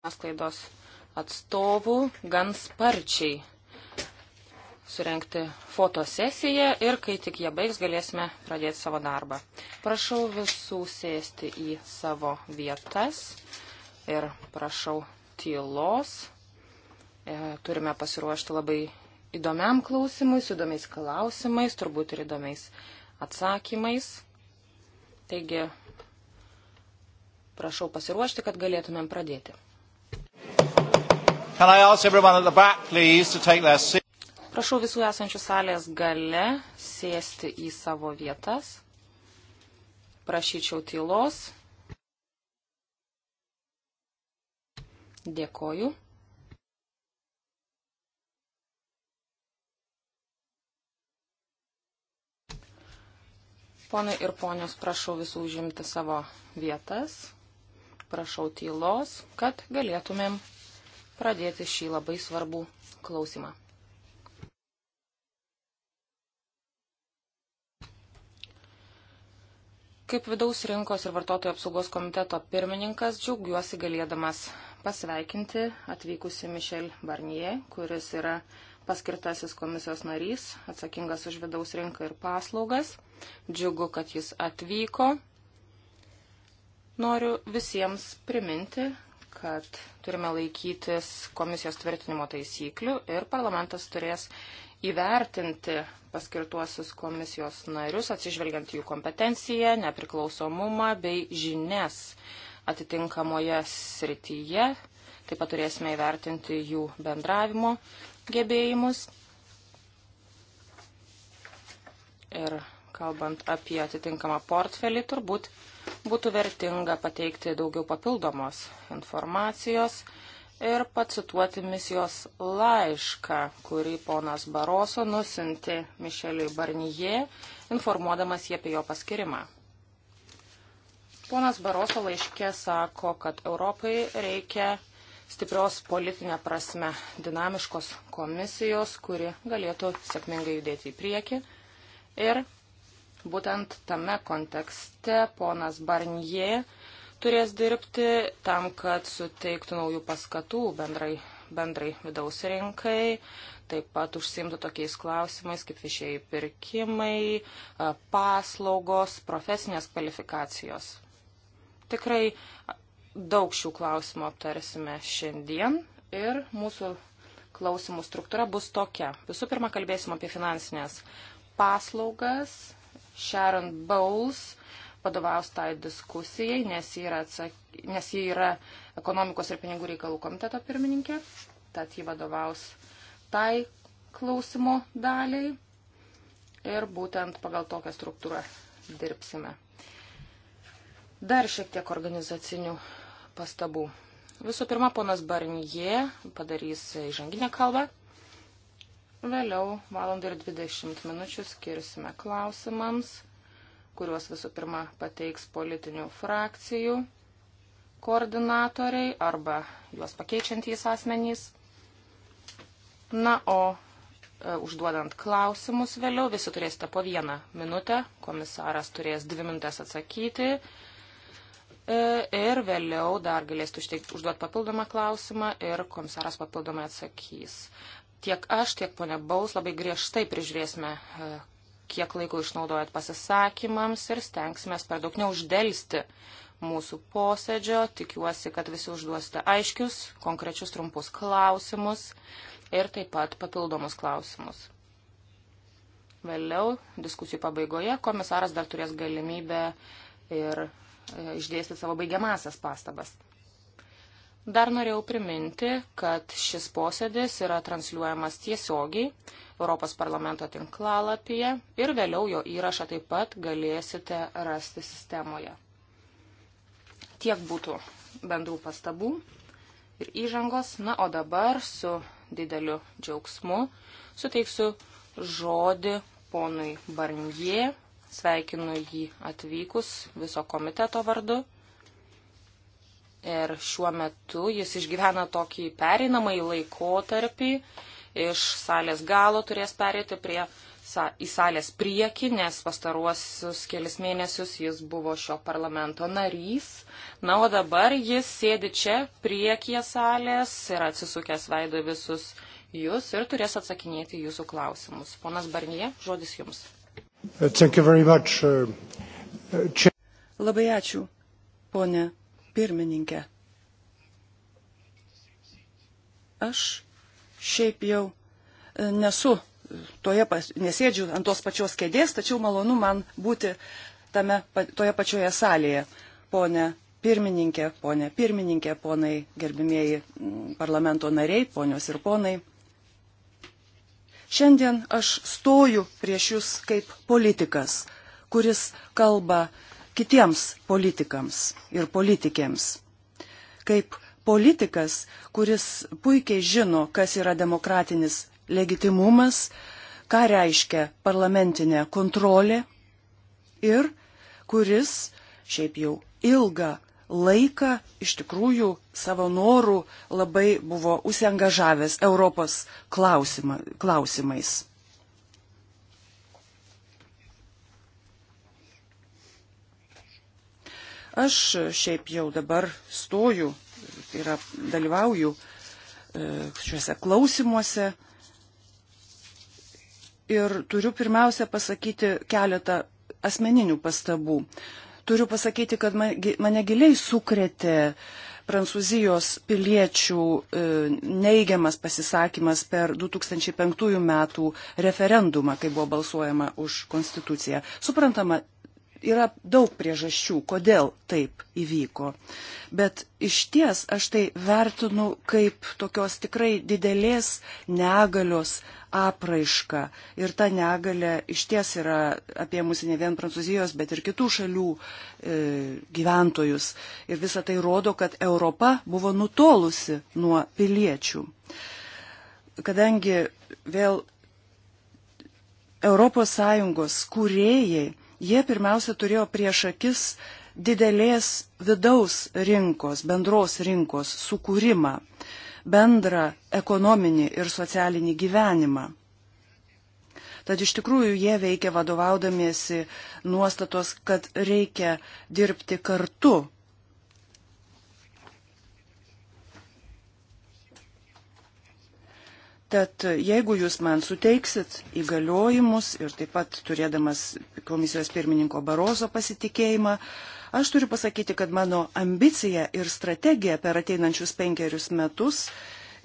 žiniasklaidos atstovų gan sparčiai surenkti fotosesiją ir kai tik jie baigs, galėsime pradėti savo darbą. Prašau visų sėsti į savo vietas ir prašau tylos. E, turime pasiruošti labai įdomiam klausimui, su įdomiais klausimais, turbūt ir įdomiais atsakymais. Taigi, prašau pasiruošti, kad galėtumėm pradėti. Back, please, Prašau visų esančių salės gale sėsti į savo vietas. Prašyčiau tylos. Dėkoju. Ponai ir ponios, prašau visų užimti savo vietas. Prašau tylos, kad galėtumėm pradėti šį labai svarbų klausimą. Kaip vidaus rinkos ir vartotojų apsaugos komiteto pirmininkas džiaugiuosi galėdamas pasveikinti atvykusi Mišel Barnier, kuris yra paskirtasis komisijos narys, atsakingas už vidaus rinką ir paslaugas. Džiugu, kad jis atvyko. Noriu visiems priminti, kad turime laikytis komisijos tvirtinimo taisyklių ir parlamentas turės įvertinti paskirtuosius komisijos narius, atsižvelgiant jų kompetenciją, nepriklausomumą bei žinias atitinkamoje srityje. Taip pat turėsime įvertinti jų bendravimo gebėjimus. Ir kalbant apie atitinkamą portfelį, turbūt būtų vertinga pateikti daugiau papildomos informacijos ir pacituoti misijos laišką, kurį ponas Baroso nusinti Mišeliui Barnyje, informuodamas jį apie jo paskirimą. Ponas Baroso laiškė sako, kad Europai reikia stiprios politinė prasme dinamiškos komisijos, kuri galėtų sėkmingai judėti į priekį ir Būtent tame kontekste ponas Barnie turės dirbti tam, kad suteiktų naujų paskatų bendrai, bendrai vidaus rinkai, taip pat užsimtų tokiais klausimais kaip viešieji pirkimai, paslaugos, profesinės kvalifikacijos. Tikrai daug šių klausimų aptarsime šiandien ir mūsų klausimų struktūra bus tokia. Visų pirma, kalbėsim apie finansinės paslaugas, Sharon Bowles vadovaus tai diskusijai, nes ji yra, atsak... nes ji yra ekonomikos ir pinigų reikalų komiteto pirmininkė, tad ji vadovaus tai klausimo daliai ir būtent pagal tokią struktūrą dirbsime. Dar šiek tiek organizacinių pastabų. Visų pirma, ponas Barnie padarys įžanginę kalbą Vėliau valandą ir 20 minučių skirsime klausimams, kuriuos visų pirma pateiks politinių frakcijų koordinatoriai arba juos pakeičiantys asmenys. Na, o e, užduodant klausimus vėliau, visi turėsite po vieną minutę, komisaras turės dvi minutės atsakyti e, ir vėliau dar galėsite užduoti papildomą klausimą ir komisaras papildomai atsakys tiek aš, tiek ponia Baus labai griežtai prižiūrėsime, e, kiek laiko išnaudojat pasisakymams ir stengsime per daug neuždelsti mūsų posėdžio. Tikiuosi, kad visi užduosite aiškius, konkrečius trumpus klausimus ir taip pat papildomus klausimus. Vėliau, diskusijų pabaigoje, komisaras dar turės galimybę ir e, išdėstyti savo baigiamasias pastabas. Dar norėjau priminti, kad šis posėdis yra transliuojamas tiesiogiai Europos parlamento tinklalapyje ir vėliau jo įrašą taip pat galėsite rasti sistemoje. Tiek būtų bendrų pastabų ir įžangos. Na, o dabar su dideliu džiaugsmu suteiksiu žodį ponui Barnie. Sveikinu jį atvykus viso komiteto vardu. Ir šiuo metu jis išgyvena tokį pereinamąjį laikotarpį. Iš salės galo turės perėti prie, sa, į salės priekį, nes pastaruosius kelias mėnesius jis buvo šio parlamento narys. Na, o dabar jis sėdi čia priekyje salės ir atsisukęs veido visus jūs ir turės atsakinėti jūsų klausimus. Ponas Barnie, žodis jums. Uh, uh, Labai ačiū, ponė pirmininkė. Aš šiaip jau e, nesu toje, nesėdžiu ant tos pačios kėdės, tačiau malonu man būti tame, toje pačioje salėje. Pone pirmininkė, ponė pirmininkė, ponai gerbimieji parlamento nariai, ponios ir ponai. Šiandien aš stoju prieš jūs kaip politikas, kuris kalba kitiems politikams ir politikėms. Kaip politikas, kuris puikiai žino, kas yra demokratinis legitimumas, ką reiškia parlamentinė kontrolė ir kuris šiaip jau ilgą laiką iš tikrųjų savo norų labai buvo užsiengažavęs Europos klausimą, klausimais. Aš šiaip jau dabar stoju, tai yra dalyvauju e, šiuose klausimuose ir turiu pirmiausia pasakyti keletą asmeninių pastabų. Turiu pasakyti, kad mane giliai sukretė prancūzijos piliečių e, neigiamas pasisakymas per 2005 metų referendumą, kai buvo balsuojama už konstituciją. Suprantama, Yra daug priežasčių, kodėl taip įvyko. Bet iš ties aš tai vertinu kaip tokios tikrai didelės negalios apraišką. Ir ta negalė iš ties yra apie mūsų ne vien Prancūzijos, bet ir kitų šalių e, gyventojus. Ir visa tai rodo, kad Europa buvo nutolusi nuo piliečių. Kadangi vėl Europos Sąjungos kūrėjai jie pirmiausia turėjo prieš akis didelės vidaus rinkos, bendros rinkos sukūrimą, bendrą ekonominį ir socialinį gyvenimą. Tad iš tikrųjų jie veikia vadovaudamiesi nuostatos, kad reikia dirbti kartu Tad jeigu jūs man suteiksit įgaliojimus ir taip pat turėdamas komisijos pirmininko Barozo pasitikėjimą, aš turiu pasakyti, kad mano ambicija ir strategija per ateinančius penkerius metus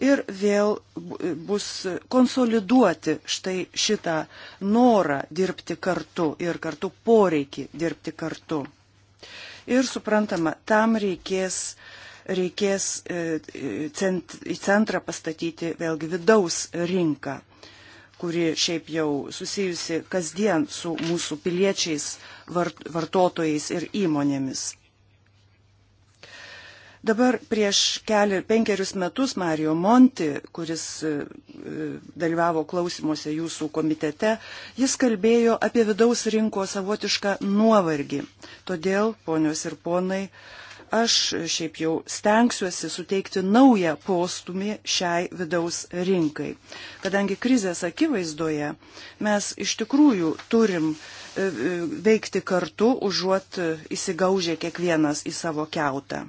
ir vėl bus konsoliduoti štai šitą norą dirbti kartu ir kartu poreikį dirbti kartu. Ir suprantama, tam reikės uh, reikės e, cent, į centrą pastatyti vėlgi vidaus rinką, kuri šiaip jau susijusi kasdien su mūsų piliečiais, vart, vartotojais ir įmonėmis. Dabar prieš keli, penkerius metus Mario Monti, kuris e, dalyvavo klausimuose jūsų komitete, jis kalbėjo apie vidaus rinko savotišką nuovargį. Todėl, ponios ir ponai, uh, Aš šiaip jau stengsiuosi suteikti naują postumį šiai vidaus rinkai. Kadangi krizės akivaizdoje mes iš tikrųjų turim e, e, veikti kartu, užuot e, įsigaužę kiekvienas į savo keutą.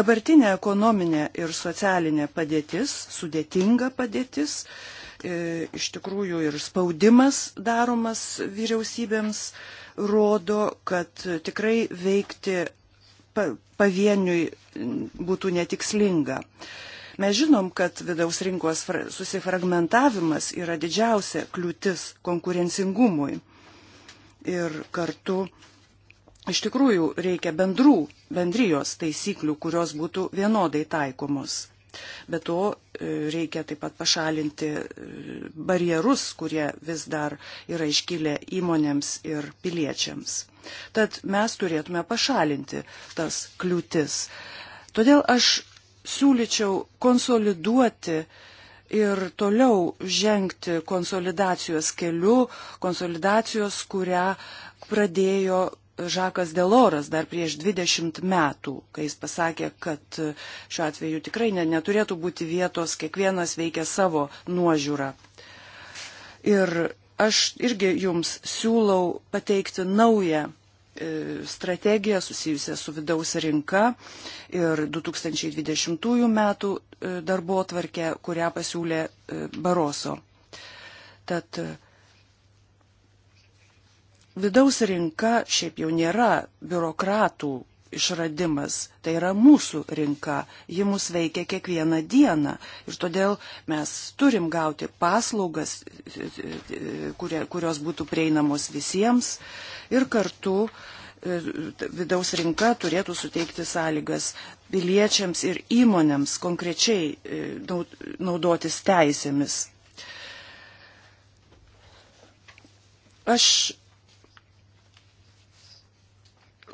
Dabartinė ekonominė ir socialinė padėtis, sudėtinga padėtis, iš tikrųjų ir spaudimas daromas vyriausybėms rodo, kad tikrai veikti pavieniui būtų netikslinga. Mes žinom, kad vidaus rinkos susifragmentavimas yra didžiausia kliūtis konkurencingumui. Ir kartu iš tikrųjų reikia bendrų, bendrijos taisyklių, kurios būtų vienodai taikomos. Be to e, reikia taip pat pašalinti e, barjerus, kurie vis dar yra iškilę įmonėms ir piliečiams. Tad mes turėtume pašalinti tas kliūtis. Todėl aš siūlyčiau konsoliduoti ir toliau žengti konsolidacijos keliu, konsolidacijos, kurią pradėjo Žakas Deloras dar prieš 20 metų, kai jis pasakė, kad šiuo atveju tikrai ne, neturėtų būti vietos, kiekvienas veikia savo nuožiūrą. Ir aš irgi jums siūlau pateikti naują e, strategiją susijusią su vidaus rinka ir 2020 metų e, darbo tvarkę, kurią pasiūlė e, Baroso. Tad vidaus rinka šiaip jau nėra biurokratų išradimas. Tai yra mūsų rinka, ji mus veikia kiekvieną dieną ir todėl mes turim gauti paslaugas, kurie, kurios būtų prieinamos visiems ir kartu e, vidaus rinka turėtų suteikti sąlygas piliečiams ir įmonėms konkrečiai e, naudotis teisėmis. Aš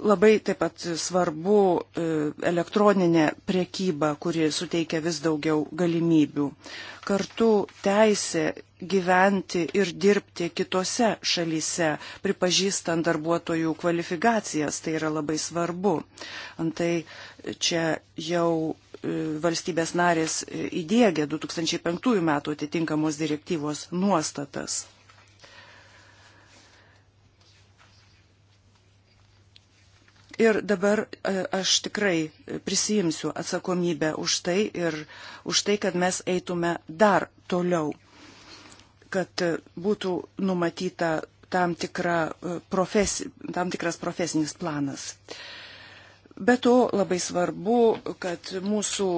Labai taip pat svarbu e, elektroninė priekyba, kuri suteikia vis daugiau galimybių. Kartu teisė gyventi ir dirbti kitose šalyse, pripažįstant darbuotojų kvalifikacijas, tai yra labai svarbu. Antai čia jau e, valstybės narės įdėgė 2005 metų atitinkamos direktyvos nuostatas. Ir dabar e, aš tikrai prisijimsiu atsakomybę už tai ir už tai, kad mes eitume dar toliau, kad e, būtų numatyta tam, tikra e, profesi, tam tikras profesinis planas. Be to labai svarbu, kad mūsų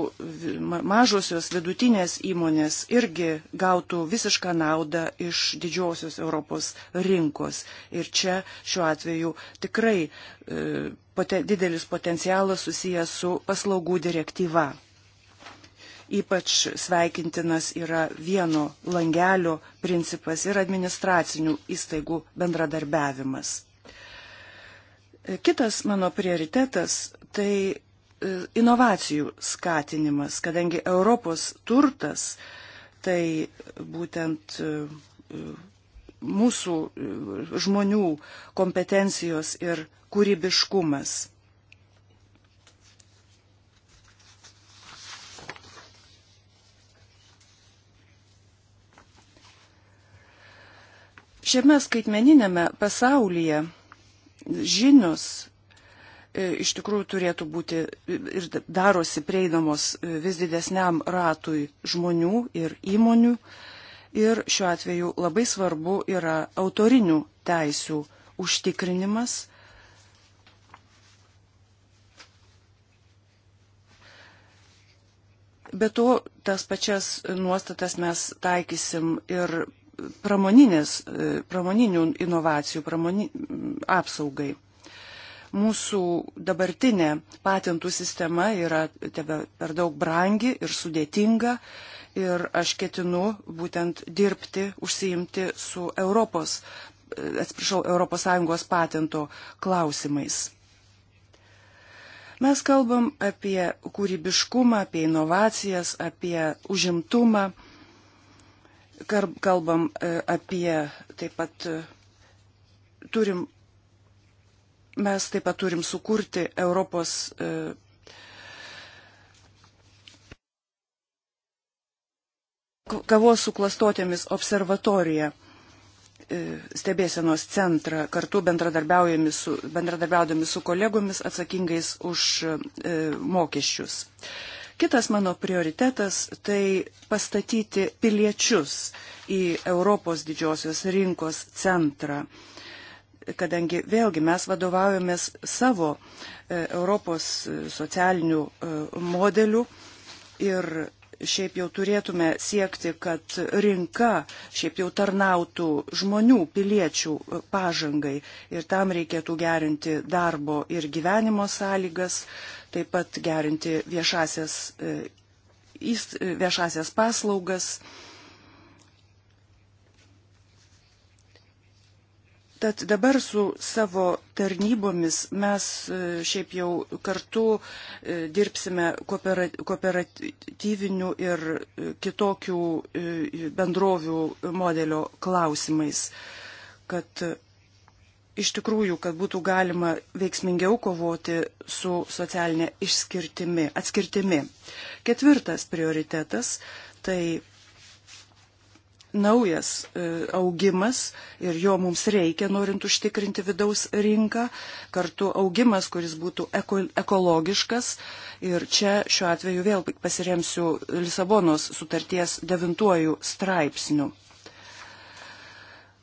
mažosios vidutinės įmonės irgi gautų visišką naudą iš didžiosios Europos rinkos. Ir čia šiuo atveju tikrai e, poten, didelis potencialas susijęs su paslaugų direktyva. Ypač sveikintinas yra vieno langelio principas ir administracinių įstaigų bendradarbiavimas. Kitas mano prioritetas tai e, inovacijų skatinimas, kadangi Europos turtas tai būtent e, mūsų e, žmonių kompetencijos ir kūrybiškumas. Šiame skaitmeninėme pasaulyje žinios e, iš tikrųjų turėtų būti e, ir darosi prieinamos vis didesniam ratui žmonių ir įmonių, Ir šiuo atveju labai svarbu yra autorinių teisių užtikrinimas. Be to, tas pačias nuostatas mes taikysim ir e, pramoninių inovacijų pramoni, apsaugai. Mūsų dabartinė patentų sistema yra tebe per daug brangi ir sudėtinga. Uh, ir aš ketinu būtent dirbti, užsiimti su Europos, atsiprašau, ES patento klausimais. Mes kalbam apie kūrybiškumą, apie inovacijas, apie užimtumą, kalbam e, apie taip pat e, turim, mes taip pat turim sukurti Europos e, kavos su klastotėmis observatoriją e, stebėsenos centrą, kartu bendradarbiaudami su, bendradarbiaudami su kolegomis atsakingais už e, mokesčius. Kitas mano prioritetas - tai pastatyti piliečius į Europos didžiosios rinkos centrą, kadangi vėlgi mes vadovaujamės savo e, Europos socialinių e, e modelių ir šiaip jau turėtume siekti, kad rinka šiaip jau tarnautų žmonių, piliečių pažangai ir tam reikėtų gerinti darbo ir gyvenimo sąlygas, taip pat gerinti viešasias, e, viešasias paslaugas Tad dabar su savo tarnybomis mes e, šiaip jau kartu e, dirbsime kooperatyvinių ir e, kitokių bendrovių modelio klausimais, kad iš tikrųjų, kad būtų galima veiksmingiau kovoti su socialinė išskirtimi, atskirtimi. Ketvirtas prioritetas - tai naujas e, augimas ir jo mums reikia, norint užtikrinti vidaus rinką, kartu augimas, kuris būtų eko, ekologiškas. Ir čia šiuo atveju vėl pasiremsiu Lisabonos sutarties devintuoju straipsniu.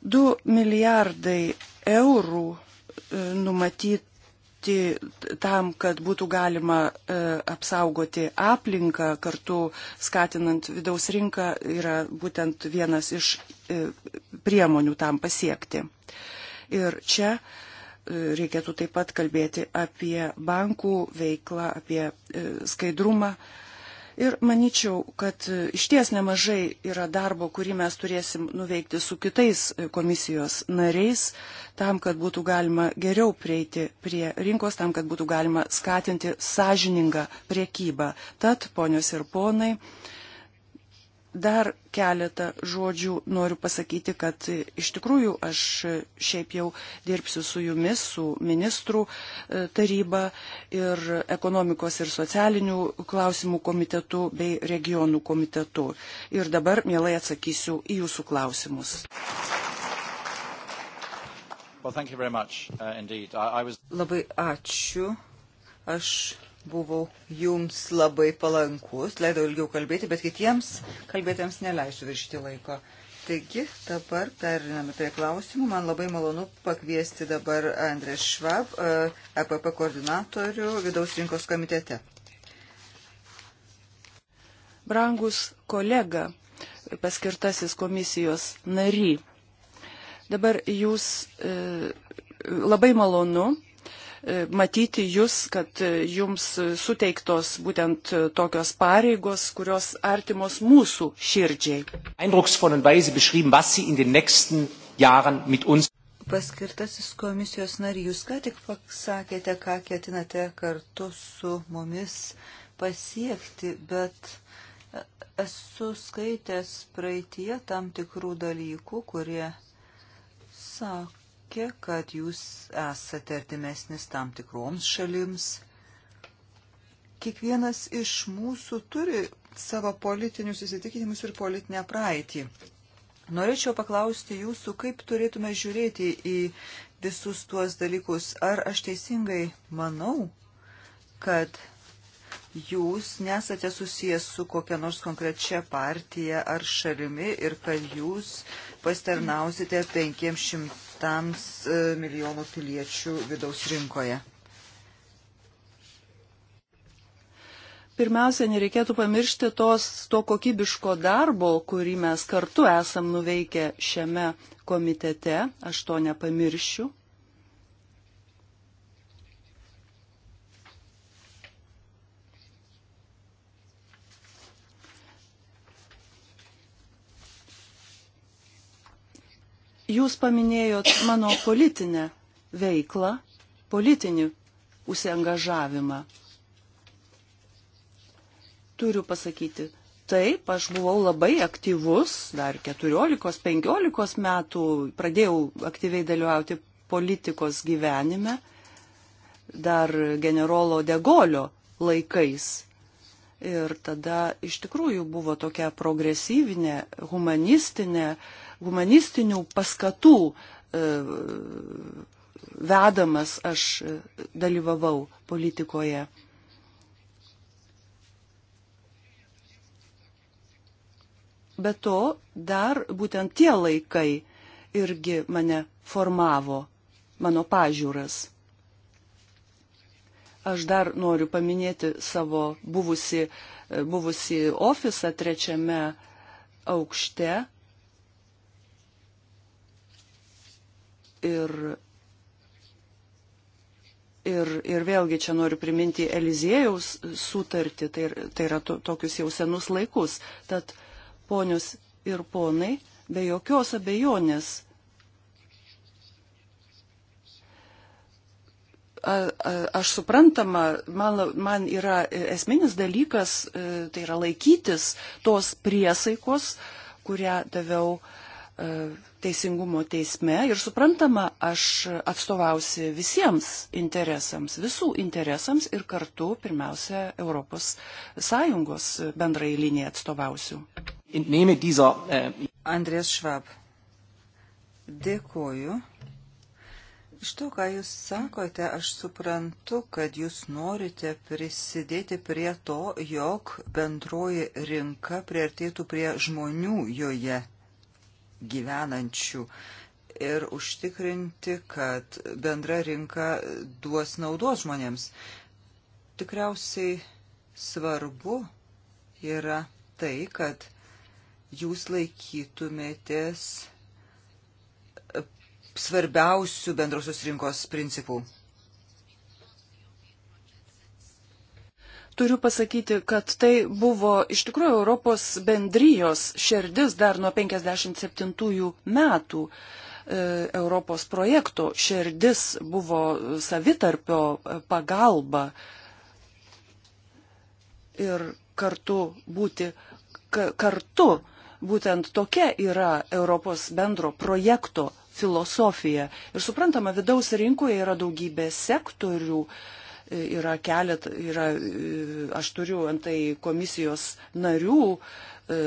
2 milijardai eurų e, numatyt dirbti tam, kad būtų galima e, apsaugoti aplinką, kartu skatinant vidaus rinką, yra būtent vienas iš e, priemonių tam pasiekti. Ir čia e, reikėtų taip pat kalbėti apie bankų veiklą, apie e, skaidrumą. E, Ir manyčiau, kad iš ties nemažai yra darbo, kurį mes turėsim nuveikti su kitais komisijos nariais, tam, kad būtų galima geriau prieiti prie rinkos, tam, kad būtų galima skatinti sąžiningą priekybą. Tad, ponios ir ponai, dar keletą žodžių noriu pasakyti, kad iš tikrųjų aš šiaip jau dirbsiu su jumis, su ministrų e, taryba ir ekonomikos ir socialinių klausimų komitetu bei regionų komitetu. Ir dabar mielai atsakysiu į jūsų klausimus. Well, uh, was... Labai ačiū. Aš buvau jums labai palankus, leidau ilgiau kalbėti, bet kitiems kalbėtėms neleisiu viršyti laiko. Taigi dabar periname prie klausimų. Man labai malonu pakviesti dabar Andrės Švab, EPP e koordinatorių vidaus rinkos komitete. Brangus kolega, paskirtasis komisijos nary. Dabar jūs e, labai malonu E, matyti jūs, kad e, jums suteiktos būtent e, tokios pareigos, kurios artimos mūsų širdžiai. Paskirtasis komisijos narys, jūs ką tik pasakėte, ką ketinate kartu su mumis pasiekti, bet esu skaitęs praeitie tam tikrų dalykų, kurie sako, sakė, kad jūs esate artimesnis tam tikroms šalims. Kiekvienas iš mūsų turi savo politinius įsitikinimus ir politinę praeitį. Norėčiau paklausti jūsų, kaip turėtume žiūrėti į visus tuos dalykus. Ar aš teisingai manau, kad jūs nesate susijęs su kokia nors konkrečia partija ar šalimi ir kad jūs pasitarnausite 500 šimtams e, milijonų piliečių vidaus rinkoje. Pirmiausia, nereikėtų pamiršti tos, to kokybiško darbo, kurį mes kartu esam nuveikę šiame komitete. Aš to nepamiršiu. Jūs paminėjot mano politinę veiklą, politinį užsiengažavimą. Turiu pasakyti, taip, aš buvau labai aktyvus, dar 14-15 metų pradėjau aktyviai dalyvauti politikos gyvenime, dar generolo Degolio laikais. Ir tada iš tikrųjų buvo tokia progresyvinė, humanistinė uh, humanistinių paskatų e, vedamas aš dalyvavau politikoje. Be to, dar būtent tie laikai irgi mane formavo, mano pažiūras. Aš dar noriu paminėti savo buvusi, e, buvusi ofisą trečiame aukšte, Ir, ir, ir vėlgi čia noriu priminti Eliziejaus sutartį, tai, tai yra to, tokius jau senus laikus. Tad ponius ir ponai, be jokios abejonės A, a, aš suprantama, man, man yra esminis dalykas, e, tai yra laikytis tos priesaikos, kurią daviau e, teisingumo teisme ir suprantama, aš atstovausi visiems interesams, visų interesams ir kartu pirmiausia Europos Sąjungos bendrai liniją atstovausiu. Äh, Andrės Švab, dėkoju. Iš to, ką Jūs sakote, aš suprantu, kad Jūs norite prisidėti prie to, jog bendroji rinka prieartėtų prie žmonių joje gyvenančių ir užtikrinti, kad bendra rinka duos naudos žmonėms. Tikriausiai svarbu yra tai, kad jūs laikytumėtės svarbiausių bendrosios rinkos principų. Turiu pasakyti, kad tai buvo iš tikrųjų Europos bendrijos šerdis dar nuo 57 metų. E, Europos projekto šerdis buvo savitarpio e, pagalba ir kartu būti kartu. Būtent tokia yra Europos bendro projekto filosofija. Ir suprantama, vidaus rinkoje yra daugybė sektorių, uh, yra kelet, yra, e, aš turiu antai komisijos narių, e,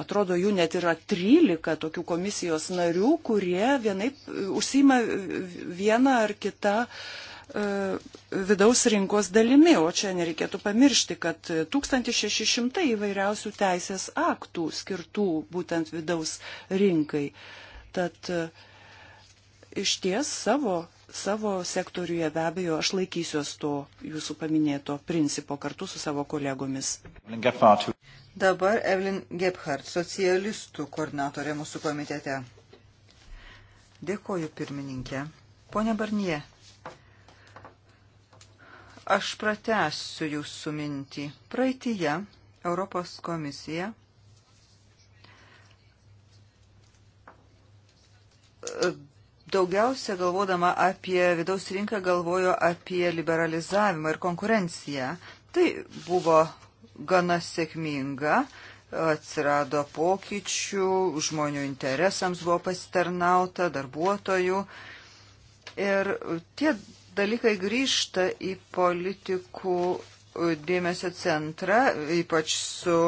atrodo jų net yra 13 tokių komisijos narių, kurie vienaip e, užsima vieną ar kitą vidaus rinkos dalimi, o čia nereikėtų pamiršti, kad 1600 įvairiausių teisės aktų skirtų būtent vidaus rinkai. Tad iš ties savo savo sektoriuje be abejo aš laikysiuos to jūsų paminėto principo kartu su savo kolegomis. Dabar Evelyn Gebhardt, socialistų koordinatorė mūsų komitete. Dėkoju pirmininkė. Pone Barnie, aš pratęsiu jūsų mintį. Praeitie Europos komisija daugiausia galvodama apie vidaus rinką galvojo apie liberalizavimą ir konkurenciją. Tai buvo gana sėkminga, atsirado pokyčių, žmonių interesams buvo pasitarnauta, darbuotojų. Ir tie dalykai grįžta į politikų dėmesio centrą, ypač su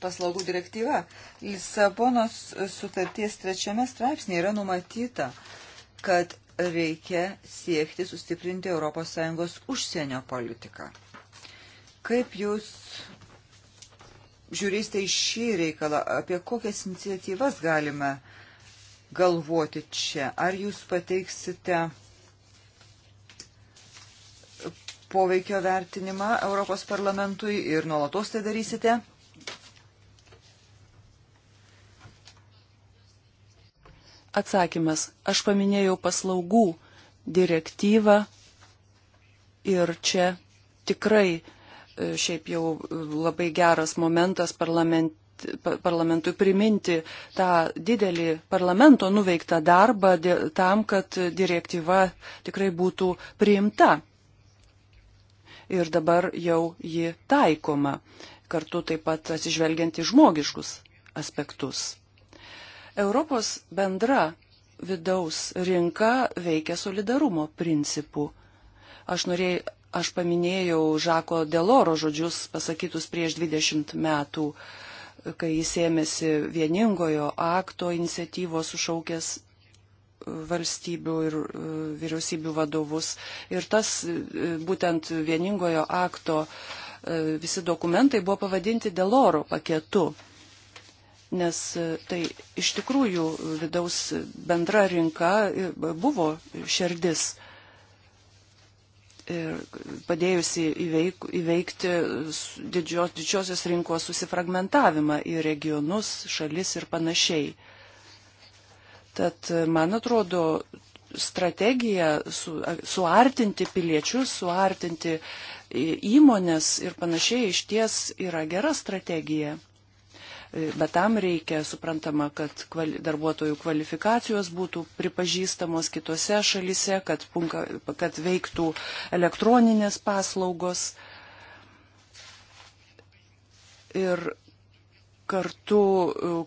paslaugų direktyva. Lisabonos sutarties trečiame straipsnėje yra numatyta, kad reikia siekti sustiprinti ES užsienio politiką. Kaip jūs žiūrėsite į šį reikalą, apie kokias iniciatyvas galime galvoti čia? Ar jūs pateiksite poveikio vertinimą Europos parlamentui ir nuolatos tai darysite? Atsakymas. Aš paminėjau paslaugų direktyvą ir čia tikrai e, šiaip jau e, labai geras momentas parlamente parlamentui priminti tą didelį parlamento nuveiktą darbą tam, kad direktyva tikrai būtų priimta. Ir dabar jau ji taikoma, kartu taip pat atsižvelgiant į žmogiškus aspektus. Europos bendra vidaus rinka veikia solidarumo principu. Aš, norėjau, aš paminėjau Žako Deloro žodžius pasakytus prieš 20 metų, kai jis ėmėsi vieningojo akto iniciatyvos sušaukęs e, valstybių ir e, vyriausybių vadovus. Ir tas e, būtent vieningojo akto visi dokumentai buvo pavadinti Deloro paketu nes e, tai iš tikrųjų vidaus bendra rinka e, buvo šerdis ir padėjusi įveik, įveikti didžios, didžiosios rinkos susifragmentavimą į regionus, šalis ir panašiai. Tad, e, man atrodo, strategija su, suartinti piliečius, suartinti įmonės ir panašiai iš ties yra gera strategija bet tam reikia, suprantama, kad kvali, darbuotojų kvalifikacijos būtų pripažįstamos kitose šalise, kad, punka, kad veiktų elektroninės paslaugos. Ir kartu,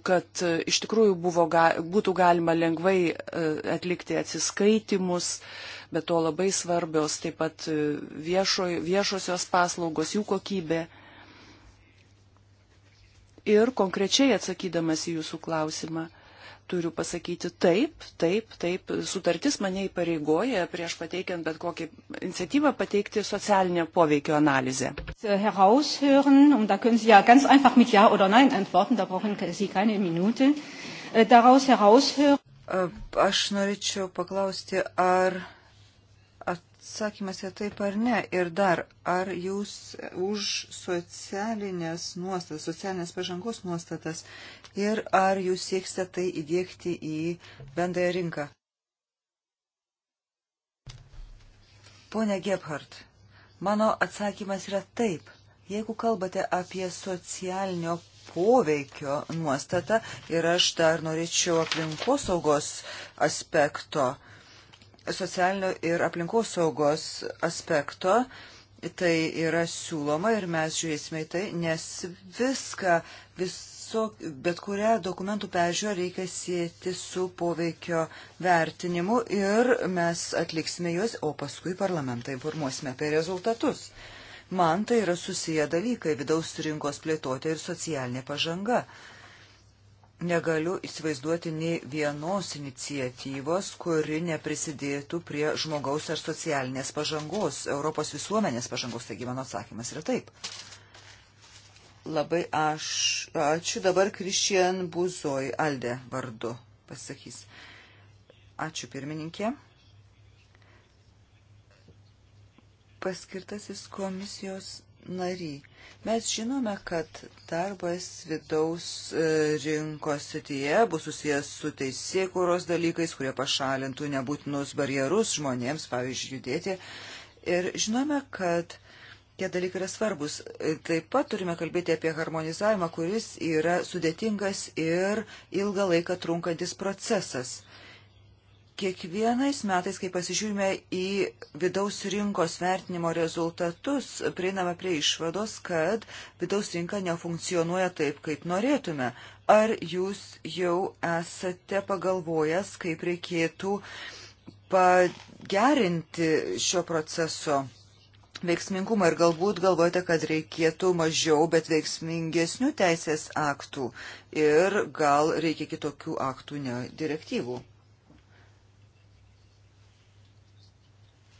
kad iš tikrųjų buvo, būtų galima lengvai e, atlikti atsiskaitimus, bet to labai svarbios taip pat e, viešo, viešosios paslaugos, jų kokybė ir konkrečiai atsakydamas į jūsų klausimą turiu pasakyti taip, taip, taip, sutartis mane įpareigoja prieš pateikiant bet kokią iniciatyvą pateikti socialinę poveikio analizę. Äh, heraushören, um da können Sie ja ganz einfach mit Ja oder Nein antworten, da brauchen Sie keine Minute. Äh, daraus heraushören. Äh, aš norėčiau paklausti, ar atsakymas yra taip ar ne. Ir dar, ar jūs už socialinės nuostatas, socialinės pažangos nuostatas ir ar jūs sieksite tai įdėkti į bendrąją rinką? Pone Gebhardt, mano atsakymas yra taip. Jeigu kalbate apie socialinio poveikio nuostatą ir aš dar norėčiau aplinkosaugos aspekto, uh, socialinio ir aplinkos saugos aspekto tai yra siūloma ir mes žiūrėsime į tai, nes viską, viso, bet kurią dokumentų peržiūrą reikia sėti su poveikio vertinimu ir mes atliksime juos, o paskui parlamentą informuosime apie rezultatus. Man tai yra susiję dalykai - vidaus rinkos plėtotė ir socialinė pažanga negaliu įsivaizduoti nei vienos inicijatyvos, kuri neprisidėtų prie žmogaus ar socialinės pažangos, Europos visuomenės pažangos, taigi mano atsakymas yra taip. Labai aš, ačiū dabar Krišian Buzoj, Alde vardu, pasakys. Ačiū pirmininkė. Paskirtasis komisijos nary. Mes žinome, kad darbas vidaus e, rinkos sityje bus susijęs su teisėkūros dalykais, kurie pašalintų nebūtinus barjerus žmonėms, pavyzdžiui, judėti. Ir žinome, kad tie dalykai yra svarbus. E, taip pat turime kalbėti apie harmonizavimą, kuris yra sudėtingas ir ilgą laiką trunkantis procesas. Kiekvienais metais, kai pasižiūrime į vidaus rinkos vertinimo rezultatus, prieiname prie išvados, kad vidaus rinka nefunkcionuoja taip, kaip norėtume. Ar jūs jau esate pagalvojęs, kaip reikėtų pagerinti šio proceso veiksmingumą ir galbūt galvojate, kad reikėtų mažiau, bet veiksmingesnių teisės aktų ir gal reikia kitokių aktų, ne direktyvų?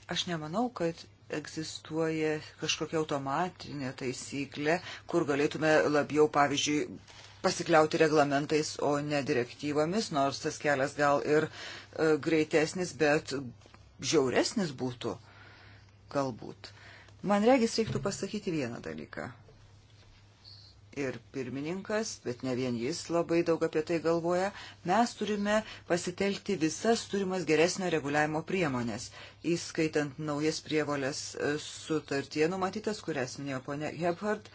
Aš nemanau, kad egzistuoja kažkokia automatinė taisyklė, kur galėtume labiau, pavyzdžiui, pasikliauti reglamentais, o ne direktyvomis, nors tas kelias gal ir e, greitesnis, bet žiauresnis būtų, galbūt. Man regis reiktų pasakyti vieną dalyką ir pirmininkas, bet ne vien jis labai daug apie tai galvoja, mes turime pasitelkti visas turimas geresnio reguliavimo priemonės, įskaitant naujas prievolės e, sutartie numatytas, kurias minėjo ponė Hebhardt,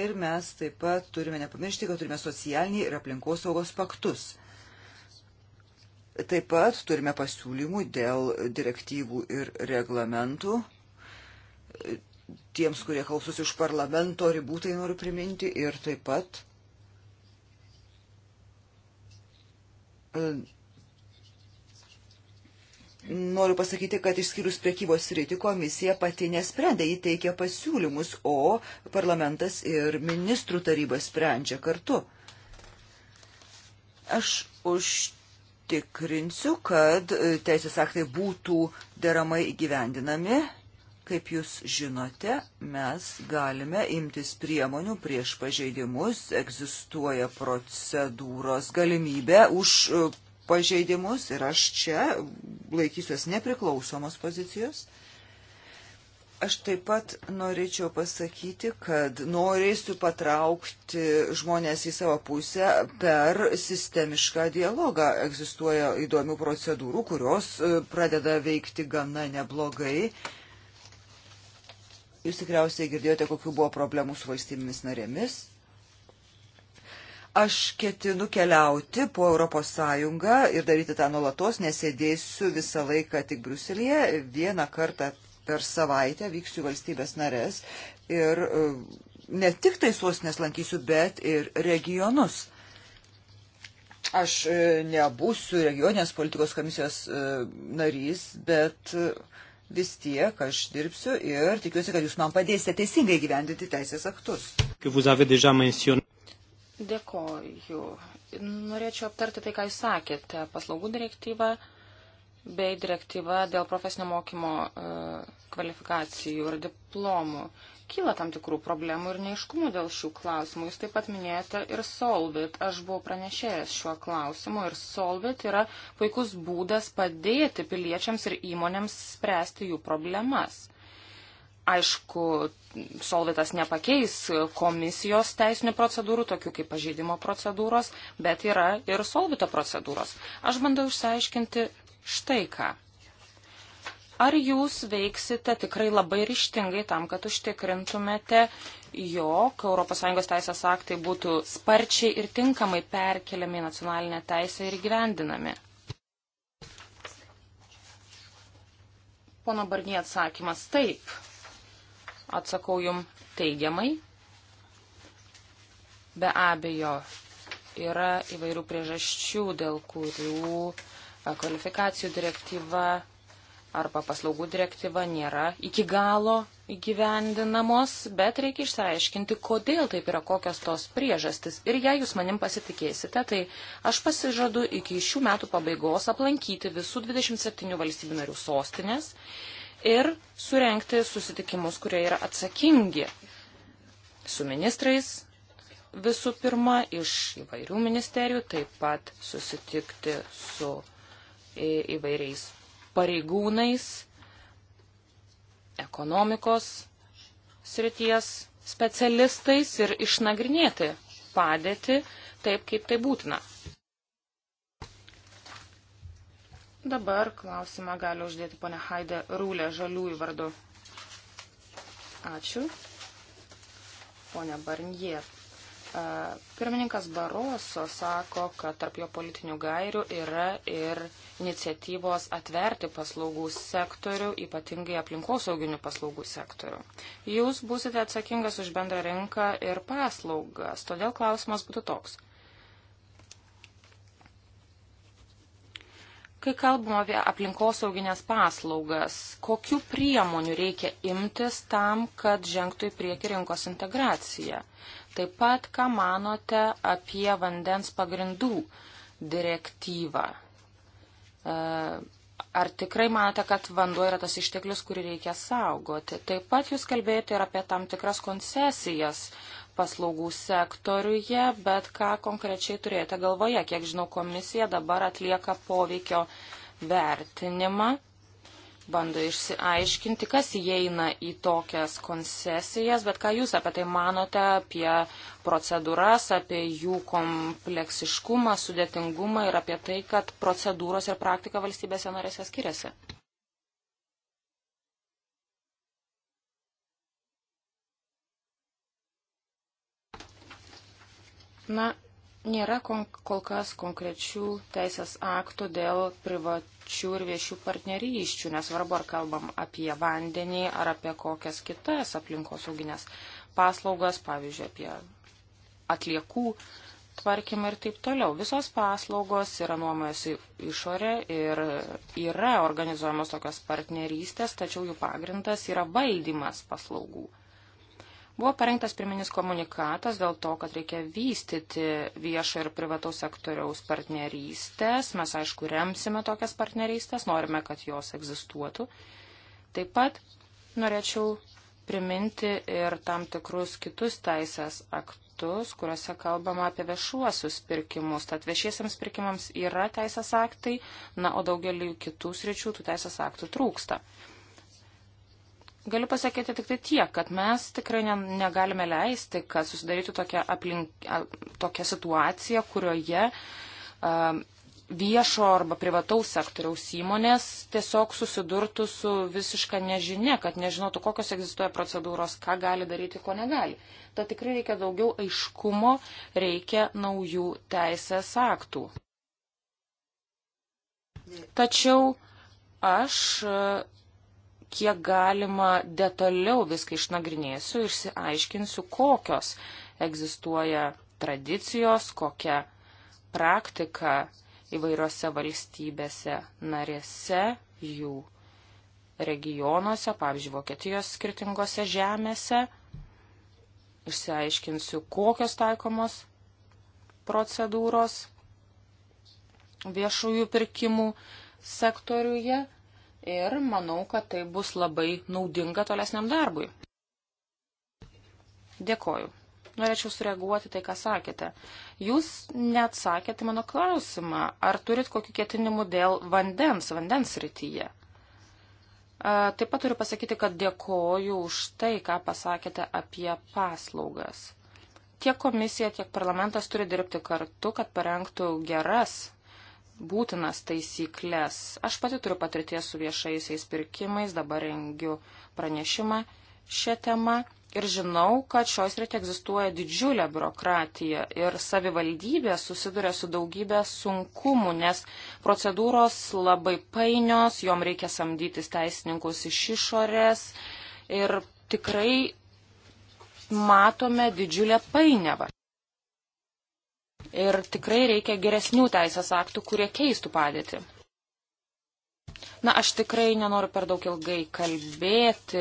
ir mes taip pat turime nepamiršti, kad turime socialinį ir aplinkosaugos paktus. Taip pat turime pasiūlymų dėl direktyvų ir reglamentų tiems, kurie klausosi iš parlamento ribų, tai noriu priminti ir taip pat e, Noriu pasakyti, kad išskyrus priekybos sritį komisija pati nesprendė, jį teikia pasiūlymus, o parlamentas ir ministrų taryba sprendžia kartu. Aš užtikrinsiu, kad teisės aktai būtų deramai įgyvendinami Kaip jūs žinote, mes galime imtis priemonių prieš pažeidimus, egzistuoja procedūros galimybė už e, pažeidimus ir aš čia laikysiuos nepriklausomos pozicijos. Aš taip pat norėčiau pasakyti, kad norėsiu patraukti žmonės į savo pusę per sistemišką dialogą. Egzistuoja įdomių procedūrų, kurios e, pradeda veikti gana neblogai. Jūs tikriausiai girdėjote, kokiu buvo problemų su valstybėmis narėmis. Aš ketinu keliauti po Europos Sąjungą ir daryti tą nuolatos, nesėdėsiu visą laiką tik Bruselėje. Vieną kartą per savaitę vyksiu valstybės narės ir e, ne tik tai sostinės lankysiu, bet ir regionus. Aš e, nebūsiu regionės politikos komisijos e, narys, bet uh, vis tiek aš dirbsiu ir tikiuosi, kad jūs man padėsite teisingai gyvendinti teisės aktus. Dėkoju. Norėčiau aptarti tai, ką jūs sakėte. Paslaugų direktyva bei direktyva dėl profesinio mokymo e, kvalifikacijų ir diplomų kyla tam tikrų problemų ir neiškumų dėl šių klausimų. Jūs taip pat minėjote ir Solvit. Aš buvau pranešėjęs šiuo klausimu ir Solvit yra puikus būdas padėti piliečiams ir įmonėms spręsti jų problemas. Aišku, Solvitas nepakeis komisijos teisinių procedūrų, tokių kaip pažeidimo procedūros, bet yra ir Solvito procedūros. Aš bandau išsiaiškinti štai ką Ar jūs veiksite tikrai labai ryštingai tam, kad užtikrintumėte, jog ES teisės aktai būtų sparčiai ir tinkamai perkeliami į nacionalinę teisę ir gyvendinami? Pono Barnie atsakymas taip. Atsakau jum teigiamai. Be abejo, yra įvairių priežasčių, dėl kurių kvalifikacijų direktyva arba paslaugų direktyva nėra iki galo įgyvendinamos, bet reikia išsiaiškinti, kodėl taip yra, kokios tos priežastis. Ir jei jūs manim pasitikėsite, tai aš pasižadu iki šių metų pabaigos aplankyti visų 27 valstybių narių sostinės ir surenkti susitikimus, kurie yra atsakingi su ministrais, visų pirma iš įvairių ministerijų, taip pat susitikti su įvairiais pareigūnais, ekonomikos srities specialistais ir išnagrinėti padėtį taip, kaip tai būtina. Dabar klausimą gali uždėti ponia Haidė Rūlė žaliųjų vardu. Ačiū. Ponia Barnier Pirmininkas Baroso sako, kad tarp jo politinių gairių yra ir iniciatyvos atverti paslaugų sektorių, ypatingai aplinkosauginių paslaugų sektorių. Jūs būsite atsakingas už bendrą rinką ir paslaugas, todėl klausimas būtų toks. Kai kalbam apie aplinkosauginės paslaugas, kokiu priemonių reikia imtis tam, kad žengtų į priekį rinkos integracija? Taip pat, ką manote apie vandens pagrindų direktyvą? E, ar tikrai manote, kad vanduo yra tas išteklius, kurį reikia saugoti? Taip pat jūs kalbėjote ir apie tam tikras koncesijas paslaugų sektoriuje, bet ką konkrečiai turėjote galvoje? Kiek žinau, komisija dabar atlieka poveikio vertinimą bando išsiaiškinti, kas įeina į tokias koncesijas, bet ką jūs apie tai manote, apie procedūras, apie jų kompleksiškumą, sudėtingumą ir apie tai, kad procedūros ir praktika valstybėse norėse skiriasi. Na, Nėra kol kas konkrečių teisės aktų dėl privačių ir viešių partnerysčių, nesvarbu ar kalbam apie vandenį ar apie kokias kitas aplinkosauginės paslaugas, pavyzdžiui, apie atliekų tvarkymą ir taip toliau. Visos paslaugos yra nuomojasi išorė ir yra organizuojamos tokios partnerystės, tačiau jų pagrindas yra valdymas paslaugų. Buvo parengtas pirminis komunikatas dėl to, kad reikia vystyti viešo ir privataus sektoriaus partnerystės. Mes, aišku, remsime tokias partnerystės, norime, kad jos egzistuotų. Taip pat norėčiau priminti ir tam tikrus kitus teisės aktus, kuriuose kalbama apie viešuosius pirkimus. Tad viešiesiams pirkimams yra teisės aktai, na, o daugeliu kitų sričių tų teisės aktų trūksta. Galiu pasakyti tik tai tiek, kad mes tikrai ne, negalime leisti, kad susidarytų tokia, aplink, tokia situacija, kurioje um, viešo arba privataus sektoriaus įmonės tiesiog susidurtų su visiška nežinia, kad nežinotų, kokios egzistuoja procedūros, ką gali daryti, ko negali. Tad tikrai reikia daugiau aiškumo, reikia naujų teisės aktų. Tačiau aš kiek galima detaliau viską išnagrinėsiu ir išsiaiškinsiu, kokios egzistuoja tradicijos, kokia praktika įvairiose valstybėse narėse, jų regionuose, pavyzdžiui, Vokietijos skirtingose žemėse. Išsiaiškinsiu, kokios taikomos procedūros viešųjų pirkimų sektoriuje ir manau, kad tai bus labai naudinga tolesniam darbui. Dėkoju. Norėčiau sureaguoti tai, ką sakėte. Jūs neatsakėte mano klausimą, ar turit kokiu ketinimu dėl vandens, vandens rytyje. Taip pat turiu pasakyti, kad dėkoju už tai, ką pasakėte apie paslaugas. Tiek komisija, tiek parlamentas turi dirbti kartu, kad parengtų geras būtinas taisyklės. Aš pati turiu patirties su viešaisiais pirkimais, dabar rengiu pranešimą šią temą ir žinau, kad šios rytė egzistuoja didžiulė biurokratija ir savivaldybė susiduria su daugybė sunkumų, nes procedūros labai painios, jom reikia samdytis teisininkus iš išorės ir tikrai matome didžiulę painiavą. Ir tikrai reikia geresnių teisės aktų, kurie keistų padėtį. Na, aš tikrai nenoriu per daug ilgai kalbėti,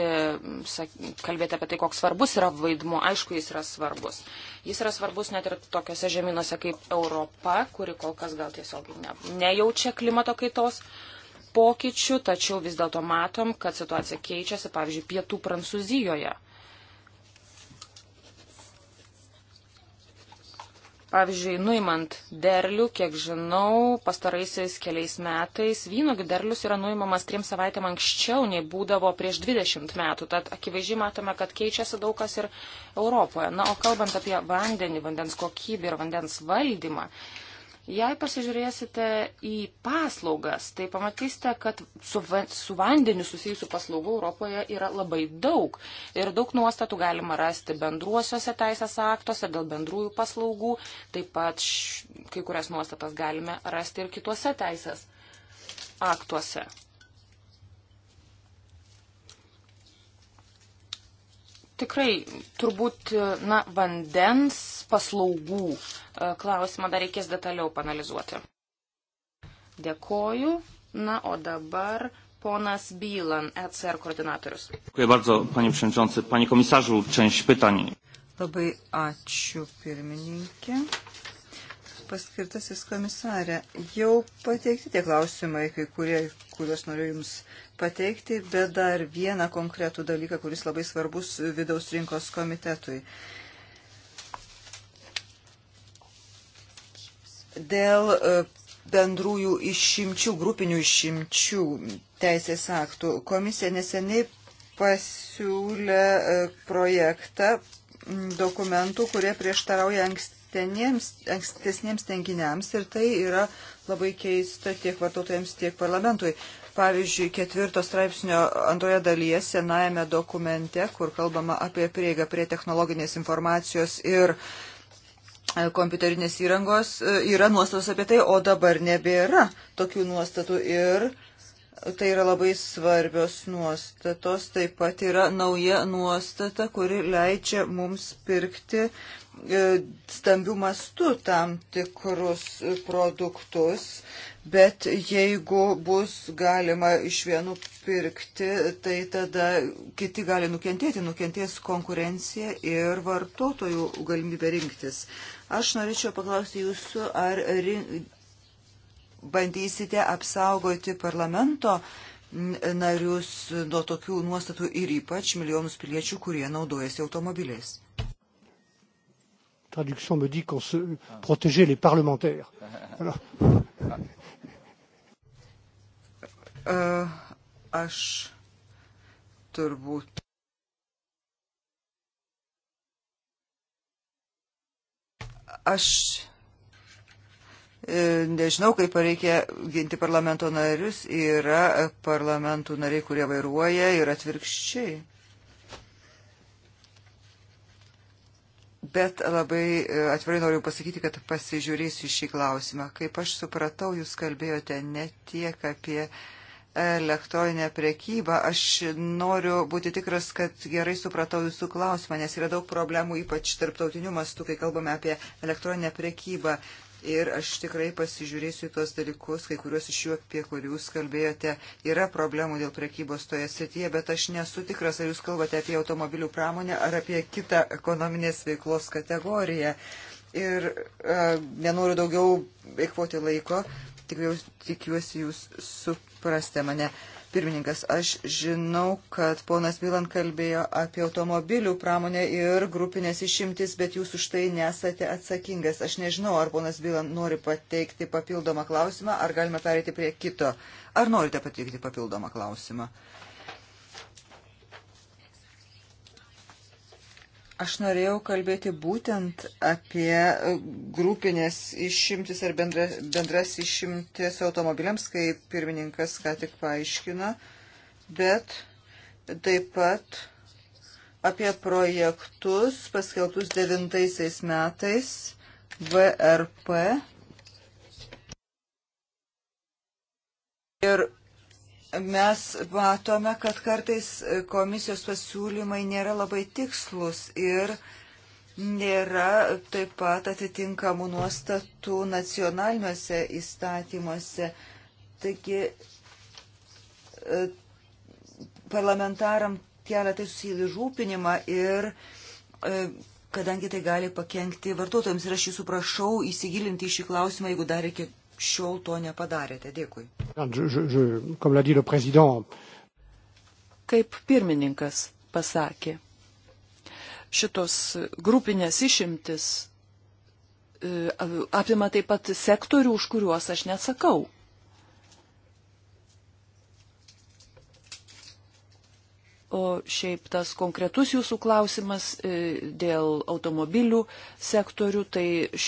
kalbėti apie tai, koks svarbus yra vaidmuo. Aišku, jis yra svarbus. Jis yra svarbus net ir tokiuose žemynuose kaip Europa, kuri kol kas gal tiesiog ne, nejaučia klimato kaitos pokyčių, tačiau vis dėlto matom, kad situacija keičiasi, pavyzdžiui, pietų Prancūzijoje. Pavyzdžiui, nuimant derlių, kiek žinau, pastaraisiais keliais metais vynogių derlius yra nuimamas trim savaitėm anksčiau, nei būdavo prieš 20 metų. Tad akivaizdžiai matome, kad keičiasi daug kas ir Europoje. Na, o kalbant apie vandenį, vandens kokybę ir vandens valdymą, uh, Jei pasižiūrėsite į paslaugas, tai pamatysite, kad su, su vandeniu susijusių paslaugų Europoje yra labai daug. Ir daug nuostatų galima rasti bendruosiuose teisės aktuose dėl bendrųjų paslaugų. Taip pat š, kai kurias nuostatas galime rasti ir kituose teisės aktuose. tikrai turbūt na, vandens paslaugų e, klausimą dar reikės detaliau panalizuoti. Dėkoju. Na, o dabar ponas Bylan, ECR koordinatorius. Dziękuję bardzo, panie przewodniczący. Panie komisarzu, część pytań. Labai ačiū pirmininkė paskirtasis komisarė. Jau pateikti tie klausimai, kai kurie, kuriuos noriu Jums pateikti, bet dar vieną konkretų dalyką, kuris labai svarbus vidaus rinkos komitetui. Dėl e, bendrųjų išimčių, grupinių išimčių teisės aktų komisija neseniai pasiūlė e, projektą dokumentų, kurie prieštarauja anksti ankstesniems tenkiniams ir tai yra labai keista tiek vartotojams, tiek parlamentui. Pavyzdžiui, ketvirto straipsnio antroje dalyje senajame dokumente, kur kalbama apie prieigą prie technologinės informacijos ir e, kompiuterinės įrangos, e, yra nuostatos apie tai, o dabar nebėra tokių nuostatų ir uh, Tai yra labai svarbios nuostatos, taip pat yra nauja nuostata, kuri leidžia mums pirkti e, stambių mastų tam tikrus produktus, bet jeigu bus galima iš vienų pirkti, tai tada kiti gali nukentėti, nukentės konkurencija ir vartotojų galimybė rinktis. Aš norėčiau paklausti jūsų, ar rink, bandysite apsaugoti parlamento narius nuo tokių nuostatų ir ypač milijonus piliečių, kurie naudojasi automobiliais. Traduction me dit qu'on se protégeait les parlementaires. Alors... Uh, aš turbūt. Aš E, nežinau, kaip reikia ginti parlamento narius, yra parlamentų nariai, kurie vairuoja ir atvirkščiai. Bet labai e, atvirai noriu pasakyti, kad pasižiūrėsiu šį klausimą. Kaip aš supratau, jūs kalbėjote ne tiek apie elektroninę prekybą. Aš noriu būti tikras, kad gerai supratau jūsų klausimą, nes yra daug problemų, ypač tarptautinių mastų, kai kalbame apie elektroninę prekybą ir aš tikrai pasižiūrėsiu į tuos dalykus, kai kuriuos iš jų, apie kuriuos kalbėjote, yra problemų dėl prekybos toje srityje, bet aš nesu tikras, ar jūs kalbate apie automobilių pramonę ar apie kitą ekonominės veiklos kategoriją. Ir e, nenoriu daugiau eikvoti laiko, tik jau tikiuosi jūs suprastė mane. E, Pirmininkas, aš žinau, kad ponas Bilan kalbėjo apie automobilių pramonę ir grupinės išimtis, bet jūs už tai nesate atsakingas. Aš nežinau, ar ponas Bilan nori pateikti papildomą klausimą, ar galime perėti prie kito. Ar norite pateikti papildomą klausimą? Uh, Aš norėjau kalbėti būtent apie e, grupinės išimtis ar bendra, bendras išimtis automobiliams, kaip pirmininkas ką tik paaiškino, bet taip pat apie projektus paskeltus devintaisiais metais VRP. Ir mes matome, kad kartais komisijos pasiūlymai nėra labai tikslus ir nėra taip pat atitinkamų nuostatų nacionaliniuose įstatymuose. Taigi e, parlamentaram kelia tai susijęs rūpinimą ir e, kadangi tai gali pakengti vartotojams ir aš jūsų prašau įsigilinti į šį klausimą, jeigu dar iki šiol to nepadarėte. Dėkui. Kaip pirmininkas pasakė, šitos grupinės išimtis e, apima taip pat sektorių, už kuriuos aš nesakau. O šiaip tas konkretus jūsų klausimas e, dėl automobilių sektorių, tai už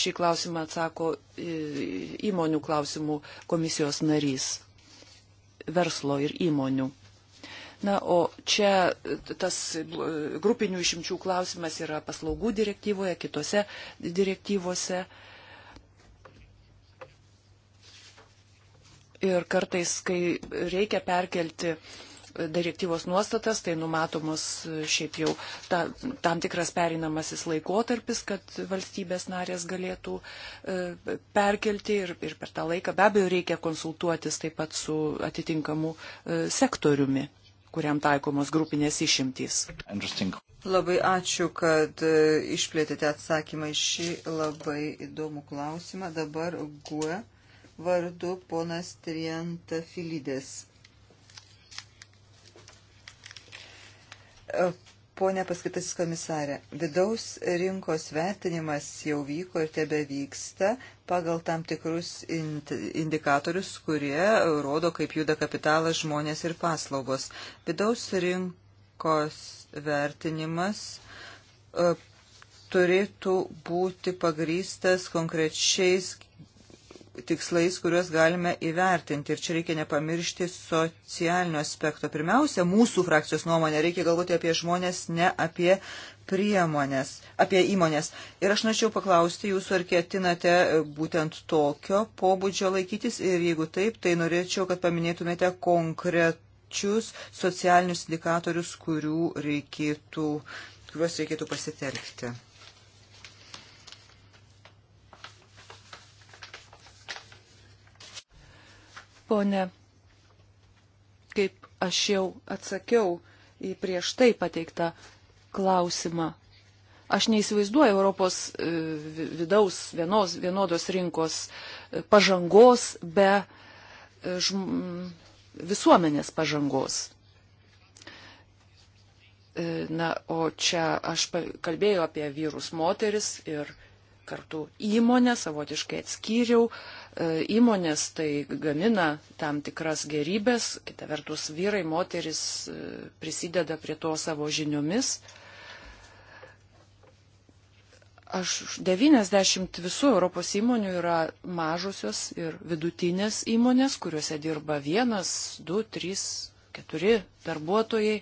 šį klausimą atsako e, įmonių klausimų komisijos narys, verslo ir įmonių. Na, o čia e, tas grupinių išimčių klausimas yra paslaugų direktyvoje, kitose direktyvose. Ir kartais, kai reikia perkelti uh, direktyvos nuostatas, tai numatomos e, šiaip jau ta, tam tikras pereinamasis laikotarpis, kad valstybės narės galėtų e, perkelti ir, ir per tą laiką be abejo reikia konsultuotis taip pat su atitinkamu e, sektoriumi kuriam taikomos grupinės išimtys. Labai ačiū, kad išplėtėte atsakymą į šį labai įdomų klausimą. Dabar GUE vardu ponas Trienta Filidės. Pone paskirtasis komisarė, vidaus rinkos vertinimas jau vyko ir tebe vyksta pagal tam tikrus indikatorius, kurie rodo, kaip juda kapitalas, žmonės ir paslaugos. Vidaus rinkos vertinimas e, turėtų būti pagrystas konkrečiais tikslais, kuriuos galime įvertinti. Ir čia reikia nepamiršti socialinio aspekto. Pirmiausia, mūsų frakcijos nuomonė reikia galvoti apie žmonės, ne apie priemonės, apie įmonės. Ir aš norėčiau paklausti jūsų, ar ketinate e, būtent tokio pobūdžio laikytis ir jeigu taip, tai norėčiau, kad paminėtumėte konkrečius socialinius indikatorius, reikėtų, kuriuos reikėtų pasitelkti. Pone, kaip aš jau atsakiau į prieš tai pateiktą klausimą, aš neįsivaizduoju Europos e, vidaus vienos vienodos rinkos e, pažangos be e, žm, visuomenės pažangos. Na, o čia aš kalbėjau apie vyrus, moteris ir kartu įmonę, savotiškai atskyriau E, įmonės tai gamina tam tikras gerybės, kita vertus vyrai, moteris e, prisideda prie to savo žiniomis. Aš 90 visų Europos įmonių yra mažosios ir vidutinės įmonės, kuriuose dirba vienas, du, trys, keturi darbuotojai,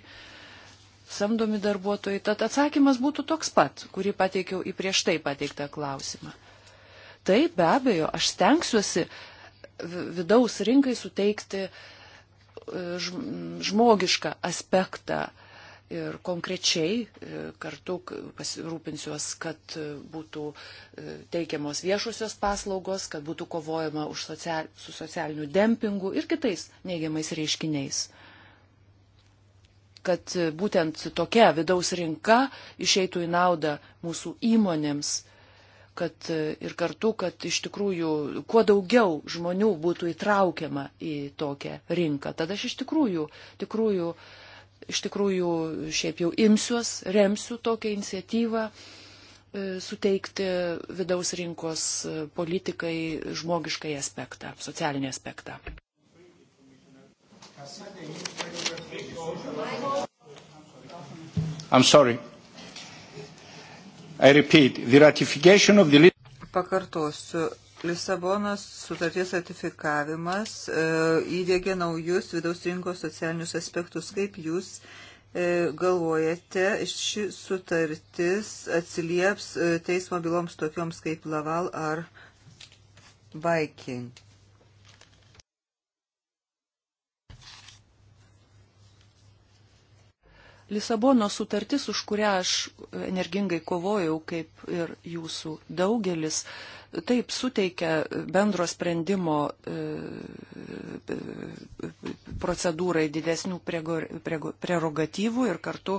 samdomi darbuotojai. Tad atsakymas būtų toks pat, kurį pateikiau į prieš tai pateiktą klausimą. Taip, be abejo, aš stengsiuosi vidaus rinkai suteikti e, žmogišką aspektą ir konkrečiai e, kartu pasirūpinsiuos, kad e, būtų teikiamos viešusios paslaugos, kad būtų kovojama social, su socialiniu dempingu ir kitais neigiamais reiškiniais. Kad būtent tokia vidaus rinka išeitų į naudą mūsų įmonėms kad ir kartu, kad iš tikrųjų kuo daugiau žmonių būtų įtraukiama į tokią rinką. Tada aš iš tikrųjų, tikrųjų, iš tikrųjų šiaip jau imsiuos, remsiu tokią iniciatyvą e, suteikti vidaus rinkos e, politikai žmogiškai aspektą, socialinį aspektą. I'm sorry. The... Pakartosiu. Lisabonos sutarties ratifikavimas e, įdėgė naujus vidaus rinkos socialinius aspektus. Kaip jūs e, galvojate, ši sutartis atsilieps e, teismo byloms tokioms kaip Laval ar Viking? Lisabono sutartis, už kurią aš energingai kovojau, kaip ir jūsų daugelis, taip suteikia bendro sprendimo e, e, procedūrai didesnių prerogatyvų ir kartu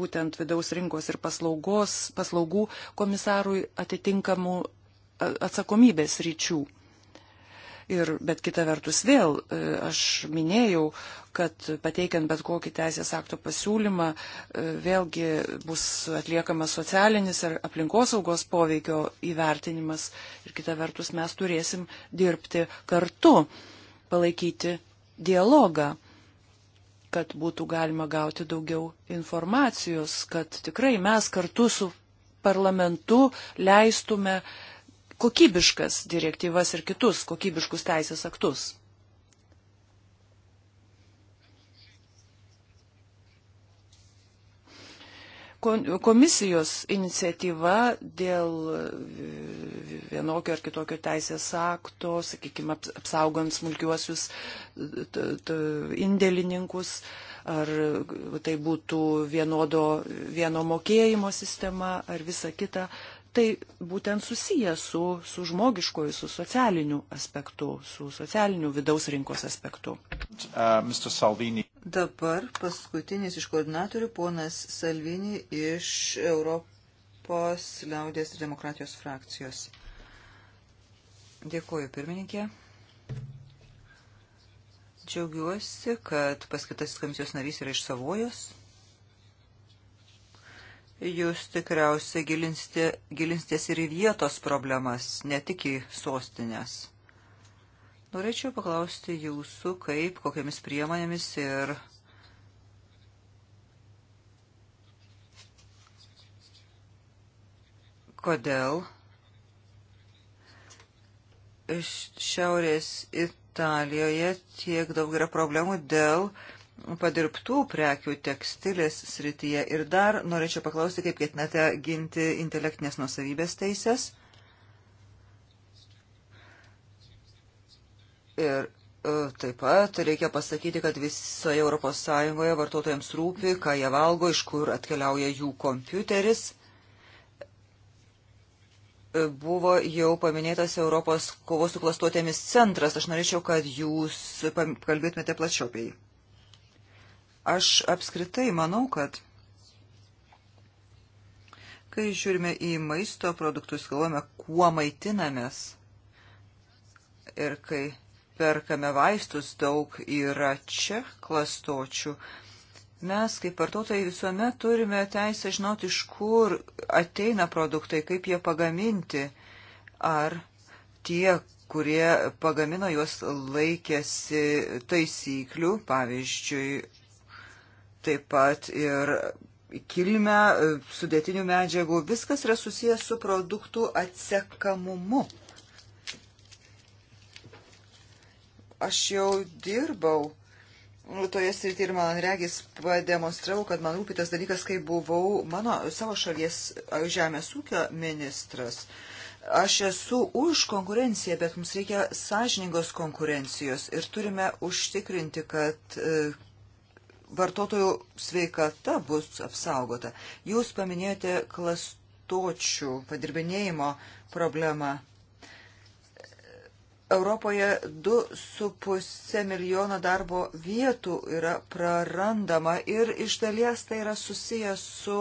būtent vidaus rinkos ir paslaugos, paslaugų komisarui atitinkamų atsakomybės ryčių. Ir, bet kita vertus vėl, e, aš minėjau, kad pateikiant bet kokį teisės akto pasiūlymą, e, vėlgi bus atliekamas socialinis ar aplinkosaugos poveikio įvertinimas. Ir kita vertus mes turėsim dirbti kartu, palaikyti dialogą kad būtų galima gauti daugiau informacijos, kad tikrai mes kartu su parlamentu leistume uh, kokybiškas direktyvas ir kitus kokybiškus teisės aktus. Komisijos iniciatyva dėl vienokio ar kitokio teisės akto, sakykime, apsaugant smulkiuosius indėlininkus, ar tai būtų vienodo, vieno mokėjimo sistema, ar visa kita, tai būtent susiję su, su žmogiškoju, su socialiniu aspektu, su socialiniu vidaus rinkos aspektu. Uh, Dabar paskutinis iš koordinatorių ponas Salvini iš Europos liaudės ir demokratijos frakcijos. Dėkuoju, pirmininkė. Džiaugiuosi, kad paskirtasis komisijos narys yra iš savojos Jūs tikriausiai gilinstė, gilinstės ir į vietos problemas, ne tik į sostinės. Norėčiau paklausti jūsų, kaip, kokiamis priemonėmis ir kodėl iš Šiaurės Italijoje tiek daug yra problemų dėl uh, padirbtų prekių tekstilės srityje. Ir dar norėčiau paklausti, kaip ketinate ginti intelektinės nusavybės teisės. Ir e, taip pat reikia pasakyti, kad visoje ES vartotojams rūpi, ką jie valgo, iš kur atkeliauja jų kompiuteris e, buvo jau paminėtas Europos kovos su klastuotėmis centras. Aš norėčiau, kad jūs kalbėtumėte plačiau apie jį. Aš apskritai manau, kad kai žiūrime į maisto produktus, galvojame, kuo maitinamės ir kai perkame vaistus, daug yra čia klastočių. Mes, kaip vartotojai, visuomet turime teisę žinoti, iš kur ateina produktai, kaip jie pagaminti. Ar tie, kurie pagamino juos, laikėsi taisyklių, pavyzdžiui, taip pat ir kilmę, sudėtinių medžiagų, viskas yra susijęs su produktų atsekamumu. Aš jau dirbau toje srityje ir man regis pademonstravau, kad man rūpi tas dalykas, kai buvau mano savo šalies žemės ūkio ministras. Aš esu už konkurenciją, bet mums reikia sąžiningos konkurencijos ir turime užtikrinti, kad e, vartotojų sveikata bus apsaugota. Jūs paminėjote klastočių padirbinėjimo problemą. Europoje 2,5 milijono darbo vietų yra prarandama ir iš dalies tai yra susijęs su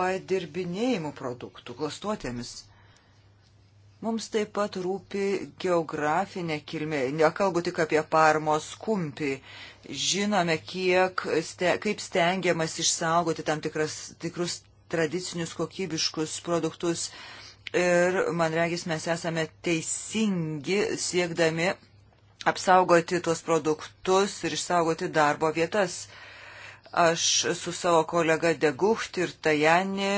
padirbinėjimu produktų, klastuotėmis. Mums taip pat rūpi geografinė kilmė. Nekalbu tik apie parmos kumpį. Žinome, kiek, ste, kaip stengiamas išsaugoti tam tikras, tikrus tradicinius kokybiškus produktus. Ir man regis, mes esame teisingi siekdami apsaugoti tuos produktus ir išsaugoti darbo vietas. Aš su savo kolega Degucht ir Tajani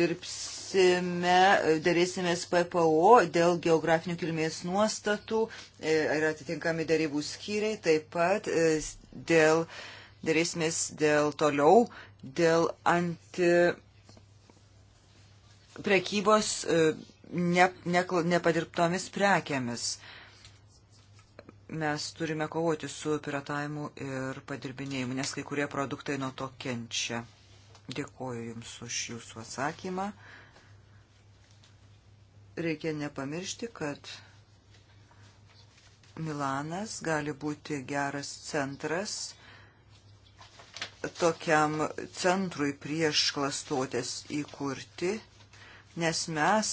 dirbs darysime, darysimės PPO dėl geografinių kilmės nuostatų e, ir atitinkami darybų skyriai, taip pat e, dėl, darysimės dėl toliau, dėl anti prekybos e, ne, ne, nepadirbtomis prekiamis. Mes turime kovoti su piratavimu ir padirbinėjimu, nes kai kurie produktai nuo to kenčia. Dėkuoju Jums už Jūsų atsakymą reikia nepamiršti, kad Milanas gali būti geras centras tokiam centrui prieš klastotės įkurti, nes mes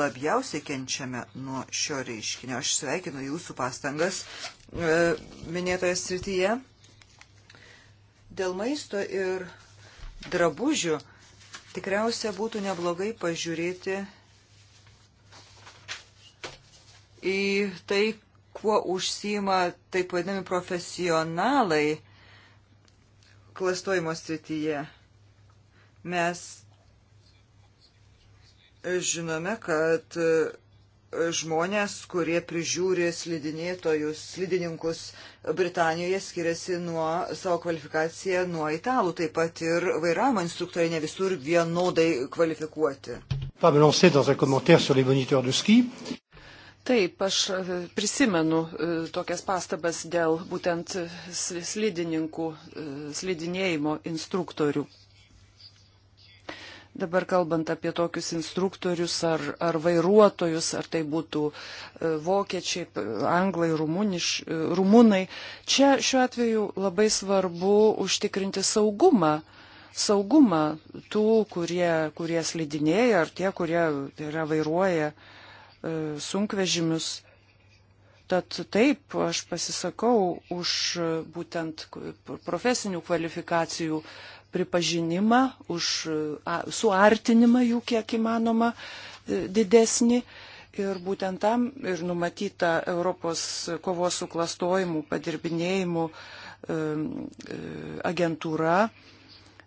labiausiai kenčiame nuo šio reiškinio. Aš sveikinu jūsų pastangas e, minėtoje srityje. Dėl maisto ir drabužių tikriausia būtų neblogai pažiūrėti į tai, kuo užsima taip vadinami profesionalai klastojimo srityje. Mes žinome, kad žmonės, kurie prižiūri slidinėtojus, slidininkus Britanijoje, skiriasi nuo savo kvalifikaciją nuo italų, taip pat ir vairavimo instruktoriai ne visur vienodai kvalifikuoti. Taip, aš e, prisimenu e, tokias pastabas dėl būtent slidininkų, e, slidinėjimo instruktorių. Dabar kalbant apie tokius instruktorius ar, ar vairuotojus, ar tai būtų vokiečiai, anglai, rumuniš, rumunai, čia šiuo atveju labai svarbu užtikrinti saugumą saugumą tų, kurie, kurie slidinėja, ar tie, kurie tai yra vairuoja E, sunkvežimius. Tad taip, aš pasisakau už e, būtent profesinių kvalifikacijų pripažinimą, už e, suartinimą jų kiek įmanoma didesnį. Ir būtent tam ir numatyta Europos kovos su klastojimu, padirbinėjimu agentūra,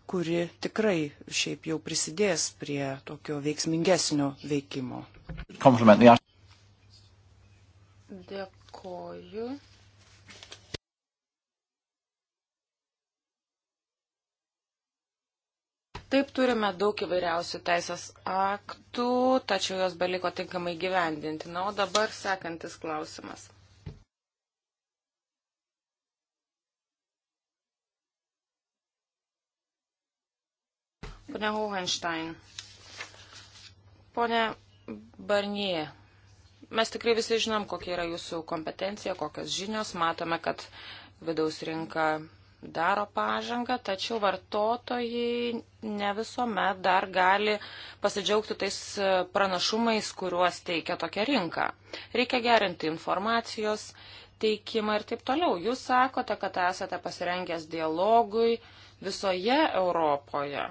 kuri tikrai šiaip jau prisidės prie tokio veiksmingesnio veikimo. Dėkoju. Taip turime daug įvairiausių teisės aktų, tačiau jos beliko tinkamai gyvendinti. Na, o dabar sekantis klausimas. Pone Hohenstein. Pone Barnie, mes tikrai visi žinom, kokia yra jūsų kompetencija, kokios žinios, matome, kad vidaus rinka daro pažangą, tačiau vartotojai ne visuomet dar gali pasidžiaugti tais pranašumais, kuriuos teikia tokia rinka. Reikia gerinti informacijos teikimą ir taip toliau. Jūs sakote, kad esate pasirengęs dialogui visoje Europoje.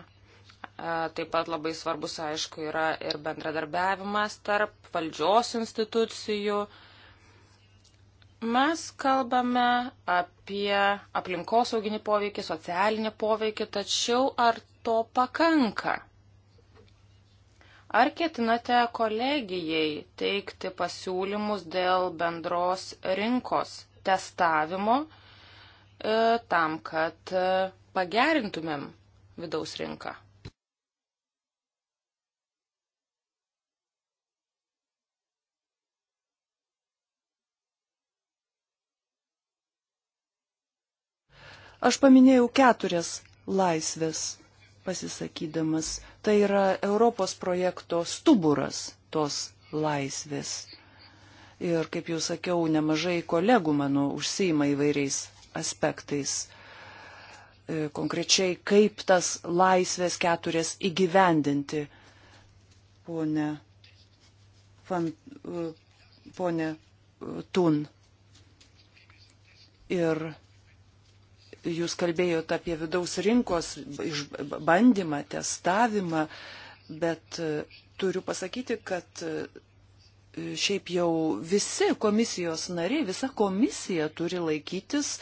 Taip pat labai svarbus, aišku, yra ir bendradarbiavimas tarp valdžios institucijų. Mes kalbame apie aplinkosauginį poveikį, socialinį poveikį, tačiau ar to pakanka? Ar ketinate kolegijai teikti pasiūlymus dėl bendros rinkos testavimo e, tam, kad e, pagerintumėm vidaus rinką? Aš paminėjau keturias laisvės pasisakydamas. Tai yra Europos projekto stuburas tos laisvės. Ir, kaip jau sakiau, nemažai kolegų mano užsima įvairiais aspektais. E, konkrečiai, kaip tas laisvės keturias įgyvendinti, ponė, fan, e, ponė Tun. Ir jūs kalbėjote apie vidaus rinkos bandymą, testavimą, bet e, turiu pasakyti, kad e, šiaip jau visi komisijos nariai, visa komisija turi laikytis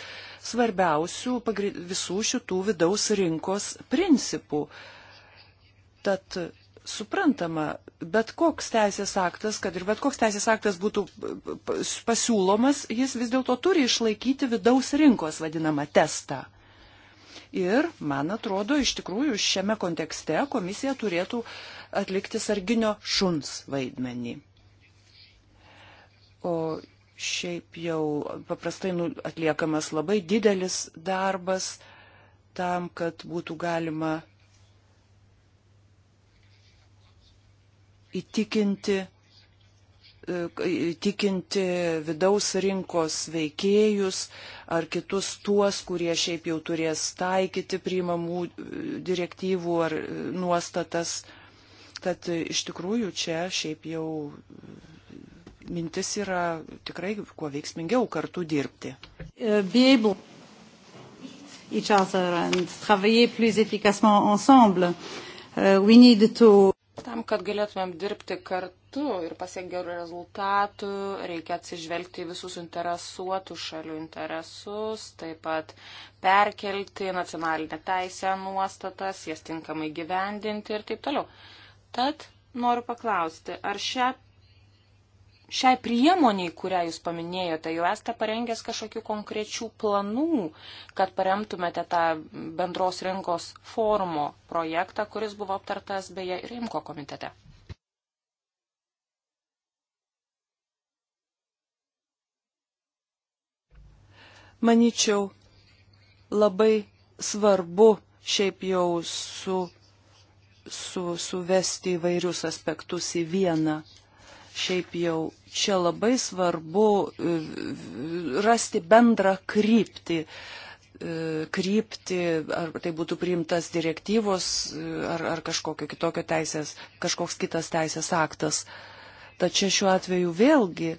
svarbiausių visų šitų vidaus rinkos principų. Tad suprantama, bet koks teisės aktas, kad ir bet koks teisės aktas būtų pasiūlomas, jis vis dėlto turi išlaikyti vidaus rinkos vadinamą testą. Ir, man atrodo, iš tikrųjų šiame kontekste komisija turėtų atlikti sarginio šuns vaidmenį. O šiaip jau paprastai nu, atliekamas labai didelis darbas tam, kad būtų galima įtikinti, e, įtikinti vidaus rinkos veikėjus ar kitus tuos, kurie šiaip jau turės taikyti priimamų e, direktyvų ar e, nuostatas. Tad iš tikrųjų čia šiaip jau mintis yra tikrai kuo veiksmingiau kartu dirbti. Bėbų each other and travailler plus efficacement ensemble. Uh, we need to Tam, kad galėtumėm dirbti kartu ir pasiekti gerų rezultatų, reikia atsižvelgti į visus interesuotų šalių interesus, taip pat perkelti nacionalinę teisę nuostatas, jas tinkamai gyvendinti ir taip toliau. Tad noriu paklausti, ar šią šiai priemoniai, kurią jūs paminėjote, jau esate parengęs kažkokių konkrečių planų, kad paremtumėte tą bendros rinkos forumo projektą, kuris buvo aptartas beje ir Rimko komitete. Maničiau, labai svarbu šiaip jau su, su, suvesti įvairius aspektus į vieną Šiaip jau čia labai svarbu e, rasti bendrą kryptį, e, krypti, ar tai būtų priimtas direktyvos, e, ar, ar kažkokio kitokio teisės, kažkoks kitas teisės aktas. Tačiau šiuo atveju vėlgi,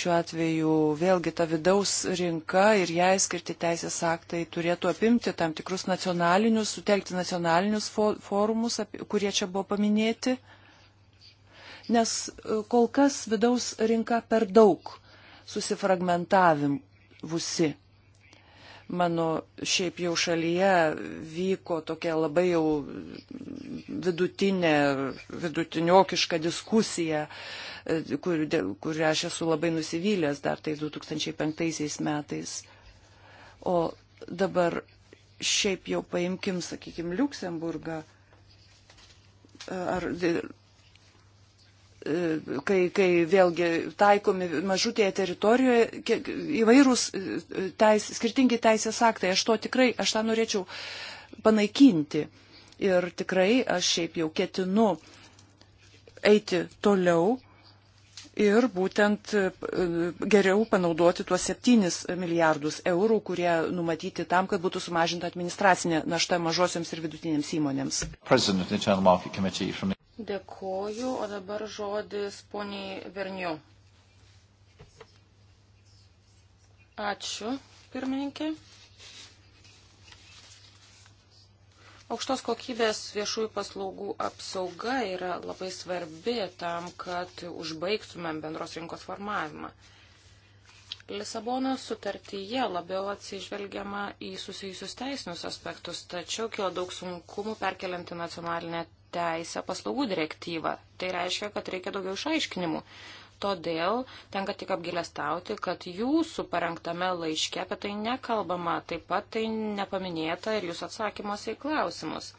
šiuo atveju vėlgi ta vidaus rinka ir jai skirti teisės aktai turėtų apimti tam tikrus nacionalinius, sutelkti nacionalinius forumus, kurie čia buvo paminėti nes e, kol kas vidaus rinka per daug susifragmentavimusi. Mano šiaip jau šalyje vyko tokia labai jau vidutinė, vidutiniokiška diskusija, e, kur, kurią aš esu labai nusivylęs dar tais 2005 metais. O dabar šiaip jau paimkim, sakykim, Luksemburgą e, ar E, kai, kai vėlgi taikomi mažutėje teritorijoje įvairūs e, teis, skirtingi teisės aktai. Aš to tikrai, aš tą norėčiau panaikinti. Ir tikrai aš šiaip jau ketinu eiti toliau ir būtent e, geriau panaudoti tuos 7 milijardus eurų, kurie numatyti tam, kad būtų sumažinta administracinė našta mažosiams ir vidutinėms įmonėms. Dėkoju, o dabar žodis poniai Verniu. Ačiū, pirmininkė. Aukštos kokybės viešųjų paslaugų apsauga yra labai svarbi tam, kad užbaigtumėm bendros rinkos formavimą. Lisabonos sutartyje labiau atsižvelgiama į susijusius teisinius aspektus, tačiau kilo daug sunkumų perkeliant į nacionalinę teisę paslaugų direktyvą. Tai reiškia, kad reikia daugiau išaiškinimų. Todėl tenka tik apgilestauti, kad jūsų parengtame laiške apie tai nekalbama, taip pat tai nepaminėta ir jūsų atsakymuose į klausimus.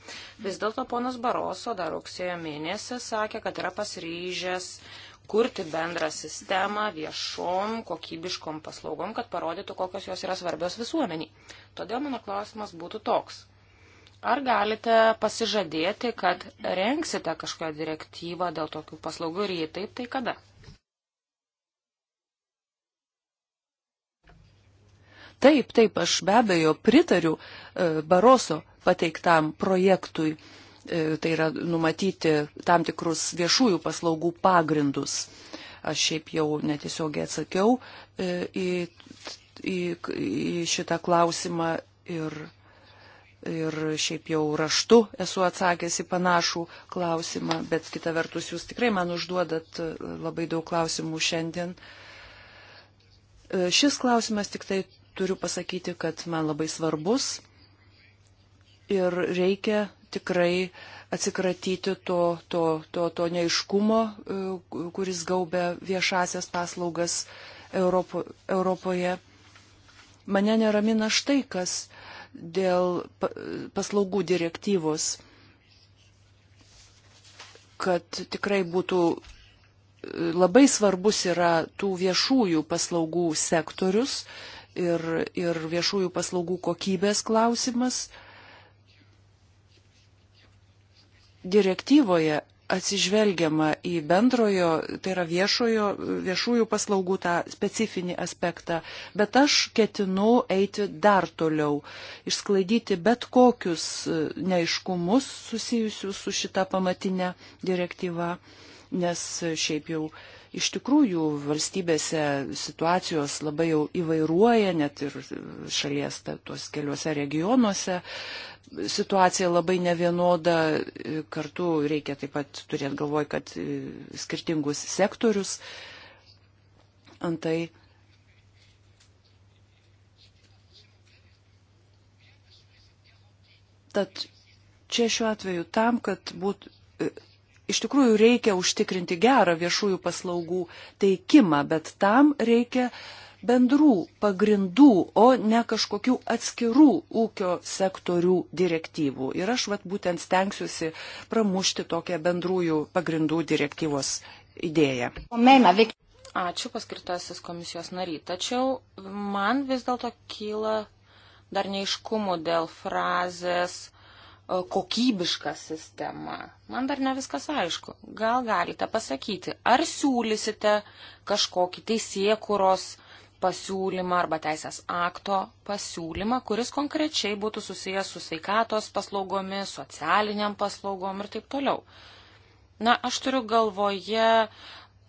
Vis dėlto ponas Baroso dar rugsėjo mėnesį sakė, kad yra pasiryžęs kurti bendrą sistemą viešom, kokybiškom paslaugom, kad parodytų, kokios jos yra svarbios visuomeniai. Todėl mano klausimas būtų toks. Ar galite pasižadėti, kad renksite kažkokią direktyvą dėl tokių paslaugų ir jei taip, tai kada? Taip, taip, aš be abejo pritariu e, Baroso pateiktam projektui, e, tai yra numatyti tam tikrus viešųjų paslaugų pagrindus. Aš šiaip jau netiesiogiai atsakiau e, į, į, į šitą klausimą ir ir šiaip jau raštu esu atsakęs į panašų klausimą, bet kita vertus jūs tikrai man užduodat e, labai daug klausimų šiandien. E, šis klausimas tik tai turiu pasakyti, kad man labai svarbus ir reikia tikrai atsikratyti to, to, to, to neiškumo, e, kuris gaubia viešasias paslaugas Europo, Europoje. Mane neramina štai kas dėl paslaugų direktyvos, kad tikrai būtų e, labai svarbus yra tų viešųjų paslaugų sektorius ir, ir viešųjų paslaugų kokybės klausimas. Direktyvoje atsižvelgiama į bendrojo, tai yra viešojo, viešųjų paslaugų tą specifinį aspektą, bet aš ketinu eiti dar toliau, išsklaidyti bet kokius e, neiškumus susijusius su šita pamatinė direktyva, nes e, šiaip jau iš tikrųjų valstybėse situacijos labai jau įvairuoja, net ir šalies ta, tuos keliuose regionuose situacija labai nevienoda, kartu reikia taip pat turėti galvoj, kad e, skirtingus sektorius. Antai Tad čia šiuo atveju tam, kad būtų, e, iš tikrųjų reikia užtikrinti gerą viešųjų paslaugų teikimą, bet tam reikia uh, bendrų pagrindų, o ne kažkokių atskirų ūkio sektorių direktyvų. Ir aš vat, būtent stengsiuosi pramušti tokią bendrųjų pagrindų direktyvos idėją. Ačiū paskirtasis komisijos nary. Tačiau man vis dėlto kyla dar neiškumų dėl frazės e, kokybiška sistema. Man dar ne viskas aišku. Gal galite pasakyti, ar siūlysite kažkokį teisėkuros pasiūlymą arba teisės akto pasiūlymą, kuris konkrečiai būtų susijęs su sveikatos paslaugomis, socialiniam paslaugom ir taip toliau. Na, aš turiu galvoje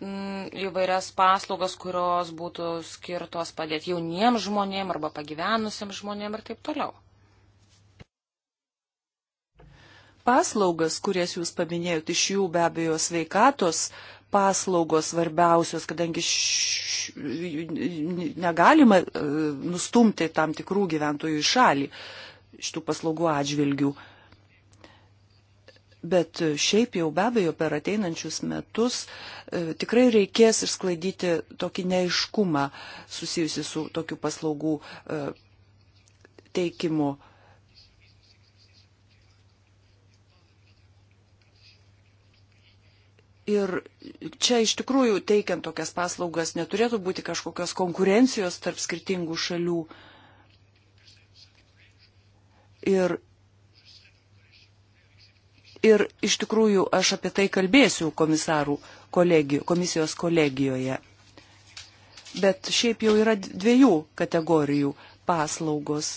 mm, įvairias paslaugas, kurios būtų skirtos padėti jauniems žmonėms arba pagyvenusiems žmonėms ir taip toliau. Paslaugas, kurias jūs paminėjote, iš jų be abejo sveikatos paslaugos svarbiausios, kadangi š... negalima e, nustumti tam tikrų gyventojų į šalį šitų paslaugų atžvilgių. Bet e, šiaip jau be abejo per ateinančius metus e, tikrai reikės išsklaidyti tokį neiškumą susijusi su tokių paslaugų e, teikimu. E, Ir čia iš tikrųjų teikiant tokias paslaugas neturėtų būti kažkokios konkurencijos tarp skirtingų šalių. Ir, ir iš tikrųjų aš apie tai kalbėsiu komisarų kolegijų, komisijos kolegijoje. Bet šiaip jau yra dviejų kategorijų paslaugos.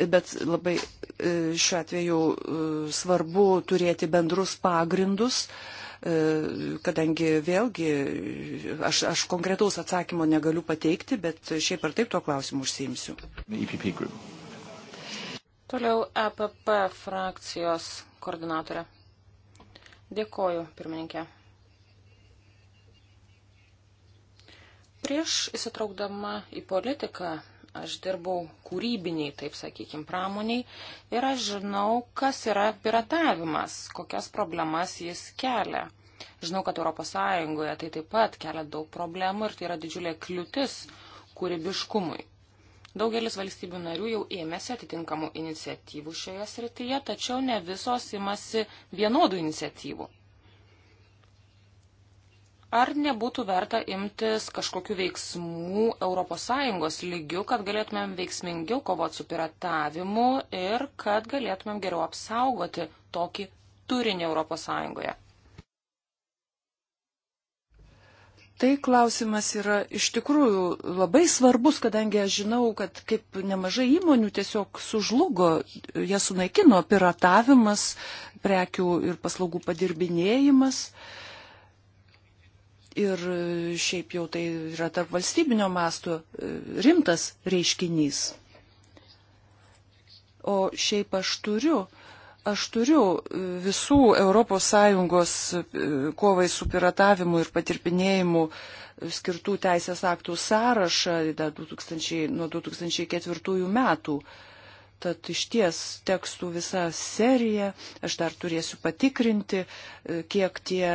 Bet labai e, šiuo atveju e, svarbu turėti bendrus pagrindus, uh, E, kadangi vėlgi aš, aš konkretaus atsakymo negaliu pateikti, bet šiaip ar taip tuo klausimu užsiimsiu. E Toliau EPP frakcijos koordinatorė. Dėkoju, pirmininkė. Prieš įsitraukdama į politiką Aš dirbau kūrybiniai, taip sakykime, pramoniai ir aš žinau, kas yra piratavimas, kokias problemas jis kelia. Žinau, kad ES tai taip pat kelia daug problemų ir tai yra didžiulė kliūtis kūrybiškumui. Daugelis valstybių narių jau ėmėsi atitinkamų iniciatyvų šioje srityje, tačiau ne visos imasi vienodų iniciatyvų. Ar nebūtų verta imtis kažkokių veiksmų ES lygių, kad galėtumėm veiksmingiau kovoti su piratavimu ir kad galėtumėm geriau apsaugoti tokį turinį ES? Tai klausimas yra iš tikrųjų labai svarbus, kadangi aš žinau, kad kaip nemažai įmonių tiesiog sužlugo, jie sunaikino piratavimas, prekių ir paslaugų padirbinėjimas. Uh, Ir e, šiaip jau tai yra tarp valstybinio masto e, rimtas reiškinys. O šiaip aš turiu, aš turiu e, visų ES kovai su piratavimu ir patirpinėjimu skirtų teisės aktų sąrašą da, 2000, nuo 2004 metų. Tad iš ties tekstų visa serija, aš dar turėsiu patikrinti, e, kiek tie,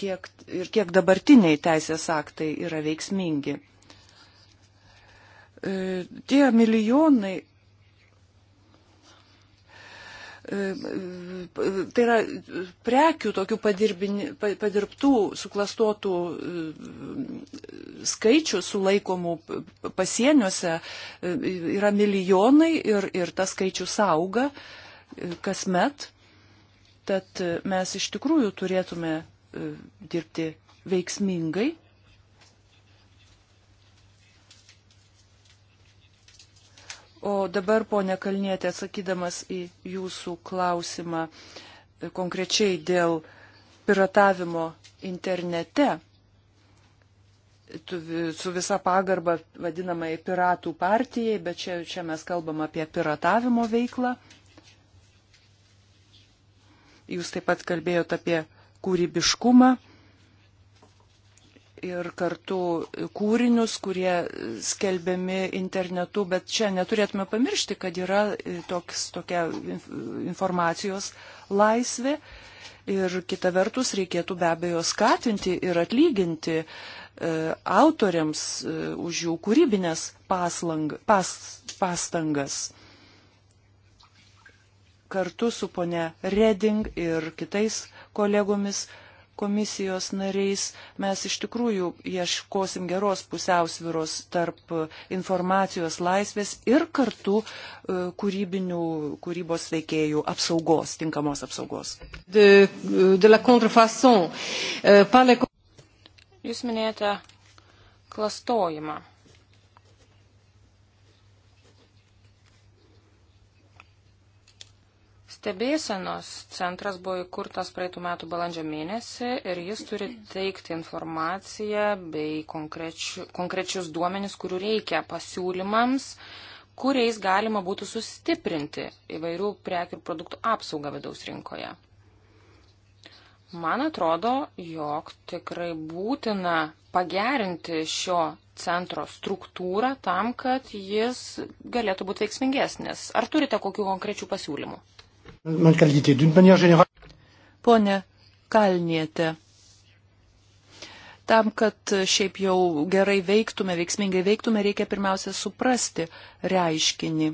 kiek ir kiek dabartiniai teisės aktai yra veiksmingi. E, tie milijonai tai yra prekių tokių padirbtų, suklastotų e, skaičių sulaikomų pasieniuose e, yra milijonai ir, ir tas skaičius auga e, kasmet. Tad mes iš tikrųjų turėtume dirbti veiksmingai O dabar, ponė Kalnietė, atsakydamas į jūsų klausimą e, konkrečiai dėl piratavimo internete, su visa pagarba vadinamai piratų partijai, bet čia, čia mes kalbam apie piratavimo veiklą. Jūs taip pat kalbėjote apie kūrybiškumą ir kartu kūrinius, kurie skelbiami internetu, bet čia neturėtume pamiršti, kad yra e, toks, tokia informacijos laisvė ir kita vertus reikėtų be abejo skatinti ir atlyginti e, autoriams e, už jų kūrybinės paslang, pas, pastangas. Kartu su ponia Reding ir kitais kolegomis komisijos nariais mes iš tikrųjų ieškosim geros pusiausviros tarp e, informacijos laisvės ir kartu e, kūrybinių, kūrybos veikėjų apsaugos, tinkamos apsaugos. De, e, de euh, Jūs minėjote klastojimą. Stebėsenos centras buvo įkurtas praeitų metų balandžio mėnesį ir jis turi teikti informaciją bei konkrečiu, konkrečius duomenis, kurių reikia pasiūlymams, kuriais galima būtų sustiprinti įvairių prekių ir produktų apsaugą vidaus rinkoje. Man atrodo, jog tikrai būtina pagerinti šio centro struktūrą tam, kad jis galėtų būti veiksmingesnis. Ar turite kokių konkrečių pasiūlymų? Pone Kalnietė, tam, kad šiaip jau gerai veiktume, veiksmingai veiktume, reikia pirmiausia suprasti reiškinį.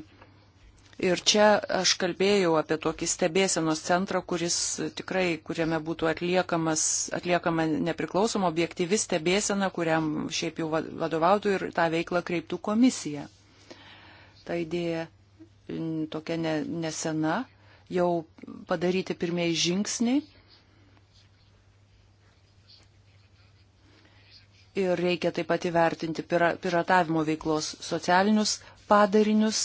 Ir čia aš kalbėjau apie tokį stebėsenos centrą, kuris tikrai, kuriame būtų atliekama nepriklausoma objektyvi stebėsena, kuriam šiaip jau vadovautų ir tą veiklą kreiptų komisija. Ta idėja tokia ne, nesena, jau padaryti pirmieji žingsniai. Ir reikia taip pat įvertinti piratavimo veiklos socialinius padarinius.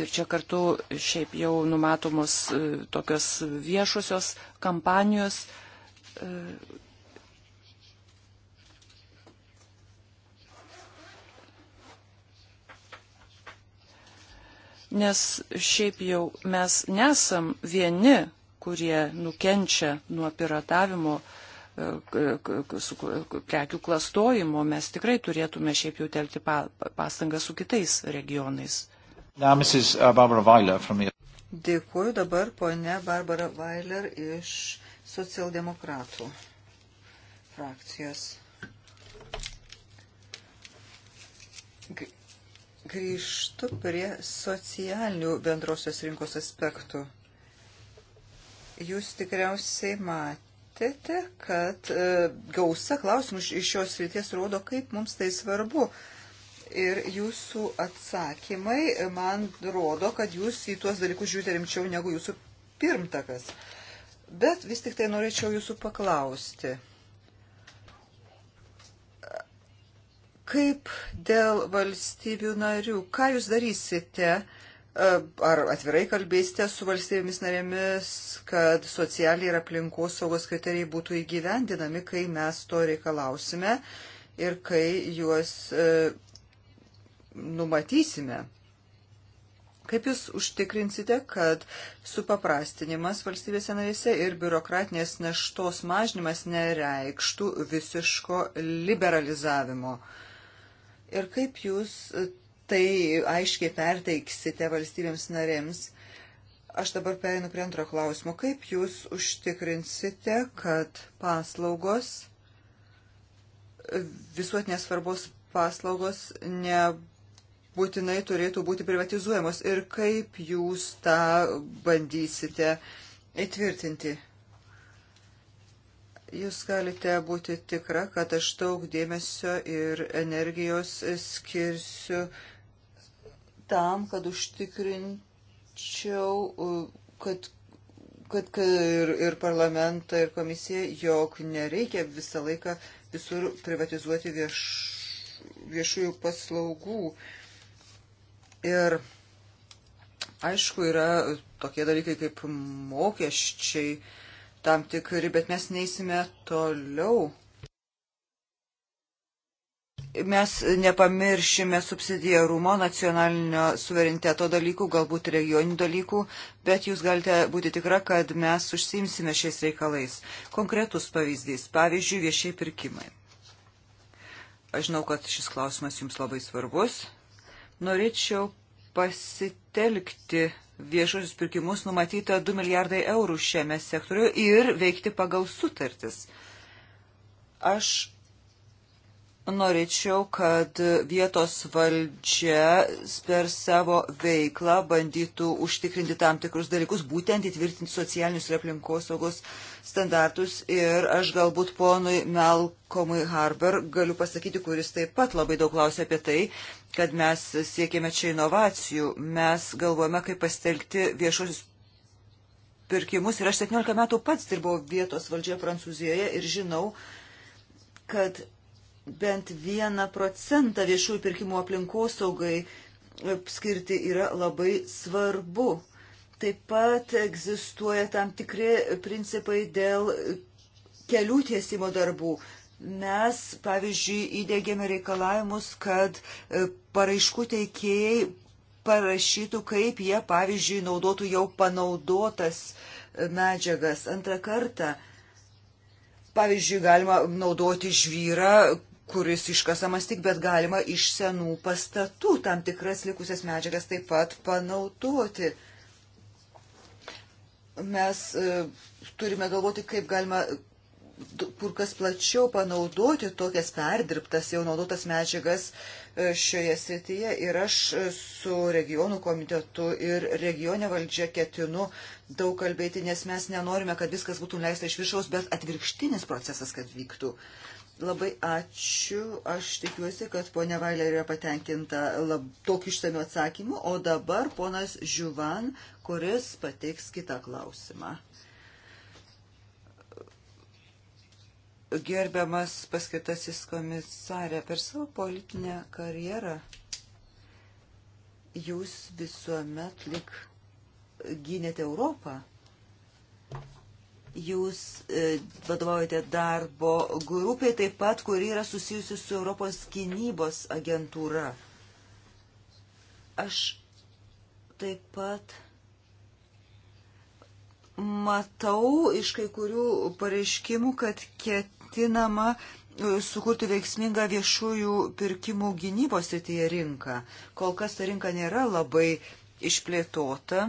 Ir čia kartu šiaip jau numatomos e, tokios viešusios kampanijos e, nes šiaip jau mes nesam vieni, kurie nukenčia nuo piratavimo e, prekių klastojimo, mes tikrai turėtume šiaip jau telti pastangą su kitais regionais. Uh, Dėkuoju dabar ponė Barbara Vailer iš socialdemokratų frakcijos. Grįžtu prie socialinių bendrosios rinkos aspektų. Jūs tikriausiai matėte, kad e, gausa klausimų iš šios ryties rodo, kaip mums tai svarbu. Ir jūsų atsakymai man rodo, kad jūs į tuos dalykus žiūrite rimčiau negu jūsų pirmtakas. Bet vis tik tai norėčiau jūsų paklausti Kaip dėl valstybių narių? Ką jūs darysite? E, ar atvirai kalbėsite su valstybėmis narėmis, kad socialiai ir aplinkos saugos kriterijai būtų įgyvendinami, kai mes to reikalausime ir kai juos e, numatysime? Kaip jūs užtikrinsite, kad supaprastinimas valstybėse narėse ir biurokratinės naštos mažinimas nereikštų visiško liberalizavimo? Uh, Ir kaip jūs tai aiškiai perteiksite valstybėms narėms? Aš dabar perinu prie antro klausimo. Kaip jūs užtikrinsite, kad paslaugos, visuotinės svarbos paslaugos nebūtinai turėtų būti privatizuojamos ir kaip jūs tą bandysite įtvirtinti? Jūs galite būti tikra, kad aš daug dėmesio ir energijos skirsiu tam, kad užtikrinčiau, kad kad, kad ir, ir parlamentą, ir komisiją, jog nereikia visą laiką visur privatizuoti vieš, viešųjų paslaugų. Ir aišku, yra tokie dalykai kaip mokesčiai, tam tikri, bet mes neįsime toliau. Mes nepamiršime subsidijarumo, nacionalinio suvereniteto dalykų, galbūt regioninių dalykų, bet jūs galite būti tikra, kad mes užsimsime šiais reikalais. Konkretus pavyzdys, pavyzdžiui, viešiai pirkimai. Aš žinau, kad šis klausimas jums labai svarbus. Norėčiau pasitelkti viešuosius pirkimus numatyta 2 milijardai eurų šiame sektoriu ir veikti pagal sutartis. Aš norėčiau, kad vietos valdžia per savo veiklą bandytų užtikrinti tam tikrus dalykus, būtent įtvirtinti socialinius ir aplinkosaugos saugos standartus ir aš galbūt ponui Melkomui Harber galiu pasakyti, kuris taip pat labai daug klausia apie tai, kad mes siekėme čia inovacijų, mes galvojame, kaip pastelgti viešosius pirkimus ir aš 17 metų pats dirbau vietos valdžioje Prancūzijoje ir žinau, kad bent vieną procentą viešųjų pirkimų aplinkosaugai skirti yra labai svarbu. Taip pat egzistuoja tam tikri principai dėl kelių tiesimo darbų. Mes, pavyzdžiui, įdėgėme reikalavimus, kad e, paraiškų teikėjai parašytų, kaip jie, pavyzdžiui, naudotų jau panaudotas e, medžiagas. Antrą kartą, pavyzdžiui, galima naudoti žvyrą, kuris iškasamas tik, bet galima iš senų pastatų tam tikras likusias medžiagas taip pat panaudoti mes e, turime galvoti, kaip galima kur kas plačiau panaudoti tokias perdirbtas, jau naudotas medžiagas e, šioje srityje. Ir aš e, su regionų komitetu ir regionė valdžia ketinu daug kalbėti, nes mes nenorime, kad viskas būtų leista iš viršaus, bet atvirkštinis procesas, kad vyktų. Labai ačiū. Aš tikiuosi, kad ponia Vailė yra patenkinta lab, tokiu išsamiu atsakymu. O dabar ponas Žiuvan, kuris pateiks kitą klausimą. Gerbiamas paskirtasis komisarė, per savo politinę karjerą jūs visuomet lik gynėte Europą Jūs e, vadovaujate darbo grupiai taip pat, kuri yra susijusi su Europos gynybos agentūra. Aš taip pat matau iš kai kurių pareiškimų, kad ketinama e, sukurti veiksmingą viešųjų pirkimų gynybos srityje rinką. Kol kas ta rinka nėra labai išplėtota.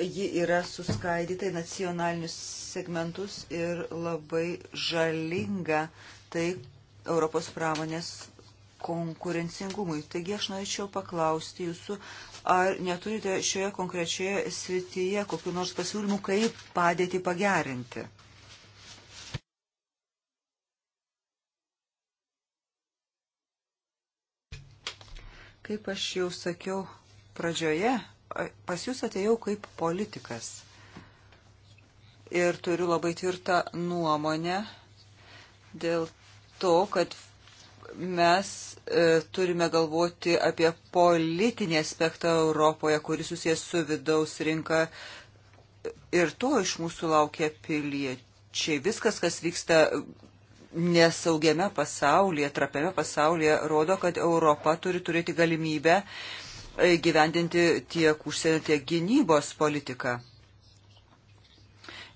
ji yra suskaidyta į nacionalinius segmentus ir labai žalinga tai Europos pramonės konkurencingumui. Taigi aš norėčiau paklausti jūsų, ar neturite šioje konkrečioje srityje kokiu nors pasiūlymu, kaip padėti pagerinti? Kaip aš jau sakiau pradžioje, pas jūs atėjau kaip politikas. Ir turiu labai tvirtą nuomonę dėl to, kad mes e, turime galvoti apie politinį aspektą Europoje, kuris susijęs su vidaus rinka. Ir to iš mūsų laukia piliečiai. Viskas, kas vyksta nesaugiame pasaulyje, trapiame pasaulyje, rodo, kad Europa turi turėti galimybę e, gyvendinti tiek užsienio, tiek gynybos politiką.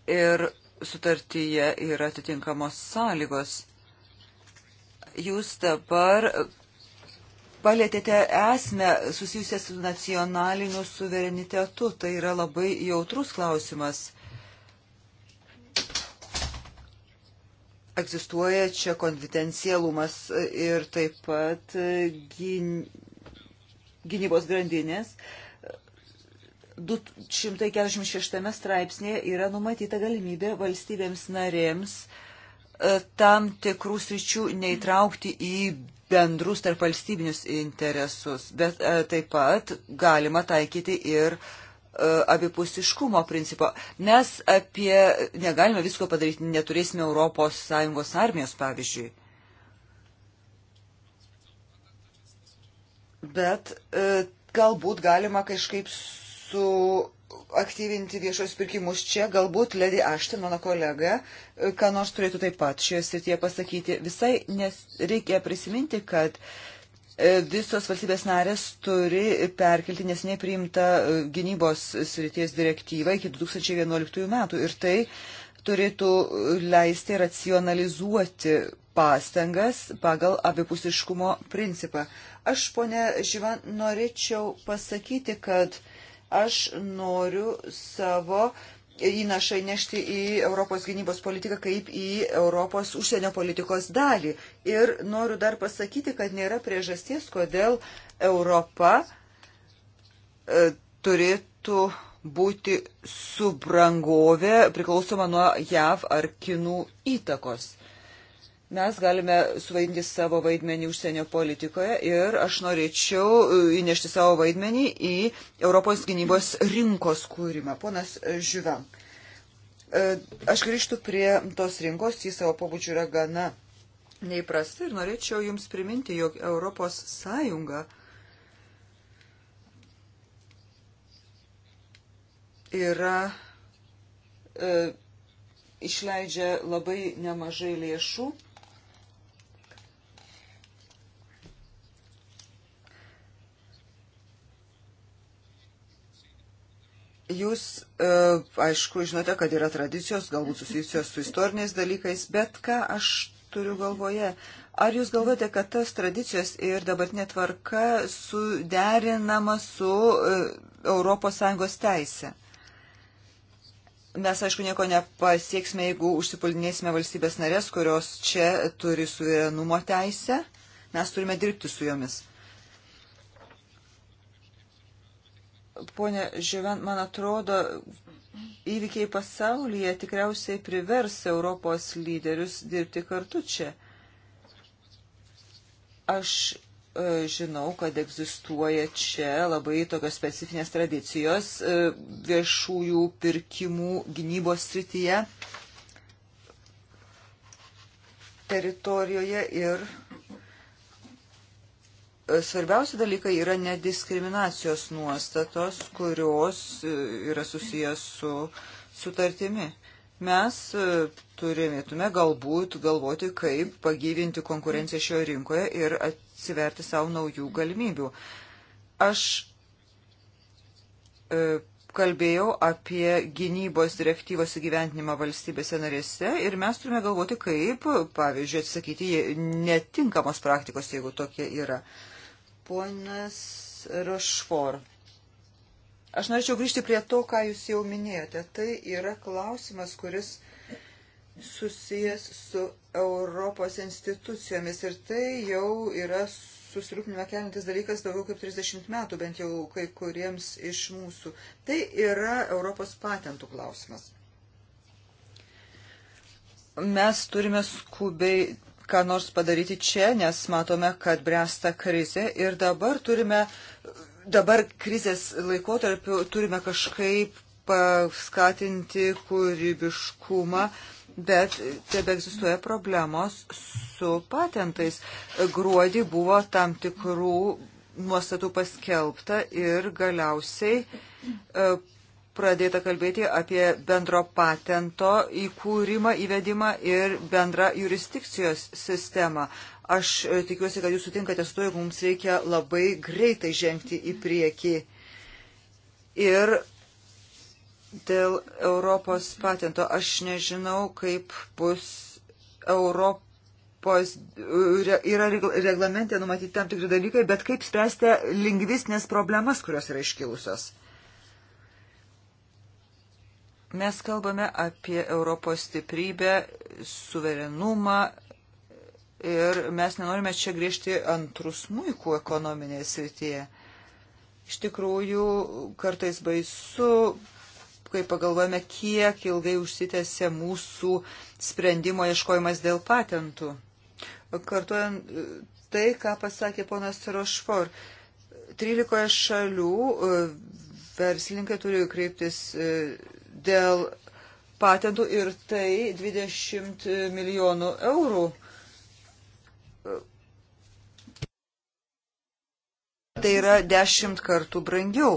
Ir sutartyje yra atitinkamos sąlygos. Jūs dabar palėtėte esmę susijusią su nacionaliniu suverenitetu. Tai yra labai jautrus klausimas. Egzistuoja čia konfidencialumas ir taip pat gyn gynybos grandinės, 246 straipsnėje yra numatyta galimybė valstybėms narėms e, tam tikrų sričių neįtraukti į bendrus tarp valstybinius interesus, bet e, taip pat galima taikyti ir e, abipusiškumo principo. Mes apie negalime visko padaryti, neturėsime Europos Sąjungos armijos, pavyzdžiui. bet e, galbūt galima kažkaip su aktyvinti viešos pirkimus čia, galbūt Ledi Ašten, mano kolega, e, ką nors turėtų taip pat šioje srityje pasakyti. Visai nes reikia prisiminti, kad e, visos valstybės narės turi perkelti nesiniai priimtą e, gynybos srities direktyvą iki 2011 metų. Ir tai turėtų leisti racionalizuoti pastangas pagal abipusiškumo principą. Aš, ponė Živan, norėčiau pasakyti, kad aš noriu savo įnašą įnešti į Europos gynybos politiką kaip į Europos užsienio politikos dalį. Ir noriu dar pasakyti, kad nėra priežasties, kodėl Europa e, turėtų būti subrangovė priklausoma nuo JAV ar kinų įtakos. Mes galime suvaidinti savo vaidmenį užsienio politikoje ir aš norėčiau e, įnešti savo vaidmenį į Europos gynybos rinkos kūrimą. Ponas Žiuvan, e, aš grįžtu prie tos rinkos, jis savo pobūdžiu yra gana neįprasta ir norėčiau Jums priminti, jog Europos Sąjunga yra e, išleidžia labai nemažai lėšų. Jūs, e, aišku, žinote, kad yra tradicijos, galbūt susijusios su istoriniais dalykais, bet ką aš turiu galvoje? Ar jūs galvojate, kad tas tradicijos ir dabartinė tvarka suderinama su e, ES teise? Mes, aišku, nieko nepasieksime, jeigu užsipuldinėsime valstybės narės, kurios čia turi suverenumo teisę. Mes turime dirbti su jomis. Pone Žiūvent, man atrodo, įvykiai pasaulyje tikriausiai privers Europos lyderius dirbti kartu čia. Aš E, žinau, kad egzistuoja čia labai tokios specifinės tradicijos e, viešųjų pirkimų gynybos srityje teritorijoje ir e, svarbiausia dalykai yra nediskriminacijos nuostatos, kurios yra susijęs su sutartimi mes turėtume galbūt galvoti, kaip pagyvinti konkurenciją šioje rinkoje ir at, atsiverti savo naujų galimybių. Aš e, kalbėjau apie gynybos direktyvos įgyventinimą valstybėse narėse ir mes turime galvoti, kaip, pavyzdžiui, atsisakyti netinkamos praktikos, jeigu tokie yra. Ponas Rošfor. Aš norėčiau grįžti prie to, ką jūs jau minėjote. Tai yra klausimas, kuris susijęs su Europos institucijomis ir tai jau yra susirūpinimą keliantis dalykas daugiau kaip 30 metų, bent jau kai kuriems iš mūsų. Tai yra Europos patentų klausimas. Mes turime skubiai ką nors padaryti čia, nes matome, kad bręsta krizė ir dabar turime, dabar krizės laikotarpiu turime kažkaip paskatinti kūrybiškumą bet tebe egzistuoja problemos su patentais. Gruodį buvo tam tikrų nuostatų paskelbta ir galiausiai e, pradėta kalbėti apie bendro patento įkūrimą, įvedimą ir bendrą jurisdikcijos sistemą. Aš e, tikiuosi, kad jūs sutinkate su to, jog mums reikia labai greitai žengti į priekį. Ir Dėl Europos patento aš nežinau, kaip bus Europos, yra reglamente numatyti tam tikri dalykai, bet kaip spręsti lingvistinės problemas, kurios yra iškilusios. Mes kalbame apie Europos stiprybę, suverenumą, ir mes nenorime čia griežti antrus muikų ekonominėje srityje. Iš tikrųjų, kartais baisu kai pagalvojame, kiek ilgai užsitęsė mūsų sprendimo ieškojimas dėl patentų. Kartuojant tai, ką pasakė ponas Rošfor, 13 šalių e, verslininkai turi kreiptis e, dėl patentų ir tai 20 milijonų eurų. Tai yra 10 kartų brangiau.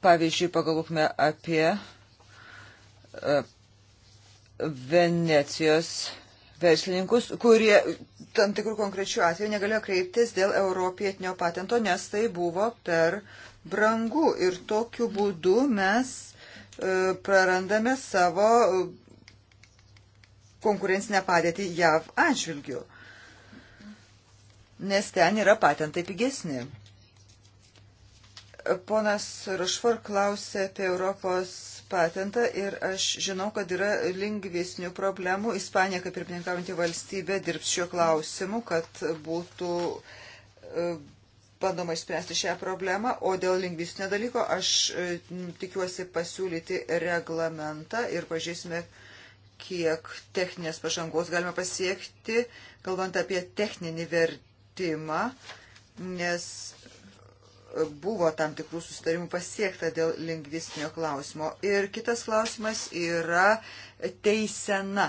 Pavyzdžiui, pagalvokime apie e, Venecijos verslininkus, kurie tam tikrų konkrečių atvejų negalėjo kreiptis dėl europietinio patento, nes tai buvo per brangu. Ir tokiu būdu mes e, prarandame savo konkurencinę padėtį JAV atžvilgių, nes ten yra patentai pigesni. Ponas Rošfor klausė apie Europos patentą ir aš žinau, kad yra lingvisnių problemų. Ispanija, kaip ir pininkaujantį valstybę, dirbs šiuo klausimu, kad būtų e, bandoma išspręsti šią problemą. O dėl lingvistinio dalyko aš e, tikiuosi pasiūlyti reglamentą ir pažiūrėsime, kiek techninės pažangos galima pasiekti, kalbant apie techninį vertimą, nes buvo tam tikrų sustarimų pasiekta dėl lingvistinio klausimo. Ir kitas klausimas yra teisena.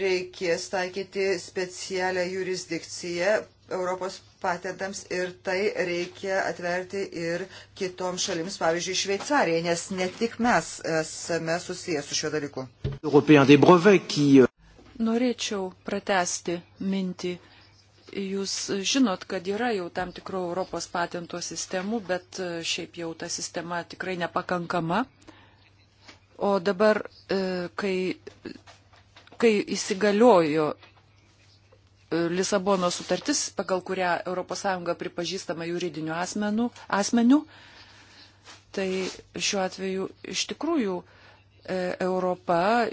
Reikės taikyti specialią jurisdikciją Europos patentams ir tai reikia atverti ir kitoms šalims, pavyzdžiui, Šveicarijai, nes ne tik mes esame susijęs su šiuo dalyku. Euh, Norėčiau pratesti mintį Jūs žinot, kad yra jau tam tikrų Europos patento sistemų, bet e, šiaip jau ta sistema tikrai nepakankama. O dabar, e, kai, kai įsigaliojo e, Lisabono sutartis, pagal kurią ES pripažįstama juridiniu asmeniu, asmeniu, tai šiuo atveju iš tikrųjų E, Europa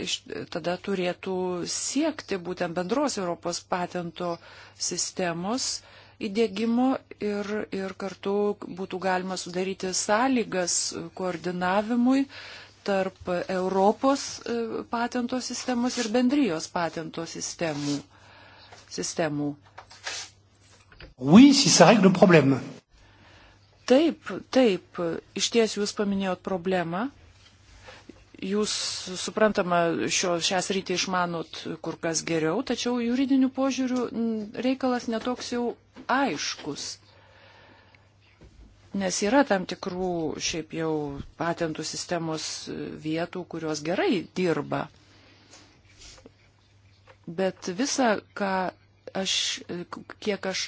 tada turėtų siekti būtent bendros Europos patento sistemos įdėgymo ir, ir kartu būtų galima sudaryti sąlygas koordinavimui tarp Europos e, patento sistemos ir bendrijos patento sistemų. sistemų. Oui, si ça règle le problème. Taip, taip, iš ties jūs paminėjot problemą jūs, suprantama, šio, šią sritį išmanot kur kas geriau, tačiau juridiniu požiūriu reikalas netoks jau aiškus. Nes yra tam tikrų šiaip jau patentų sistemos vietų, kurios gerai dirba. Bet visa, ką aš, kiek aš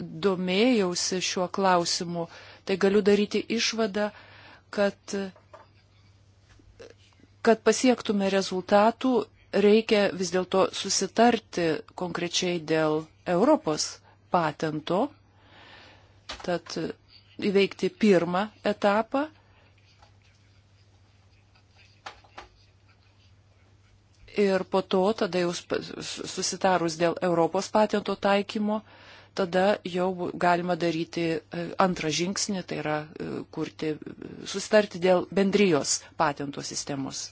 domėjausi šiuo klausimu, tai galiu daryti išvadą, kad Kad pasiektume rezultatų, reikia vis dėlto susitarti konkrečiai dėl Europos patento, tad įveikti pirmą etapą. Ir po to, tada jau susitarus dėl Europos patento taikymo, tada jau galima daryti e, antrą žingsnį, tai yra e, kurti, sustarti dėl bendrijos patento sistemos.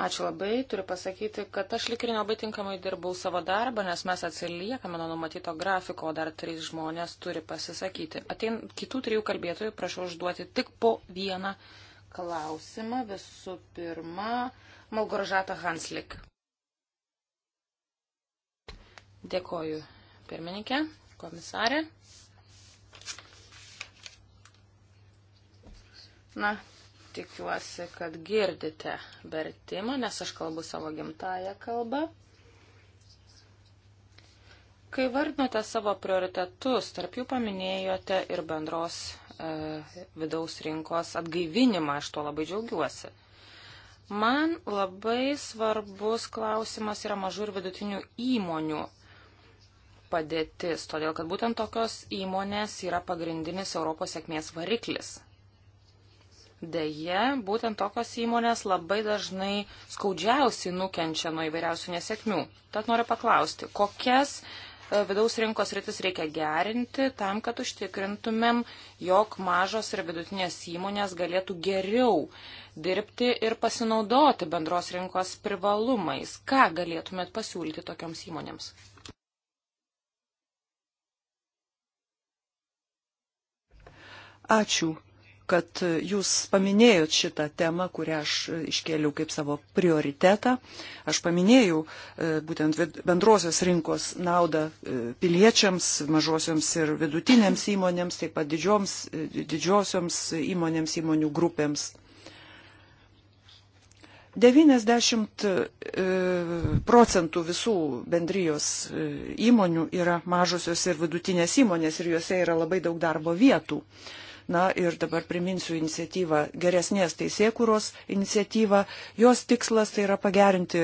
Ačiū labai, turiu pasakyti, kad aš likrinė labai tinkamai dirbau savo darbą, nes mes atsiliekame nuo numatyto grafiko, o dar trys žmonės turi pasisakyti. Atein kitų trijų kalbėtojų prašau užduoti tik po vieną klausimą. Visų pirma, Malgoržata Hanslik. Dėkoju, pirmininkė, komisarė. Na, tikiuosi, kad girdite vertimą, nes aš kalbu savo gimtają kalbą. Kai vardinote savo prioritetus, tarp jų paminėjote ir bendros e, vidaus rinkos atgaivinimą, aš tuo labai džiaugiuosi. Man labai svarbus klausimas yra mažų ir vidutinių įmonių padėtis, todėl kad būtent tokios įmonės yra pagrindinis Europos sėkmės variklis. Deja, būtent tokios įmonės labai dažnai skaudžiausiai nukenčia nuo įvairiausių nesėkmių. Tad noriu paklausti, kokias e, vidaus rinkos rytis reikia gerinti tam, kad užtikrintumėm, jog mažos ir vidutinės įmonės galėtų geriau dirbti ir pasinaudoti bendros rinkos privalumais. Ką galėtumėt pasiūlyti tokioms įmonėms? ačiū, kad jūs paminėjot šitą temą, kurią aš iškėliau kaip savo prioritetą. Aš paminėjau e, būtent bendrosios rinkos naudą e, piliečiams, mažosioms ir vidutinėms įmonėms, taip pat didžioms, e, didžiosioms įmonėms, įmonių grupėms. 90 procentų visų bendrijos įmonių yra mažosios ir vidutinės įmonės ir juose yra labai daug darbo vietų. Na ir dabar priminsiu iniciatyvą geresnės teisėkūros iniciatyvą. Jos tikslas tai yra pagerinti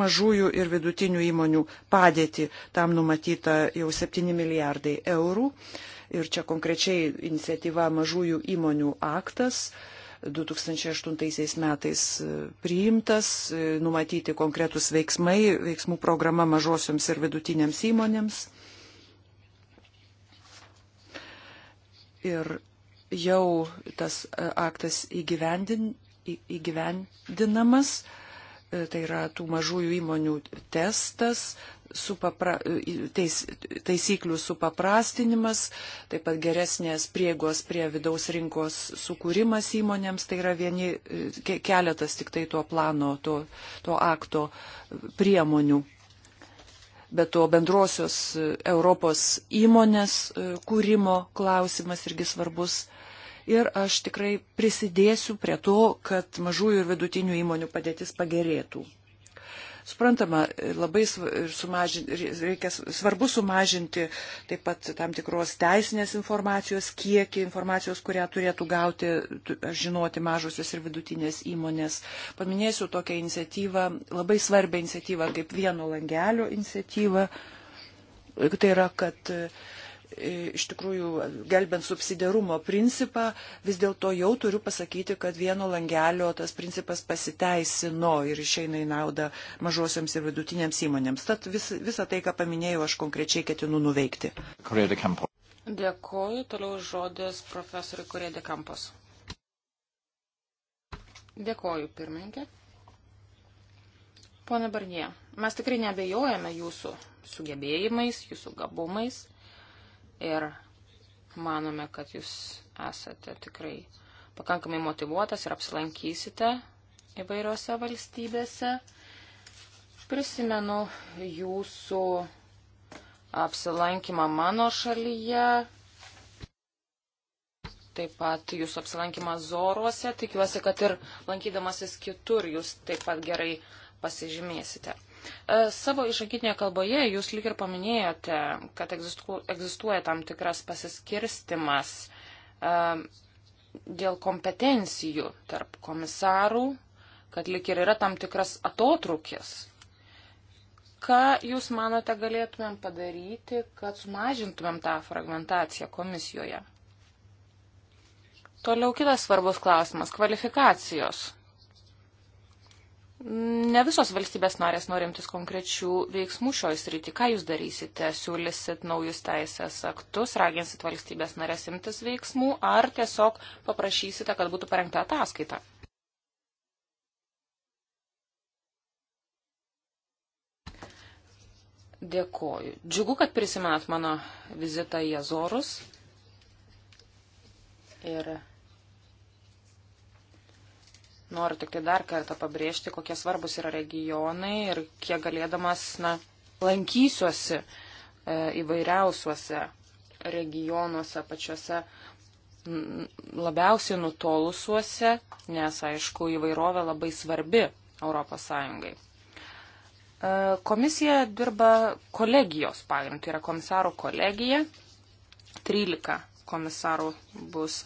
mažųjų ir vidutinių įmonių padėtį. Tam numatyta jau 7 milijardai eurų. Ir čia konkrečiai iniciatyva mažųjų įmonių aktas. 2008 metais e, priimtas, e, numatyti konkretus veiksmai, veiksmų programa mažosioms ir vidutinėms įmonėms. Ir jau tas e, aktas įgyvendin, įgyvendinamas, e, tai yra tų mažųjų įmonių testas, supapra, e, teis, taisyklių supaprastinimas, taip pat geresnės priegos prie vidaus rinkos sukūrimas įmonėms, tai yra vieni, keletas tik tai to plano, to, to akto priemonių. Bet to bendrosios Europos įmonės kūrimo klausimas irgi svarbus ir aš tikrai prisidėsiu prie to, kad mažųjų ir vidutinių įmonių padėtis pagerėtų. Suprantama, labai sumažinti, reikia, svarbu sumažinti taip pat tam tikros teisinės informacijos kiekį, informacijos, kurią turėtų gauti, žinoti mažosios ir vidutinės įmonės. Paminėsiu tokią iniciatyvą, labai svarbią iniciatyvą, kaip vieno langelio iniciatyvą. Tai yra, kad uh, E, iš tikrųjų, gelbent subsidiarumo principą, vis dėlto jau turiu pasakyti, kad vieno langelio tas principas pasiteisino ir išeina į naudą mažosiams ir vidutinėms įmonėms. Tad vis, visą tai, ką paminėjau, aš konkrečiai ketinu nuveikti. Dėkuoju, toliau žodis profesoriui Kurėdė Kampos. Dėkuoju, pirmininkė. Pone Barnie, mes tikrai nebejojame jūsų sugebėjimais, jūsų gabumais ir manome, kad jūs esate tikrai pakankamai motivuotas ir apsilankysite įvairiose valstybėse. Prisimenu jūsų apsilankymą mano šalyje, taip pat jūsų apsilankymą Zoruose. Tikiuosi, kad ir lankydamasis kitur jūs taip pat gerai pasižymėsite. E, savo išakytinėje kalboje jūs lyg ir paminėjote, kad egzistuoja tam tikras pasiskirstimas e, dėl kompetencijų tarp komisarų, kad lyg ir yra tam tikras atotrukis. Ką Jūs manote galėtumėm padaryti, kad sumažintumėm tą fragmentaciją komisijoje? Toliau kitas svarbus klausimas - kvalifikacijos. Ne visos valstybės narės norimtis konkrečių veiksmų šioj srity. Ką jūs darysite? Siūlysit naujus teisės aktus, raginsit valstybės narės imtis veiksmų ar tiesiog paprašysite, kad būtų parengta ataskaita? Dėkoju. Džiugu, kad prisimenat mano vizitą į Azorus. Ir Noriu tik tai dar kartą pabrėžti, kokie svarbus yra regionai ir kiek galėdamas na, lankysiuosi e, įvairiausiuose regionuose pačiuose labiausiai nutolusiuose, nes, aišku, įvairovė labai svarbi Europos Sąjungai. E, komisija dirba kolegijos pagrindu, tai yra komisarų kolegija. 13 komisarų bus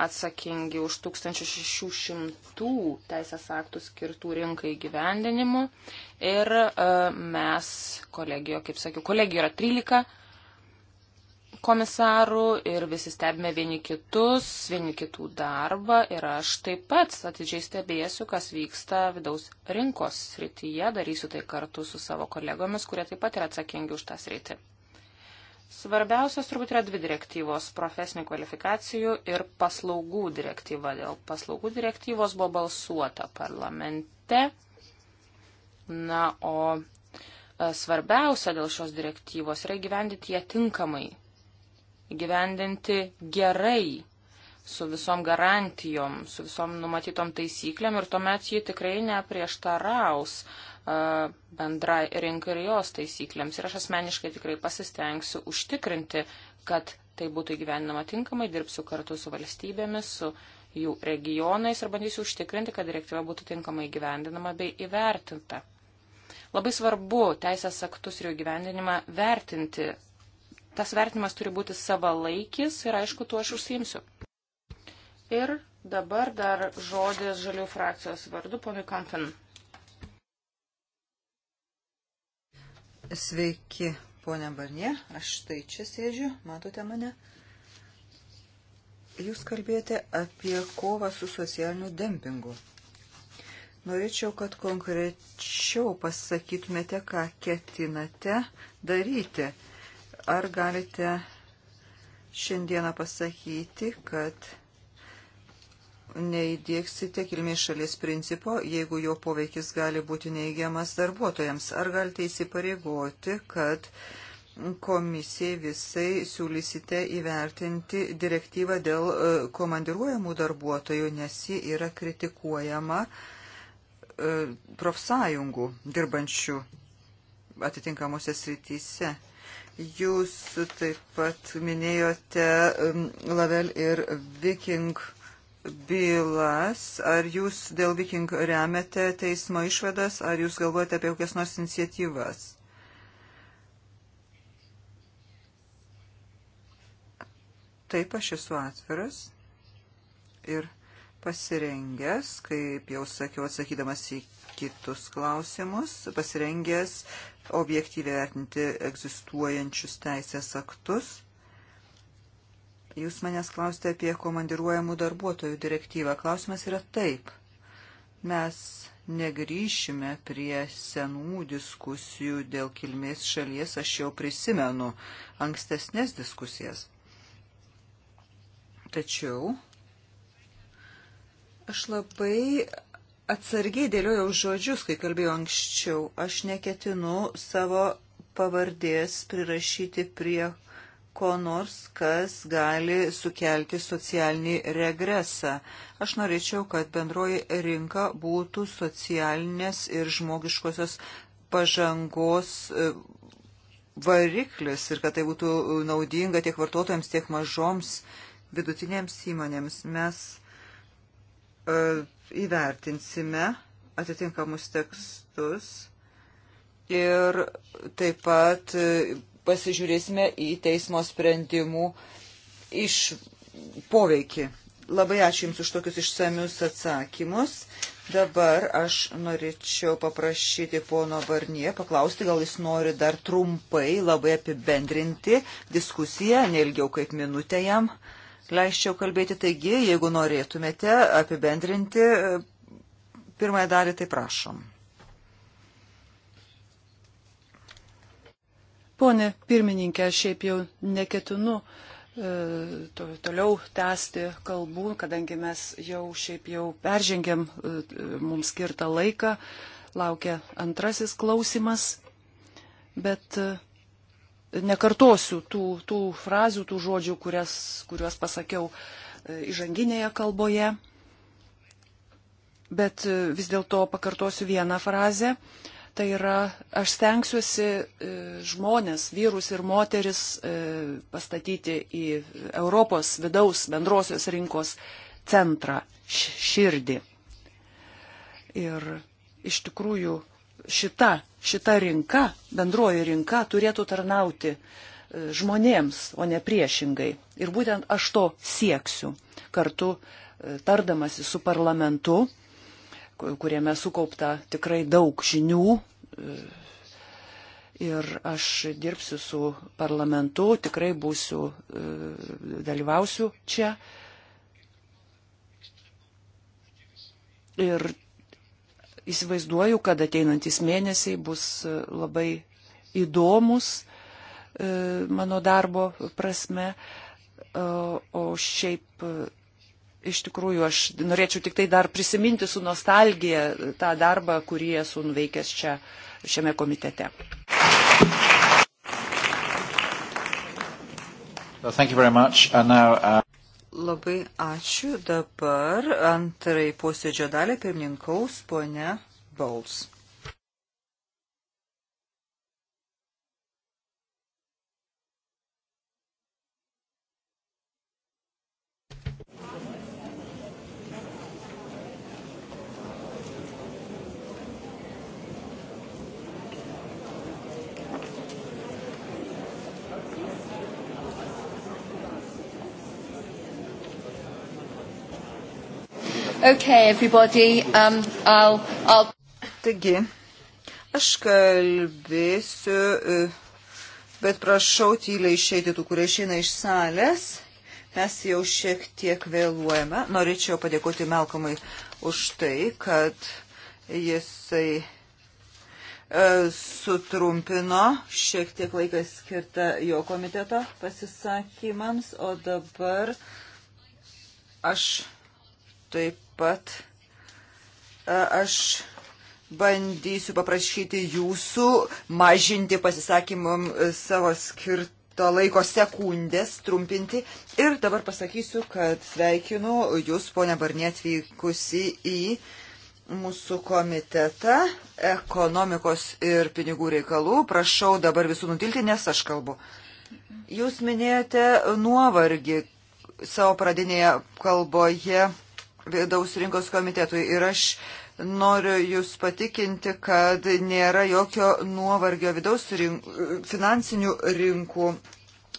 atsakingi už 1600 teisės aktų skirtų rinkai gyvendinimu. Ir e, mes kolegijoje, kaip sakiau, kolegijoje yra 13 komisarų ir visi stebime vieni kitus, vieni kitų darbą ir aš taip pat atidžiai stebėsiu, kas vyksta vidaus rinkos srityje, darysiu tai kartu su savo kolegomis, kurie taip pat yra atsakingi už tą sritį. Svarbiausios turbūt yra dvi direktyvos - profesinių kvalifikacijų ir paslaugų direktyva. Dėl paslaugų direktyvos buvo balsuota parlamente. Na, o e, svarbiausia dėl šios direktyvos yra gyvendinti ją tinkamai, gyvendinti gerai, su visom garantijom, su visom numatytom taisyklėm ir tuomet ji tikrai neprieštaraus uh, bendrai rinkai ir jos taisyklėms. Ir aš asmeniškai tikrai pasistengsiu užtikrinti, kad tai būtų įgyvendinama tinkamai, dirbsiu kartu su valstybėmis, su jų regionais ir bandysiu užtikrinti, kad direktyva būtų tinkamai įgyvendinama bei įvertinta. Labai svarbu teisės aktus ir jų gyvendinimą vertinti. Tas vertinimas turi būti savalaikis ir aišku, tuo aš užsiimsiu. Ir dabar dar žodis žalių frakcijos vardu, ponui Kampen. Sveiki, ponia Barnie, aš štai čia sėdžiu, matote mane. Jūs kalbėjote apie kovą su socialiniu dempingu. Norėčiau, kad konkrečiau pasakytumėte, ką ketinate daryti. Ar galite šiandieną pasakyti, kad neįdėksite kilmės šalies principo, jeigu jo poveikis gali būti neigiamas darbuotojams? Ar galite įsipareigoti, kad komisijai visai siūlysite įvertinti direktyvą dėl e, komandiruojamų darbuotojų, nes ji yra kritikuojama e, profsąjungų dirbančių atitinkamuose srityse. Jūs taip pat minėjote Lavel ir Viking bylas, ar jūs dėl Viking remiate teismo išvadas, ar jūs galvojate apie kokias nors iniciatyvas? Taip, aš esu atviras ir pasirengęs, kaip jau sakiau, atsakydamas į kitus klausimus, pasirengęs objektyviai vertinti egzistuojančius teisės aktus Jūs manęs klausite apie komandiruojamų darbuotojų direktyvą. Klausimas yra taip. Mes negrįšime prie senų diskusijų dėl kilmės šalies. Aš jau prisimenu ankstesnės diskusijas. Tačiau aš labai atsargiai dėliojau žodžius, kai kalbėjau anksčiau. Aš neketinu savo pavardės prirašyti prie ko nors, kas gali sukelti socialinį regresą. Aš norėčiau, kad bendroji rinka būtų socialinės ir žmogiškosios pažangos e, variklis ir kad tai būtų naudinga tiek vartotojams, tiek mažoms vidutinėms įmonėms. Mes uh, įvertinsime atitinkamus tekstus ir taip pat uh, pasižiūrėsime į teismo sprendimų iš poveikį. Labai ačiū Jums už tokius išsamius atsakymus. Dabar aš norėčiau paprašyti pono Varnie paklausti, gal jis nori dar trumpai labai apibendrinti diskusiją, nelgiau kaip minutę jam leisčiau kalbėti. Taigi, jeigu norėtumėte apibendrinti e, pirmąją dalį, tai prašom. Pone pirmininkė, šiaip jau neketinu e, to, toliau tęsti kalbų, kadangi mes jau šiaip jau peržengėm e, mums skirtą laiką, laukia antrasis klausimas, bet e, nekartosiu tų, tų frazių, tų žodžių, kurias, kuriuos pasakiau įžanginėje kalboje, bet vis dėlto pakartosiu vieną frazę Tai yra, aš stengsiuosi e, žmonės, vyrus ir moteris e, pastatyti į Europos vidaus bendrosios rinkos centrą, širdį. Ir iš tikrųjų šita, šita rinka, bendroji rinka turėtų tarnauti e, žmonėms, o ne priešingai. Ir būtent aš to sieksiu kartu tardamasi su parlamentu kuriame sukaupta tikrai daug žinių. Ir aš dirbsiu su parlamentu, tikrai būsiu, e, dalyvausiu čia. Ir įsivaizduoju, kad ateinantis mėnesiai bus e, labai įdomus e, mano darbo prasme. O šiaip iš tikrųjų aš norėčiau tik tai dar prisiminti su nostalgija tą darbą, kurį esu nuveikęs čia šiame komitete. Well, now, uh... Labai ačiū. Dabar antrai posėdžio dalį pirmininkaus ponia Bauls. Okay, everybody, um, I'll, I'll... Taigi, aš kalbėsiu, uh, bet prašau tyliai išeiti tų, kurie išeina iš salės. Mes jau šiek tiek vėluojame. Norėčiau padėkoti Melkomai už tai, kad jisai uh, sutrumpino šiek tiek laikas skirta jo komiteto pasisakymams, o dabar aš taip pat e, aš bandysiu paprašyti jūsų mažinti pasisakymam e, savo skirtą laiko sekundės, trumpinti. Ir dabar pasakysiu, kad sveikinu jūs, ponia Barnė, atvykusi į mūsų komitetą ekonomikos ir pinigų reikalų. Prašau dabar visų nutilti, nes aš kalbu. Jūs minėjote nuovargį savo pradinėje kalboje vidaus rinkos komitetui. Ir aš noriu Jūs patikinti, kad nėra jokio nuovargio vidaus rink, finansinių rinkų.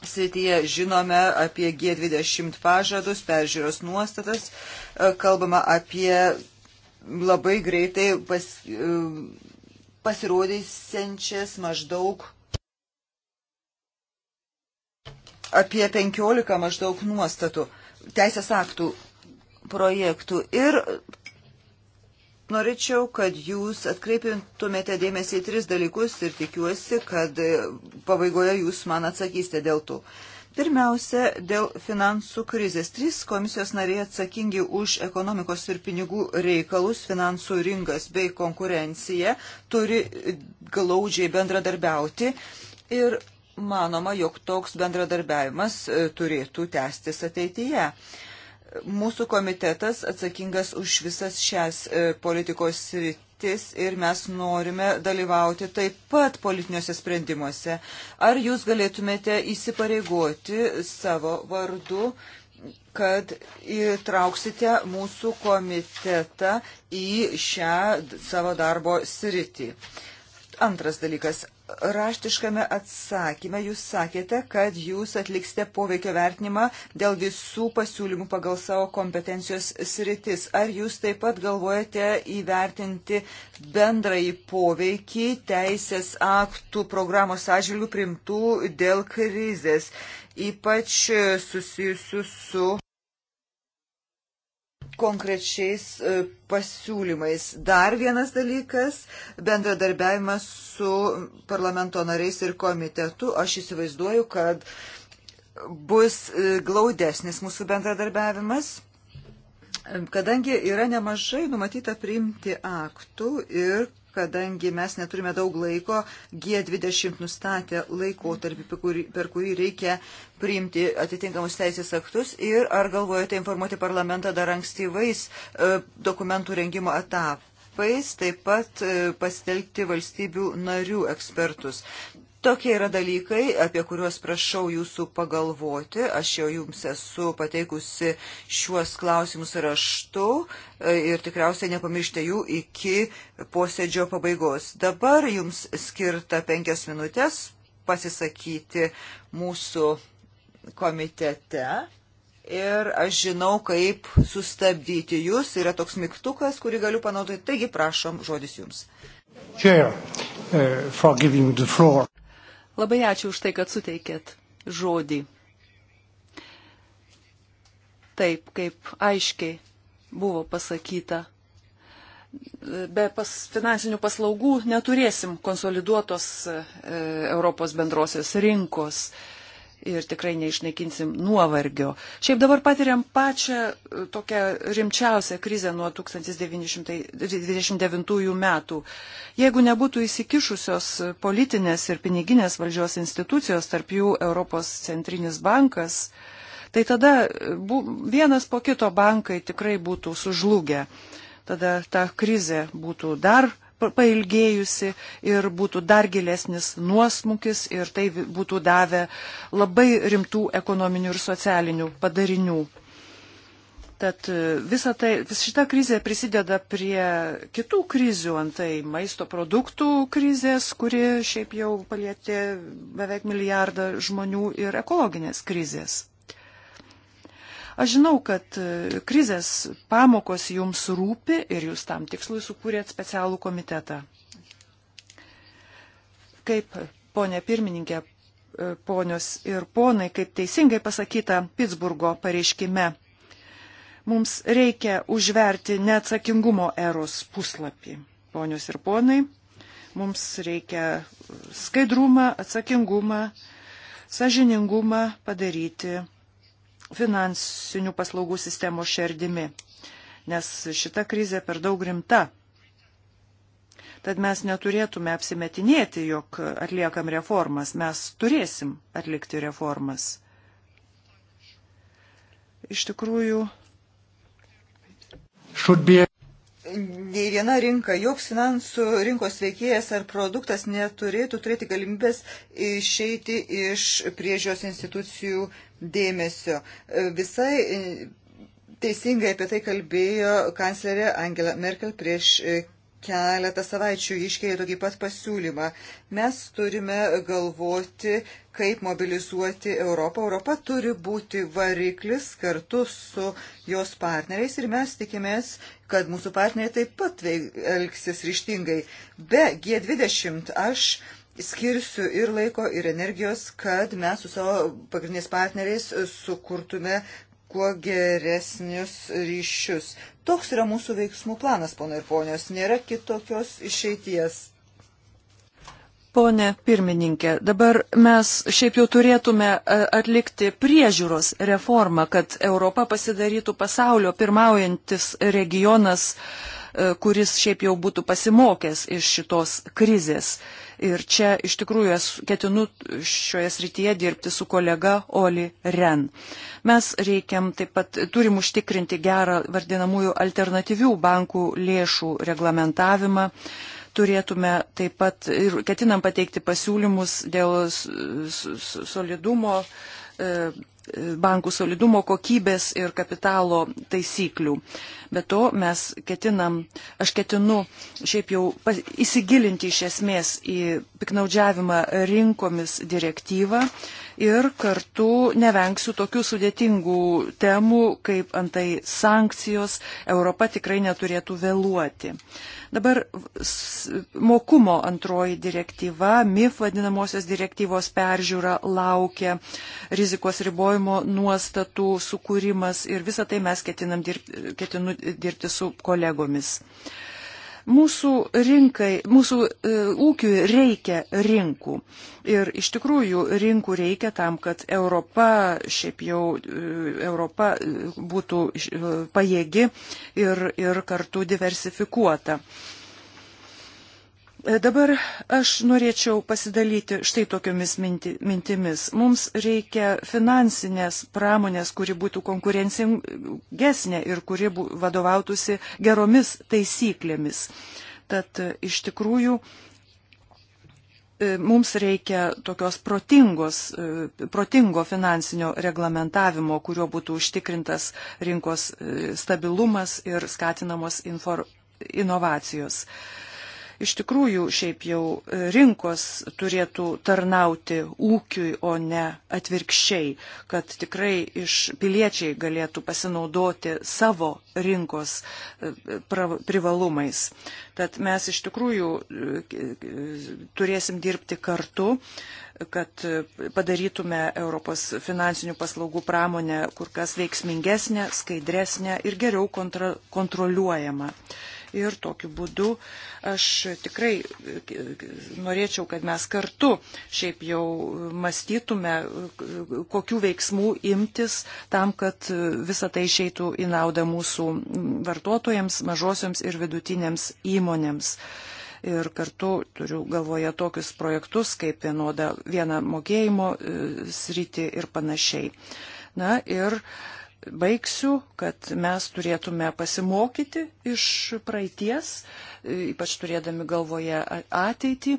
Srityje žinome apie G20 pažadus, peržiūros nuostatas, e, kalbama apie labai greitai pas, e, pasirodysiančias maždaug apie 15 maždaug nuostatų teisės aktų projektų ir norėčiau, kad jūs atkreipintumėte dėmesį į tris dalykus ir tikiuosi, kad pabaigoje jūs man atsakysite dėl tų. Pirmiausia, dėl finansų krizės. Trys komisijos nariai atsakingi už ekonomikos ir pinigų reikalus, finansų rinkas bei konkurenciją turi glaudžiai bendradarbiauti ir manoma, jog toks bendradarbiavimas e, turėtų tęstis ateityje. Mūsų komitetas atsakingas už visas šias e, politikos sritis ir mes norime dalyvauti taip pat politiniuose sprendimuose. Ar jūs galėtumėte įsipareigoti savo vardu kad įtrauksite mūsų komitetą į šią savo darbo sritį. Antras dalykas, raštiškame atsakyme jūs sakėte, kad jūs atliksite poveikio vertinimą dėl visų pasiūlymų pagal savo kompetencijos sritis. Ar jūs taip pat galvojate įvertinti bendrąjį poveikį teisės aktų programos atžvilgių primtų dėl krizės, ypač susijusių su konkrečiais e, pasiūlymais. Dar vienas dalykas - bendradarbiavimas su parlamento nariais ir komitetu. Aš įsivaizduoju, kad bus e, glaudesnis mūsų bendradarbiavimas. E, kadangi yra nemažai numatyta priimti aktų ir kadangi mes neturime daug laiko, G20 nustatė laikotarpį, per kurį reikia priimti atitinkamus teisės aktus ir ar galvojate informuoti parlamentą dar ankstyvais e, dokumentų rengimo etapais, taip pat e, pasitelkti valstybių narių ekspertus. Tokie yra dalykai, apie kuriuos prašau jūsų pagalvoti. Aš jau jums esu pateikusi šiuos klausimus raštu e, ir tikriausiai nepamirštė jų iki posėdžio pabaigos. Dabar jums skirta penkias minutės pasisakyti mūsų komitete. Ir aš žinau, kaip sustabdyti jūs. Yra toks mygtukas, kurį galiu panaudoti. Taigi, prašom, žodis jums. Chair, uh, for giving the floor. Labai ačiū už tai, kad suteikėt žodį. Taip, kaip aiškiai buvo pasakyta, be pas, finansinių paslaugų neturėsim konsoliduotos e, Europos bendrosios rinkos. E, ir tikrai neišnaikinsim nuovargio. Šiaip dabar patiriam pačią e, tokią rimčiausią krizę nuo 1929 metų. Jeigu nebūtų įsikišusios politinės ir piniginės valdžios institucijos, tarp jų Europos centrinis bankas, tai tada e, bu, vienas po kito bankai tikrai būtų sužlugę. Tada ta krizė būtų dar pailgėjusi ir būtų dar gilesnis nuosmukis ir tai būtų davę labai rimtų ekonominių ir socialinių padarinių. Tad e, visa tai, vis šita krizė prisideda prie kitų krizių, antai maisto produktų krizės, kuri šiaip jau palietė beveik milijardą žmonių ir ekologinės krizės. Aš žinau, kad e, krizės pamokos jums rūpi ir jūs tam tikslui sukūrėt specialų komitetą. Kaip, ponė pirmininkė, e, ponios ir ponai, kaip teisingai pasakyta Pittsburgo pareiškime, mums reikia užverti neatsakingumo eros puslapį. Ponios ir ponai, mums reikia skaidrumą, atsakingumą, sažiningumą padaryti finansinių paslaugų sistemos šerdimi, nes šita krizė per daug rimta. Tad mes neturėtume apsimetinėti, jog atliekam reformas, mes turėsim atlikti reformas. Iš tikrųjų. Be nei viena rinka, joks finansų rinkos veikėjas ar produktas neturėtų turėti galimybės išeiti iš priežios institucijų dėmesio. E, visai e, teisingai apie tai kalbėjo kanclerė Angela Merkel prieš e, keletą savaičių iškėlė tokį pat pasiūlymą. Mes turime galvoti, kaip mobilizuoti Europą. Europa turi būti variklis kartu su jos partneriais ir mes tikimės, kad mūsų partneriai taip pat elgsis ryštingai. Be G20 aš skirsiu ir laiko, ir energijos, kad mes su savo pagrindiniais partneriais sukurtume kuo geresnius ryšius. Toks yra mūsų veiksmų planas, pono ir ponios, nėra kitokios išeities. Pone pirmininkė, dabar mes šiaip jau turėtume e, atlikti priežiūros reformą, kad Europa pasidarytų pasaulio pirmaujantis regionas uh, E, kuris šiaip jau būtų pasimokęs iš šitos krizės. Ir čia iš tikrųjų aš ketinu šioje srityje dirbti su kolega Oli Ren. Mes reikiam taip pat, turim užtikrinti gerą vardinamųjų alternatyvių bankų lėšų reglamentavimą turėtume taip pat ir ketinam pateikti pasiūlymus dėl solidumo e, bankų solidumo kokybės ir kapitalo taisyklių. Be to mes ketinam, aš ketinu šiaip jau pas, įsigilinti iš esmės į piknaudžiavimą rinkomis direktyvą, ir kartu nevengsiu tokių sudėtingų temų, kaip antai sankcijos, Europa tikrai neturėtų vėluoti. Dabar mokumo antroji direktyva, MIF vadinamosios direktyvos peržiūra laukia, rizikos ribojimo nuostatų sukūrimas ir visą tai mes ketinam dirbti, ketinu dirbti su kolegomis. Uh, Mūsų rinkai, mūsų e, ūkiui reikia rinkų. Ir iš tikrųjų rinkų reikia tam, kad Europa, šiaip jau e, Europa e, būtų e, pajėgi ir, ir kartu diversifikuota. E, E, dabar aš norėčiau pasidalyti štai tokiomis minti, mintimis. Mums reikia finansinės pramonės, kuri būtų konkurencingesnė ir kuri bū, vadovautųsi geromis taisyklėmis. Tad e, iš tikrųjų e, mums reikia tokios protingos, protingo finansinio reglamentavimo, kuriuo būtų užtikrintas rinkos stabilumas ir skatinamos infor, inovacijos iš tikrųjų šiaip jau e, rinkos turėtų tarnauti ūkiui, o ne atvirkščiai, kad tikrai iš piliečiai galėtų pasinaudoti savo rinkos e, privalumais. Tad mes iš tikrųjų e, turėsim dirbti kartu kad padarytume Europos finansinių paslaugų pramonę kur kas veiksmingesnę, skaidresnę ir geriau kontra, kontroliuojamą. Uh, ir tokiu būdu aš tikrai e, norėčiau, kad mes kartu šiaip jau mąstytume, e, kokių veiksmų imtis tam, kad e, visa tai išeitų į naudą mūsų vartotojams, mažosioms ir vidutinėms įmonėms ir kartu turiu galvoje tokius projektus kaip vienoda, vieną mokėjimo sritį ir panašiai. Na ir uh, baigsiu, kad mes turėtume pasimokyti iš praeities, ypač turėdami galvoje ateitį.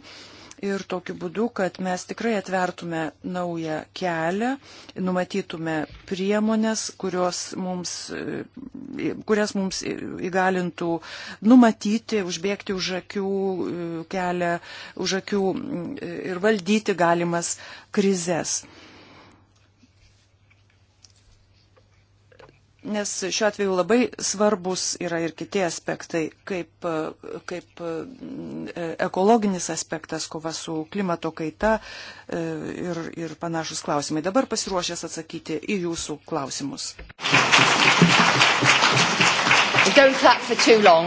Ir tokiu būdu, kad mes tikrai atvertume naują kelią, numatytume priemonės, kurios mums, kurias mums įgalintų numatyti, užbėgti už akių kelią, už akių ir valdyti galimas krizės. Nes šiuo atveju labai svarbus yra ir kiti aspektai, kaip, kaip e, ekologinis aspektas, kova su klimato kaita e, ir, ir panašus klausimai. Dabar pasiruošęs atsakyti į jūsų klausimus. Your...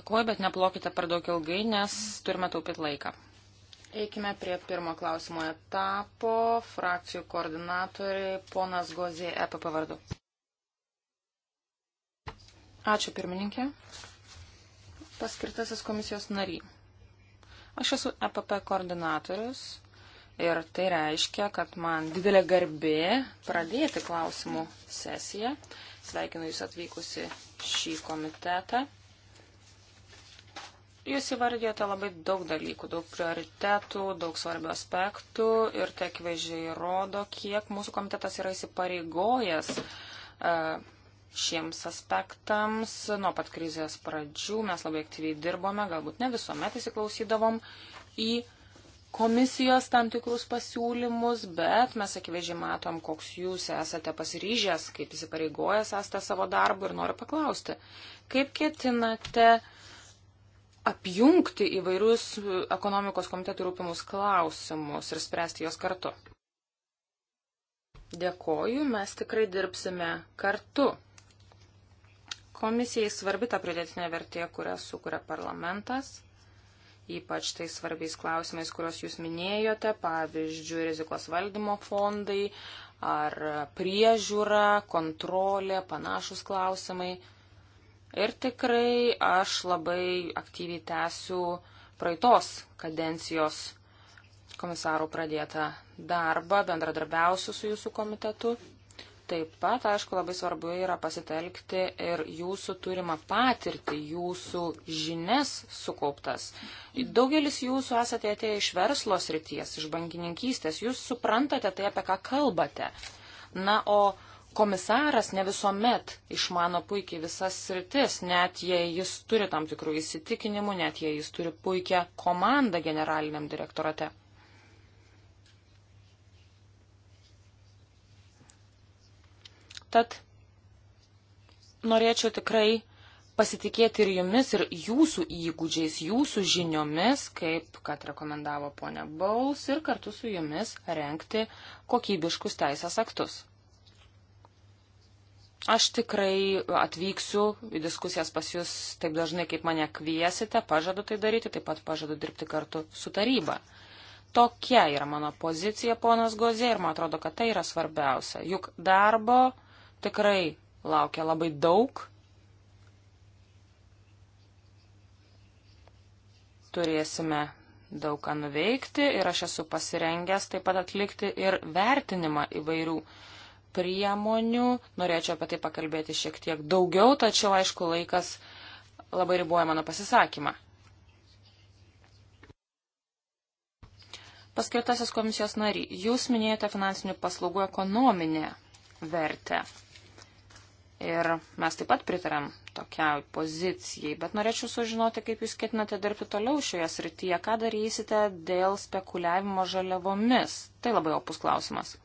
Dėkuoju, bet neplokite per daug ilgai, nes turime taupyti laiką. Eikime prie pirmo klausimo etapo. Frakcijų koordinatoriai, ponas Gozė, EPP vardu. Ačiū pirmininkė. Paskirtasis komisijos nary. Aš esu EPP koordinatorius ir tai reiškia, kad man didelė garbė pradėti klausimų sesiją. Sveikinu Jūs atvykusi šį komitetą. Jūs įvardėjote labai daug dalykų, daug prioritetų, daug svarbių aspektų ir tai akivaizdžiai rodo, kiek mūsų komitetas yra įsipareigojęs e, šiems aspektams. Nuo pat krizės pradžių mes labai aktyviai dirbome, galbūt ne visuomet įsiklausydavom į komisijos tam tikrus pasiūlymus, bet mes akivaizdžiai matom, koks jūs esate pasiryžęs, kaip įsipareigojęs esate savo darbu ir noriu paklausti, kaip ketinate apjungti įvairius ekonomikos komitetų rūpimus klausimus ir spręsti juos kartu. Dėkoju, mes tikrai dirbsime kartu. Komisijai svarbi ta pridėtinė vertė, kurią sukuria parlamentas, ypač tai svarbiais klausimais, kuriuos jūs minėjote, pavyzdžiui, rizikos valdymo fondai ar priežiūra, kontrolė, panašus klausimai. Ir tikrai aš labai aktyviai tęsiu praeitos kadencijos komisarų pradėtą darbą, bendradarbiausiu su jūsų komitetu. Taip pat, aišku, labai svarbu yra pasitelkti ir jūsų turimą patirtį, jūsų žinias sukauptas. Daugelis jūsų esate atėję iš verslo srities, iš bankininkystės, jūs suprantate tai, apie ką kalbate. Na, o komisaras ne visuomet išmano puikiai visas sritis, net jei jis turi tam tikrų įsitikinimų, net jei jis turi puikią komandą generaliniam direktorate. Tad norėčiau tikrai pasitikėti ir jumis, ir jūsų įgūdžiais, jūsų žiniomis, kaip kad rekomendavo ponia Bauls, ir kartu su jumis renkti kokybiškus teisės aktus. Aš tikrai atvyksiu į diskusijas pas jūs taip dažnai, kaip mane kviesite, pažadu tai daryti, taip pat pažadu dirbti kartu su taryba. Tokia yra mano pozicija, ponas Gozė, ir man atrodo, kad tai yra svarbiausia. Juk darbo tikrai laukia labai daug. Turėsime daug ką nuveikti ir aš esu pasirengęs taip pat atlikti ir vertinimą įvairių priemonių. Norėčiau apie tai pakalbėti šiek tiek daugiau, tačiau aišku laikas labai riboja mano pasisakymą. Paskirtasis komisijos nary, jūs minėjote finansinių paslaugų ekonominę vertę. Ir mes taip pat pritarėm tokiai pozicijai, bet norėčiau sužinoti, kaip jūs ketinate dirbti toliau šioje srityje, ką darysite dėl spekuliavimo žaliavomis. Tai labai opus klausimas.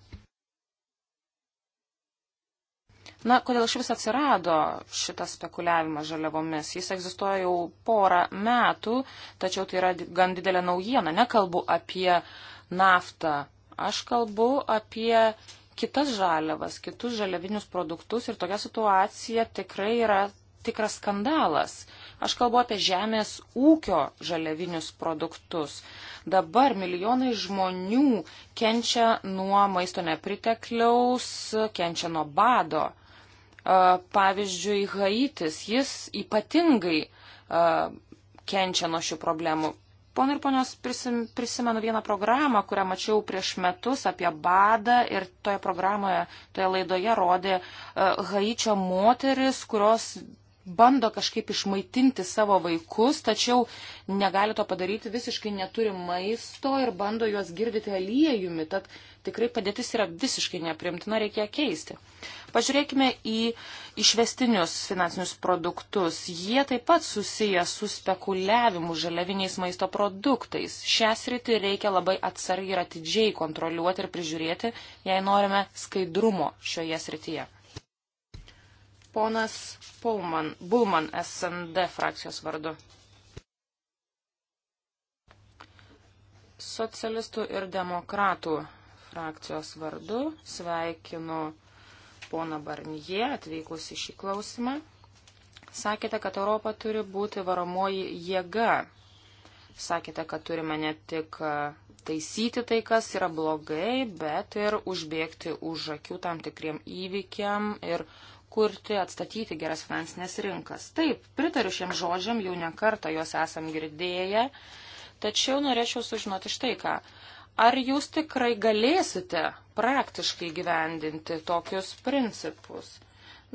Na, kodėl iš vis atsirado šitas spekuliavimas žaliavomis? Jis egzistuoja jau porą metų, tačiau tai yra gan didelė naujiena. Nekalbu apie naftą, aš kalbu apie kitas žaliavas, kitus žaliavinius produktus ir tokia situacija tikrai yra tikras skandalas. Aš kalbu apie žemės ūkio žaliavinius produktus. Dabar milijonai žmonių kenčia nuo maisto nepritekliaus, kenčia nuo bado. Pavyzdžiui, Haitis, jis ypatingai kenčia nuo šių problemų. Pone ir ponios, prisimenu vieną programą, kurią mačiau prieš metus apie badą ir toje programoje, toje laidoje rodė Haičio moteris, kurios bando kažkaip išmaitinti savo vaikus, tačiau negali to padaryti, visiškai neturi maisto ir bando juos girdyti aliejumi. Tad Tikrai padėtis yra visiškai neprimtina, reikia keisti. Pažiūrėkime į išvestinius finansinius produktus. Jie taip pat susiję su spekuliavimu žaliaviniais maisto produktais. Šią sritį reikia labai atsargiai ir atidžiai kontroliuoti ir prižiūrėti, jei norime skaidrumo šioje srityje. Ponas Pulman, Bulman SND frakcijos vardu. Socialistų ir demokratų frakcijos vardu sveikinu poną Barnie atvykus į šį klausimą. Sakėte, kad Europa turi būti varomoji jėga. Sakėte, kad turime ne tik e, taisyti tai, kas yra blogai, bet ir užbėgti už akių tam tikriem įvykiam ir kurti, atstatyti geras finansinės rinkas. Taip, pritariu šiem žodžiam, jau nekartą juos esam girdėję, tačiau norėčiau sužinoti štai ką. Ar jūs tikrai galėsite praktiškai gyvendinti tokius principus?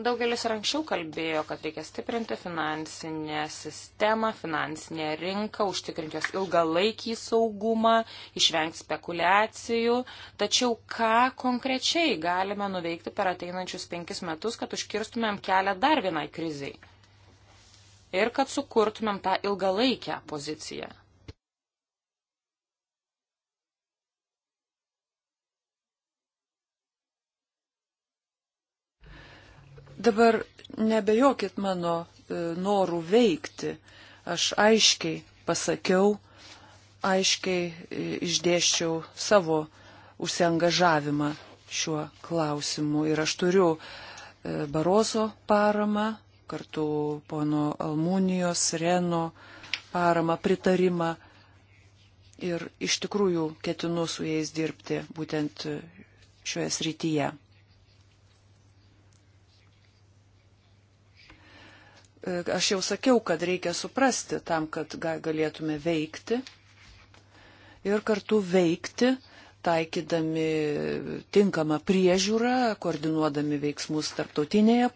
Daugelis ir anksčiau kalbėjo, kad reikia stiprinti finansinę sistemą, finansinę rinką, užtikrinti jos ilgalaikį saugumą, išvengti spekulacijų. Tačiau ką konkrečiai galime nuveikti per ateinančius penkis metus, kad užkirstumėm kelią dar vienai kriziai? Ir kad sukurtumėm tą ilgalaikę poziciją. Dabar nebejokit mano e, norų veikti. Aš aiškiai pasakiau, aiškiai e, išdėščiau savo užsiengažavimą šiuo klausimu. Ir aš turiu e, Baroso paramą, kartu pono Almunijos, Reno paramą, pritarimą. Ir iš tikrųjų ketinu su jais dirbti būtent šioje srityje. aš jau sakiau, kad reikia suprasti tam, kad galėtume veikti ir kartu veikti, taikydami tinkamą priežiūrą, koordinuodami veiksmus tarptautinėje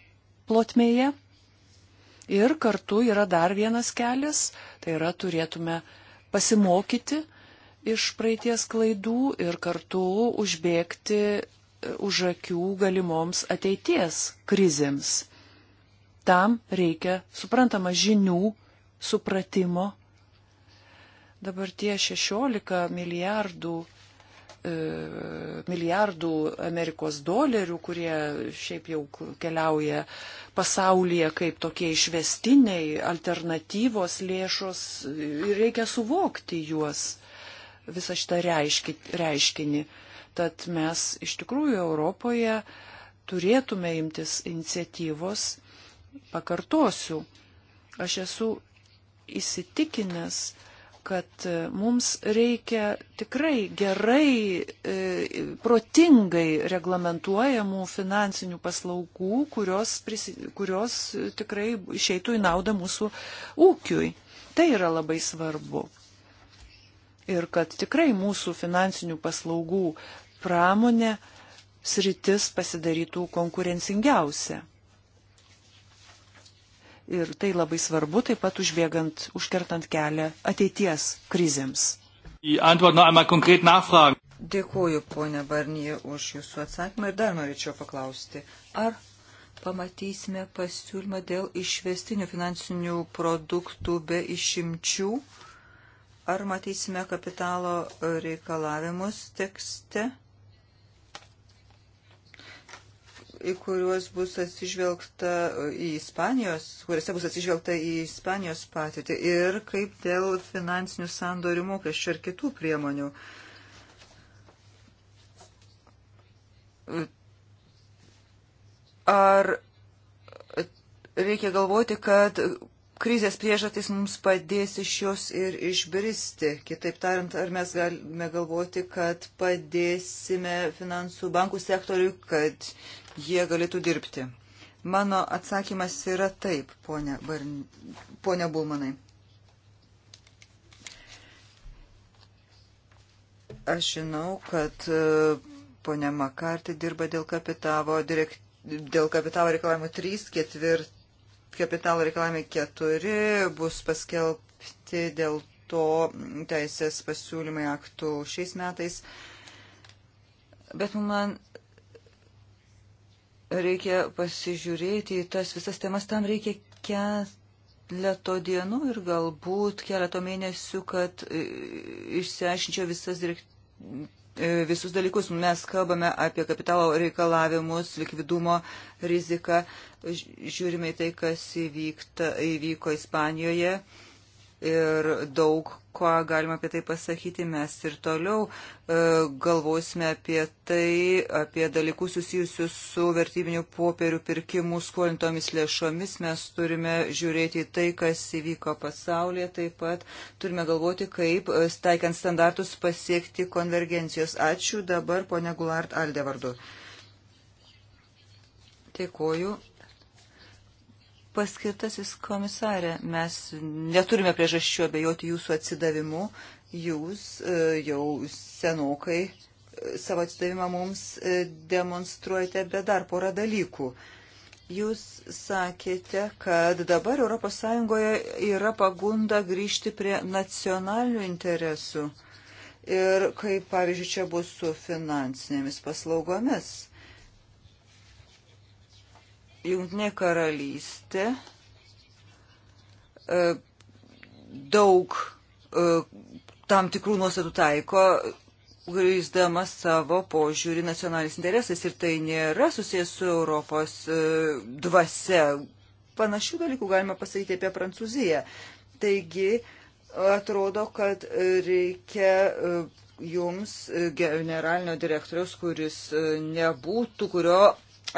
plotmėje. Ir kartu yra dar vienas kelias, tai yra turėtume pasimokyti iš praeities klaidų ir kartu užbėgti už akių galimoms ateities krizėms tam reikia suprantama žinių, supratimo. Dabar tie 16 milijardų, e, milijardų Amerikos dolerių, kurie šiaip jau keliauja pasaulyje kaip tokie išvestiniai, alternatyvos lėšos, reikia suvokti juos, visą šitą reiškinį. Tad mes iš tikrųjų Europoje turėtume imtis iniciatyvos pakartosiu, aš esu įsitikinęs, kad mums reikia tikrai gerai, e, protingai reglamentuojamų finansinių paslaugų, kurios, prisi, kurios tikrai išeitų į naudą mūsų ūkiui. Tai yra labai svarbu. Ir kad tikrai mūsų finansinių paslaugų pramonė sritis pasidarytų konkurencingiausia. Ir tai labai svarbu, taip pat užbėgant, užkertant kelią ateities krizėms. Dėkuoju, ponia Barnie, už jūsų atsakymą ir dar norėčiau paklausti, ar pamatysime pasiūlymą dėl išvestinių finansinių produktų be išimčių, ar matysime kapitalo reikalavimus tekste? į kuriuos bus atsižvelgta į Ispanijos, kuriuose bus atsižvelgta į Ispanijos patirtį ir kaip dėl finansinių sandorių mokesčių ir kitų priemonių. Ar reikia galvoti, kad krizės priežastys mums padės iš jos ir išbristi. Kitaip tariant, ar mes galime galvoti, kad padėsime finansų bankų sektoriui, kad jie galėtų dirbti. Mano atsakymas yra taip, ponia, Barn... ponia Bulmanai. Aš žinau, kad e, ponia Makartė dirba dėl kapitalo, direk... dėl kapitalo reikalavimų 3, 4, kapitalo reikalavimai 4 bus paskelbti dėl to teisės pasiūlymai aktų šiais metais. Bet man reikia pasižiūrėti į tas visas temas, tam reikia keleto dienų ir galbūt keleto mėnesių, kad e, išsiaiškinčiau visas direktyvas e, visus dalykus. Mes kalbame apie kapitalo reikalavimus, likvidumo riziką, žiūrime į tai, kas įvykta, įvyko Ispanijoje ir daug ką galima apie tai pasakyti. Mes ir toliau e, galvosime apie tai, apie dalykus susijusius su vertybinių popierių pirkimu skolintomis lėšomis. Mes turime žiūrėti į tai, kas įvyko pasaulyje. Taip pat turime galvoti, kaip, e, staikiant standartus, pasiekti konvergencijos. Ačiū dabar, ponia Gulart Aldevardu. Dėkoju. Paskirtasis komisarė, mes neturime priežasčių abejoti jūsų atsidavimu. Jūs e, jau senokai e, savo atsidavimą mums e, demonstruojate, bet dar porą dalykų. Jūs sakėte, kad dabar ES yra pagunda grįžti prie nacionalinių interesų. Ir kaip, pavyzdžiui, čia bus su finansinėmis paslaugomis Jungtinė karalystė e, daug e, tam tikrų nuostatų taiko, grįsdama savo požiūrį nacionalinis interesais ir tai nėra susijęs su Europos e, dvasia. Panašių dalykų galima pasakyti apie Prancūziją. Taigi, atrodo, kad reikia jums generalinio direktoriaus, kuris nebūtų, kurio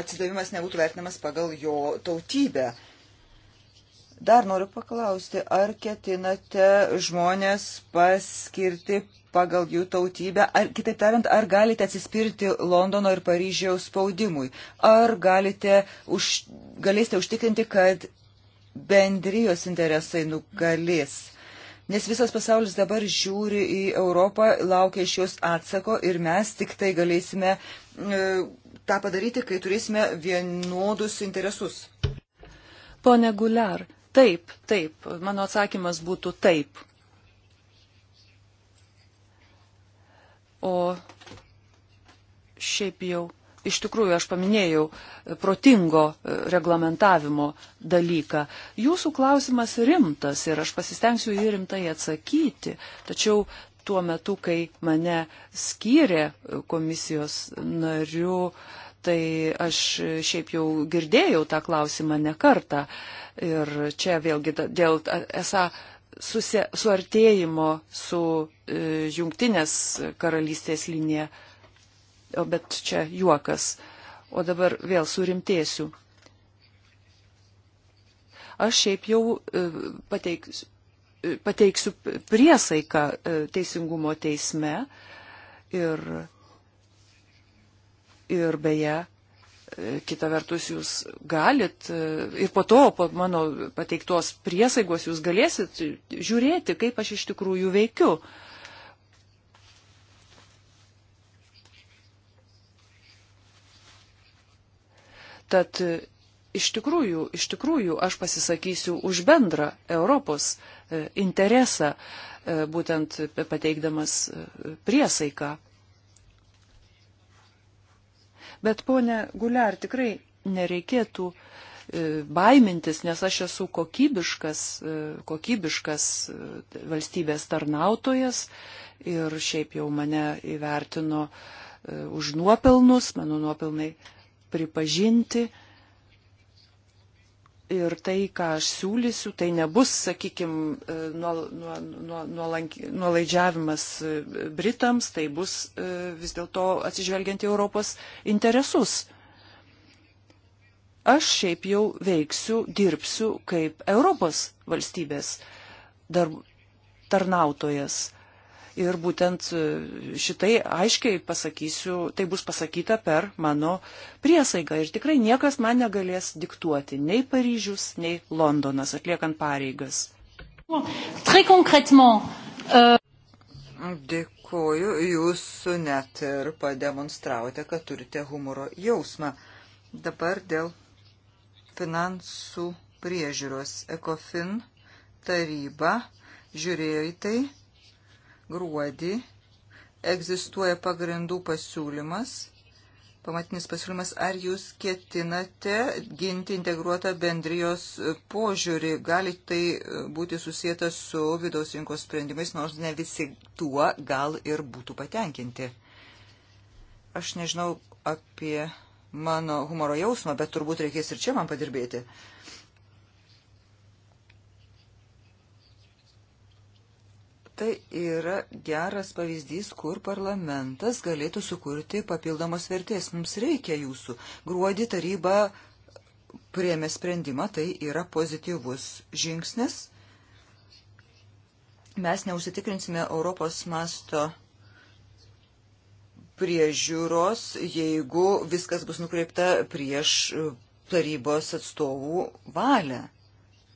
atsidavimas nebūtų vertinamas pagal jo tautybę. Dar noriu paklausti, ar ketinate žmonės paskirti pagal jų tautybę, ar kitaip tariant, ar galite atsispirti Londono ir Paryžiaus spaudimui, ar galite už, galėsite užtikrinti, kad bendrijos interesai nugalės. Nes visas pasaulis dabar žiūri į Europą, laukia iš jos atsako ir mes tik tai galėsime. E, tą padaryti, kai turėsime vienodus interesus. Pone Guliar, taip, taip, mano atsakymas būtų taip. O šiaip jau, iš tikrųjų, aš paminėjau protingo e, reglamentavimo dalyką. Jūsų klausimas rimtas ir aš pasistengsiu jį rimtai atsakyti, tačiau tuo metu, kai mane skyrė komisijos nariu, tai aš šiaip jau girdėjau tą klausimą ne kartą. Ir čia vėlgi dėl esą susie, suartėjimo su e, jungtinės karalystės linija. O bet čia juokas. O dabar vėl surimtėsiu. Aš šiaip jau e, pateiksiu pateiksiu priesaiką e, teisingumo teisme ir, ir beje, e, kita vertus jūs galit e, ir po to, po mano pateiktos priesaigos, jūs galėsit žiūrėti, kaip aš iš tikrųjų veikiu. Tad iš tikrųjų, iš tikrųjų aš pasisakysiu už bendrą Europos e, interesą, e, būtent pateikdamas e, priesaiką. Bet ponė Guliar, tikrai nereikėtų baimintis, nes aš esu kokybiškas, kokybiškas valstybės tarnautojas ir šiaip jau mane įvertino už nuopelnus, mano nuopelnai pripažinti ir tai, ką aš siūlysiu, tai nebus, sakykime, nuolaidžiavimas e, Britams, tai bus e, vis dėlto atsižvelgiant į Europos interesus. Aš šiaip jau veiksiu, dirbsiu kaip Europos valstybės darb, tarnautojas. Ir būtent e, šitai aiškiai pasakysiu, tai bus pasakyta per mano priesaigą. Ir tikrai niekas man negalės diktuoti nei Paryžius, nei Londonas atliekant pareigas. Euh, Dėkuoju, jūs net ir pademonstravote, kad turite humoro jausmą. Dabar dėl finansų priežiūros ECOFIN taryba žiūrėjo į tai gruodį egzistuoja pagrindų pasiūlymas, pamatinis pasiūlymas, ar jūs ketinate ginti integruotą bendrijos požiūrį. Gali tai būti susijęta su vidaus rinkos sprendimais, nors ne visi tuo gal ir būtų patenkinti. Aš nežinau apie mano humoro jausmą, bet turbūt reikės ir čia man padirbėti. Uh, tai yra geras pavyzdys, kur parlamentas galėtų sukurti papildomos vertės. Mums reikia jūsų. Gruodį taryba priemė sprendimą, tai yra pozityvus žingsnis. Mes neusitikrinsime Europos masto priežiūros, jeigu viskas bus nukreipta prieš tarybos atstovų valią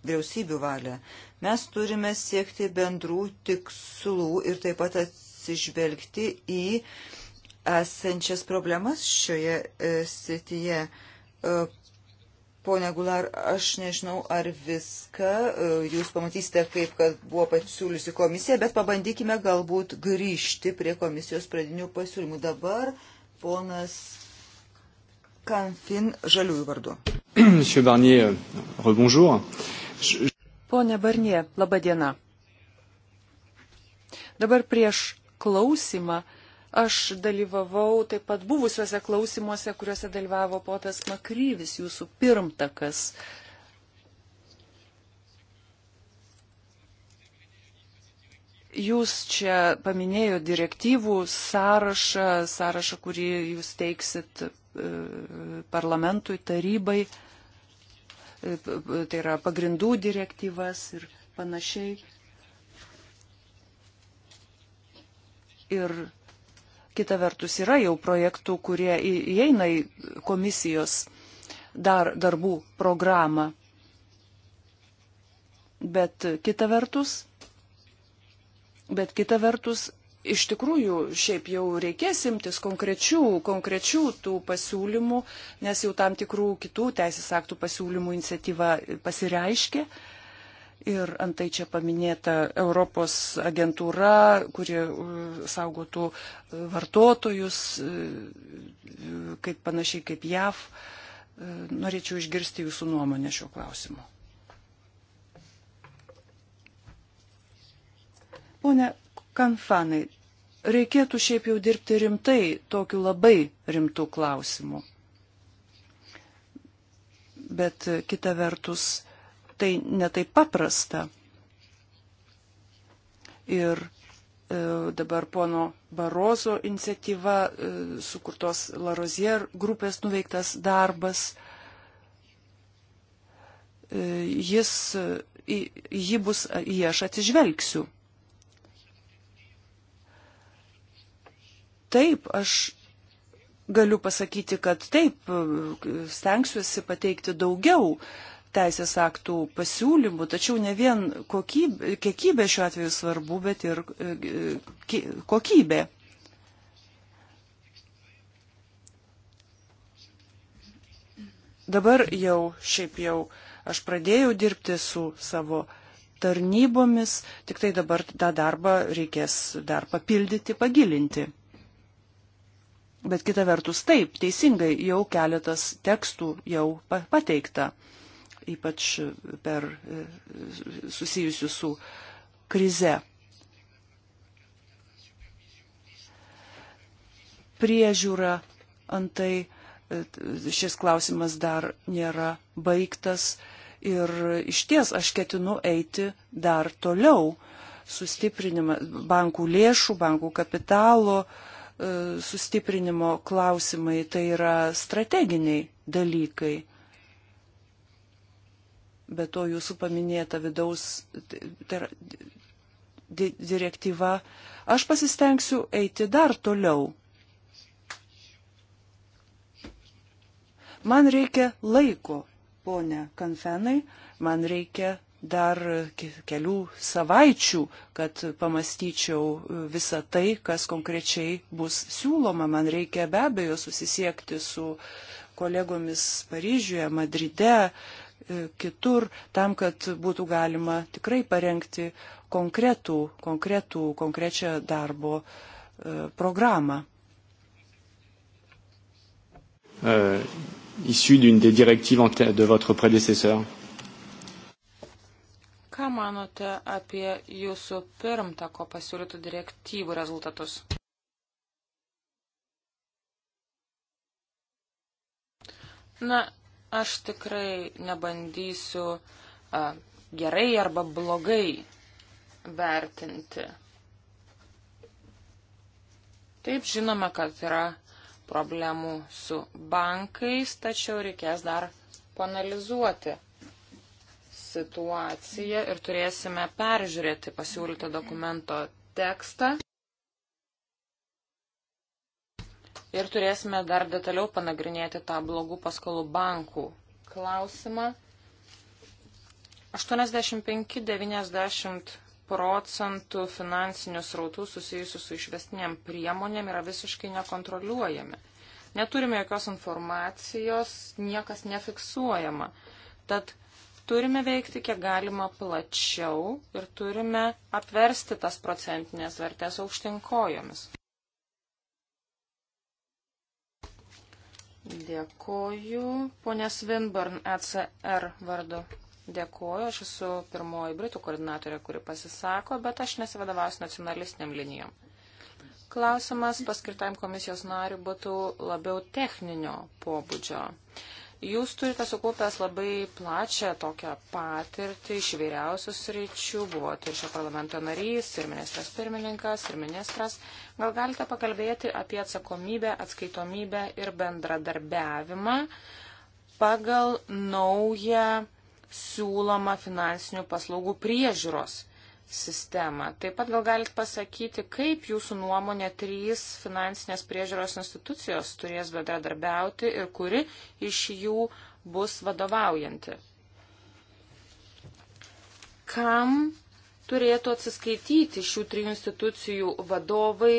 vyriausybių valią. Mes turime siekti bendrų tikslų ir taip pat atsižvelgti į esančias problemas šioje e, sityje. E, pone Gular, aš nežinau, ar viską e, jūs pamatysite, kaip kad buvo pasiūliusi komisija, bet pabandykime galbūt grįžti prie komisijos pradinių pasiūlymų. Dabar ponas Kanfin žaliųjų vardu. Monsieur Barnier, rebonjour. Pone Barnie, laba diena. Dabar prieš klausimą aš dalyvavau taip pat buvusiuose klausimuose, kuriuose dalyvavo potas Makryvis, jūsų pirmtakas. Jūs čia paminėjo direktyvų sąrašą, sąrašą, kurį jūs teiksit e, parlamentui, tarybai tai yra pagrindų direktyvas ir panašiai. Ir kita vertus yra jau projektų, kurie įeina į komisijos dar, darbų programą. Bet kita vertus, bet kita vertus iš tikrųjų šiaip jau reikės imtis konkrečių, konkrečių tų pasiūlymų, nes jau tam tikrų kitų teisės aktų pasiūlymų iniciatyva pasireiškė. Ir antai čia paminėta Europos agentūra, kuri e, saugotų e, vartotojus, e, kaip panašiai kaip JAV. Norėčiau išgirsti jūsų nuomonę šiuo klausimu. Pone Kamfanai, reikėtų šiaip jau dirbti rimtai tokiu labai rimtų klausimų. Bet kita vertus, tai netaip paprasta. Ir e, dabar pono Barozo iniciatyva, e, sukurtos Larozier grupės nuveiktas darbas. E, jis, į jį bus, į aš atsižvelgsiu. Taip, aš galiu pasakyti, kad taip, stengsiuosi pateikti daugiau teisės aktų pasiūlymų, tačiau ne vien kokybė, kiekybė šiuo atveju svarbu, bet ir e, kokybė. Dabar jau, šiaip jau, aš pradėjau dirbti su savo tarnybomis, tik tai dabar tą darbą reikės dar papildyti, pagilinti. Bet kita vertus, taip, teisingai jau keletas tekstų jau pateikta, ypač per e, susijusių su krize. Priežiūra antai e, šis klausimas dar nėra baigtas ir iš ties aš ketinu eiti dar toliau sustiprinimą bankų lėšų, bankų kapitalo, uh, E, sustiprinimo klausimai, tai yra strateginiai dalykai. Be to jūsų paminėta vidaus tai yra, di, direktyva. Aš pasistengsiu eiti dar toliau. Man reikia laiko, ponia Kanfenai, man reikia dar kelių savaičių, kad pamastyčiau e, visą tai, kas konkrečiai bus siūloma. Man reikia be abejo susisiekti su kolegomis Paryžiuje, Madride, e, kitur, tam, kad būtų galima tikrai parengti konkretų, konkretų, konkrečią darbo e, programą. Uh, issu d'une des directives de votre prédécesseur Ką manote apie jūsų pirmtako pasiūlytų direktyvų rezultatus? Na, aš tikrai nebandysiu a, gerai arba blogai vertinti. Taip žinome, kad yra problemų su bankais, tačiau reikės dar panalizuoti situaciją ir turėsime peržiūrėti pasiūlytą dokumento tekstą. Ir turėsime dar detaliau panagrinėti tą blogų paskolų bankų klausimą. 85-90 procentų finansinių srautų susijusių su išvestiniam priemonėm yra visiškai nekontroliuojami. Neturime jokios informacijos, niekas nefiksuojama. Tad Turime veikti kiek galima plačiau ir turime apversti tas procentinės vertės aukštinkojomis. Dėkoju. Pone Svinburn, ECR vardu. Dėkoju, aš esu pirmoji Britų koordinatorė, kuri pasisako, bet aš nesivadovausiu nacionalistiniam linijom. Klausimas paskirtam komisijos nariu būtų labiau techninio pobūdžio. Jūs turite sukaupęs labai plačią tokią patirtį iš įvairiausių sričių, buvote ir šio parlamento narys, ir ministras pirmininkas, ir ministras. Gal galite pakalbėti apie atsakomybę, atskaitomybę ir bendradarbiavimą pagal naują siūlomą finansinių paslaugų priežiūros sistemą. Taip pat gal galit pasakyti, kaip jūsų nuomonė trys finansinės priežiūros institucijos turės bendradarbiauti ir kuri iš jų bus vadovaujanti. Kam turėtų atsiskaityti šių trijų institucijų vadovai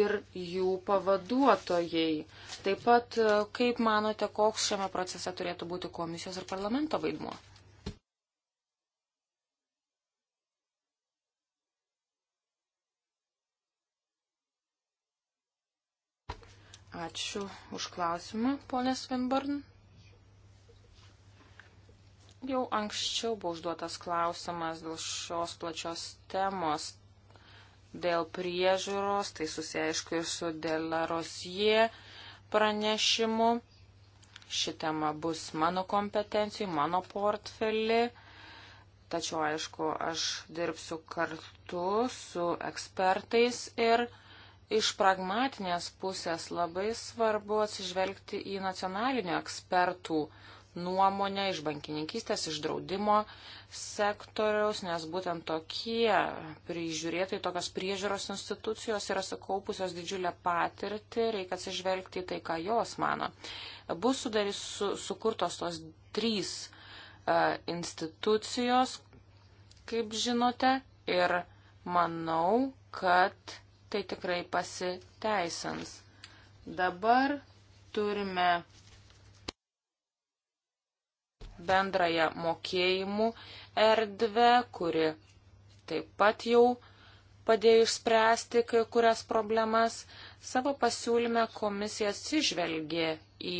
ir jų pavaduotojai? Taip pat, kaip manote, koks šiame procese turėtų būti komisijos ir parlamento vaidmuo? Ačiū už klausimą, ponė Svinbarn. Jau anksčiau buvo užduotas klausimas dėl šios plačios temos, dėl priežiūros, tai susiaišku ir su Delarosie pranešimu. Ši tema bus mano kompetencijų, mano portfelį. Tačiau, aišku, aš dirbsiu kartu su ekspertais ir ekspertais iš pragmatinės pusės labai svarbu atsižvelgti į nacionalinių ekspertų nuomonę iš bankininkystės, iš draudimo sektoriaus, nes būtent tokie prižiūrėtojai, tokios priežiūros institucijos yra sukaupusios didžiulę patirtį, reikia atsižvelgti į tai, ką jos mano. Bus sudarys su, sukurtos tos trys uh, institucijos, kaip žinote, ir manau, kad tai tikrai pasiteisins. Dabar turime bendrąją mokėjimų erdvę, kuri taip pat jau padėjo išspręsti kai kurias problemas. Savo pasiūlyme komisija atsižvelgė į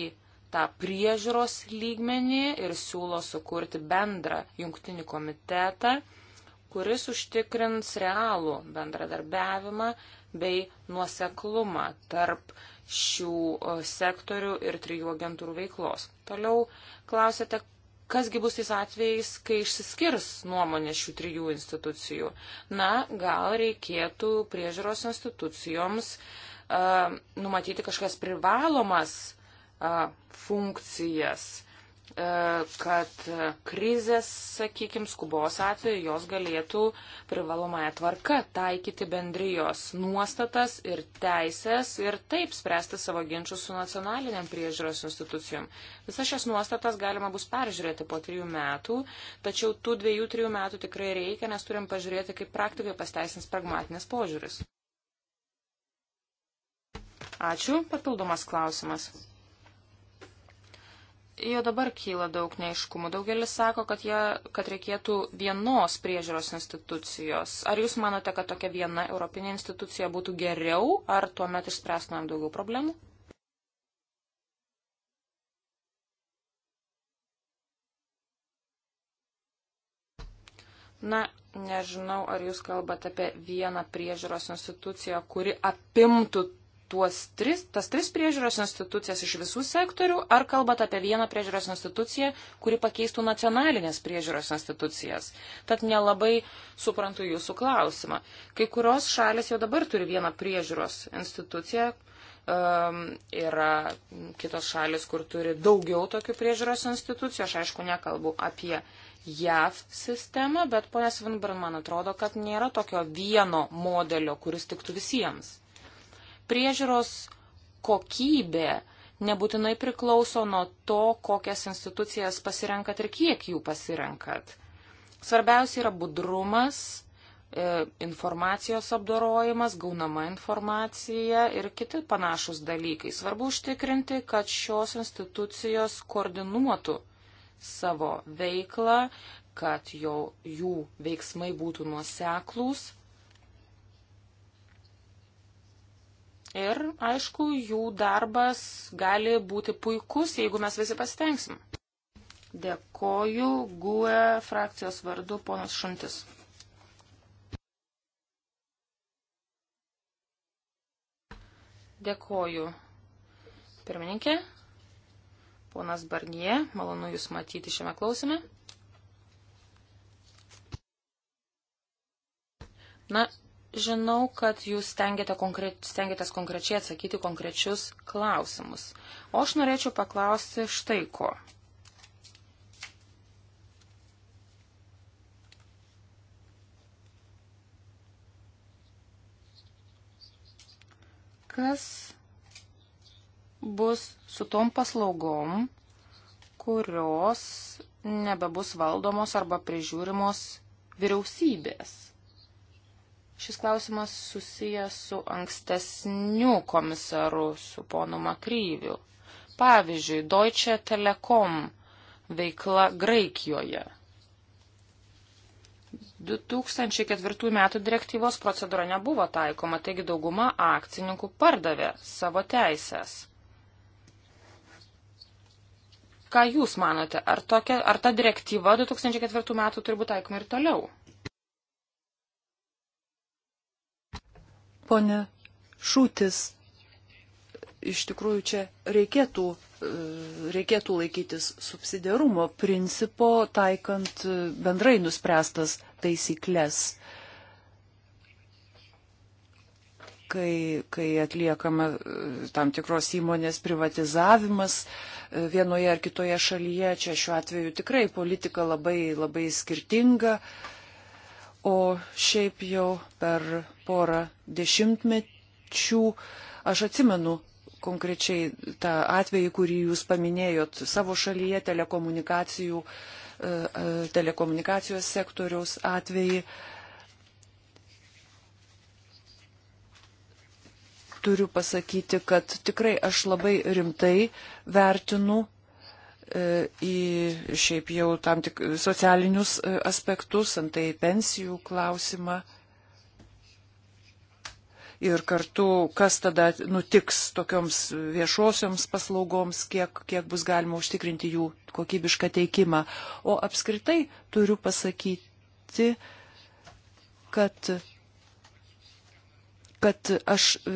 tą priežiūros lygmenį ir siūlo sukurti bendrą jungtinį komitetą, kuris užtikrins realų bendradarbiavimą bei nuoseklumą tarp šių sektorių ir trijų agentūrų veiklos. Toliau klausėte, kasgi bus tais atvejais, kai išsiskirs nuomonė šių trijų institucijų. Na, gal reikėtų priežiūros institucijoms uh, numatyti kažkas privalomas uh, funkcijas E, kad krizės, sakykime, skubos atveju jos galėtų privalomąją tvarką taikyti bendrijos nuostatas ir teisės ir taip spręsti savo ginčius su nacionaliniam priežiūros institucijom. Visas šias nuostatas galima bus peržiūrėti po trijų metų, tačiau tų dviejų, trijų metų tikrai reikia, nes turim pažiūrėti, kaip praktikai pasteisins pragmatinės požiūris. Ačiū, papildomas klausimas jo dabar kyla daug neiškumų. Daugelis sako, kad, jie, kad reikėtų vienos priežiūros institucijos. Ar jūs manote, kad tokia viena europinė institucija būtų geriau, ar tuomet išspręstumėm daugiau problemų? Na, nežinau, ar jūs kalbate apie vieną priežiūros instituciją, kuri apimtų tuos tris, tas tris priežiūros institucijas iš visų sektorių, ar kalbat apie vieną priežiūros instituciją, kuri pakeistų nacionalinės priežiūros institucijas? Tad nelabai suprantu jūsų klausimą. Kai kurios šalis jau dabar turi vieną priežiūros instituciją, um, yra kitos šalis, kur turi daugiau tokių priežiūros institucijų, aš aišku nekalbu apie JAV sistemą, bet ponas Vinbran, man atrodo, kad nėra tokio vieno modelio, kuris tiktų visiems priežiūros kokybė nebūtinai priklauso nuo to, kokias institucijas pasirenkat ir kiek jų pasirenkat. Svarbiausia yra budrumas, e, informacijos apdorojimas, gaunama informacija ir kiti panašus dalykai. Svarbu užtikrinti, kad šios institucijos koordinuotų savo veiklą, kad jau jų veiksmai būtų nuoseklūs Ir, aišku, jų darbas gali būti puikus, jeigu mes visi pasitengsim. Dėkoju GUE frakcijos vardu ponas Šuntis. Dėkoju. Pirmininkė, ponas Barnie, malonu Jūs matyti šiame klausime. Na, Žinau, kad jūs stengiate konkreč, stengiatės konkrečiai atsakyti konkrečius klausimus. O aš norėčiau paklausti štai ko. Kas bus su tom paslaugom, kurios nebebus valdomos arba prižiūrimos vyriausybės? Šis klausimas susijęs su ankstesniu komisaru, su ponu Makryviu. Pavyzdžiui, Deutsche Telekom veikla Graikijoje. 2004 metų direktyvos procedūra nebuvo taikoma, taigi dauguma akcininkų pardavė savo teisės. Ką Jūs manote, ar, tokia, ar ta direktyva 2004 metų turi būti taikoma ir toliau? ponė Šūtis, iš tikrųjų čia reikėtų, e, reikėtų laikytis subsidiarumo principo, taikant e, bendrai nuspręstas taisyklės, kai, kai atliekama e, tam tikros įmonės privatizavimas vienoje ar kitoje šalyje. Čia šiuo atveju tikrai politika labai, labai skirtinga. O šiaip jau per porą dešimtmečių. Aš atsimenu konkrečiai tą atvejį, kurį jūs paminėjot savo šalyje telekomunikacijų, e, e, telekomunikacijos sektoriaus atvejį. Turiu pasakyti, kad tikrai aš labai rimtai vertinu e, į šiaip jau tam tik socialinius aspektus, antai pensijų klausimą ir kartu, kas tada nutiks tokioms viešosioms paslaugoms, kiek, kiek bus galima užtikrinti jų kokybišką teikimą. O apskritai turiu pasakyti, kad kad aš e,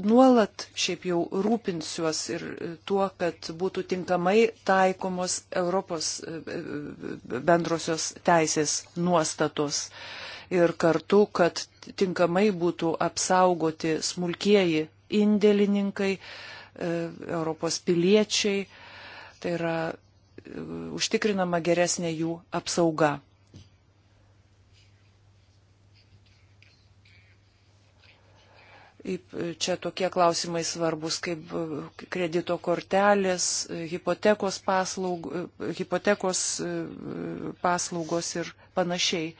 nuolat šiaip jau rūpinsiuos ir tuo, kad būtų tinkamai taikomos Europos e, e, bendrosios teisės nuostatos. Ir kartu, kad tinkamai būtų apsaugoti smulkieji indėlininkai, e, Europos piliečiai, tai yra e, užtikrinama geresnė jų apsauga. Čia tokie klausimai svarbus kaip e, kredito kortelės, hipotekos, paslaug, hipotekos paslaugos ir panašiai.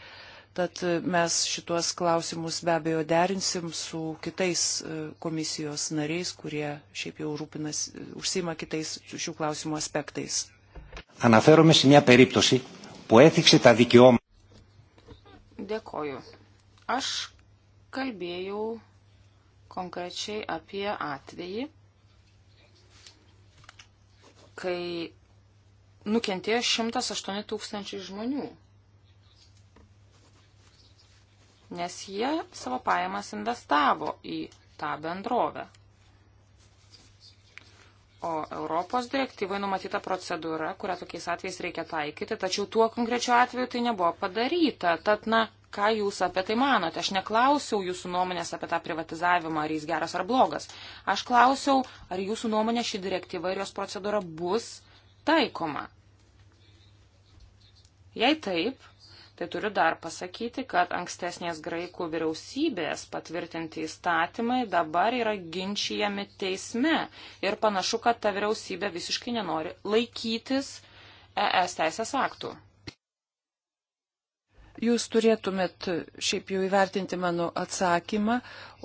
Tad e, mes šituos klausimus be abejo derinsim su kitais e, komisijos nariais, kurie šiaip jau rūpinas, e, užsima kitais šių klausimų aspektais. Αναφέρομαι σε μια περίπτωση που έθιξε τα δικαιώματα. Dėkoju. Aš kalbėjau konkrečiai apie atvejį, kai nukentėjo 108 tūkstančiai žmonių nes jie savo pajamas investavo į tą bendrovę. O Europos direktyvai numatyta procedūra, kurią tokiais atvejais reikia taikyti, tačiau tuo konkrečiu atveju tai nebuvo padaryta. Tad, na, ką jūs apie tai manote? Aš neklausiau jūsų nuomonės apie tą privatizavimą, ar jis geras ar blogas. Aš klausiau, ar jūsų nuomonė ši direktyva ir jos procedūra bus taikoma. Jei taip, Tai turiu dar pasakyti, kad ankstesnės graikų vyriausybės patvirtinti įstatymai dabar yra ginčijami teisme ir panašu, kad ta vyriausybė visiškai nenori laikytis ES teisės aktų. Jūs turėtumėt šiaip jau įvertinti mano atsakymą,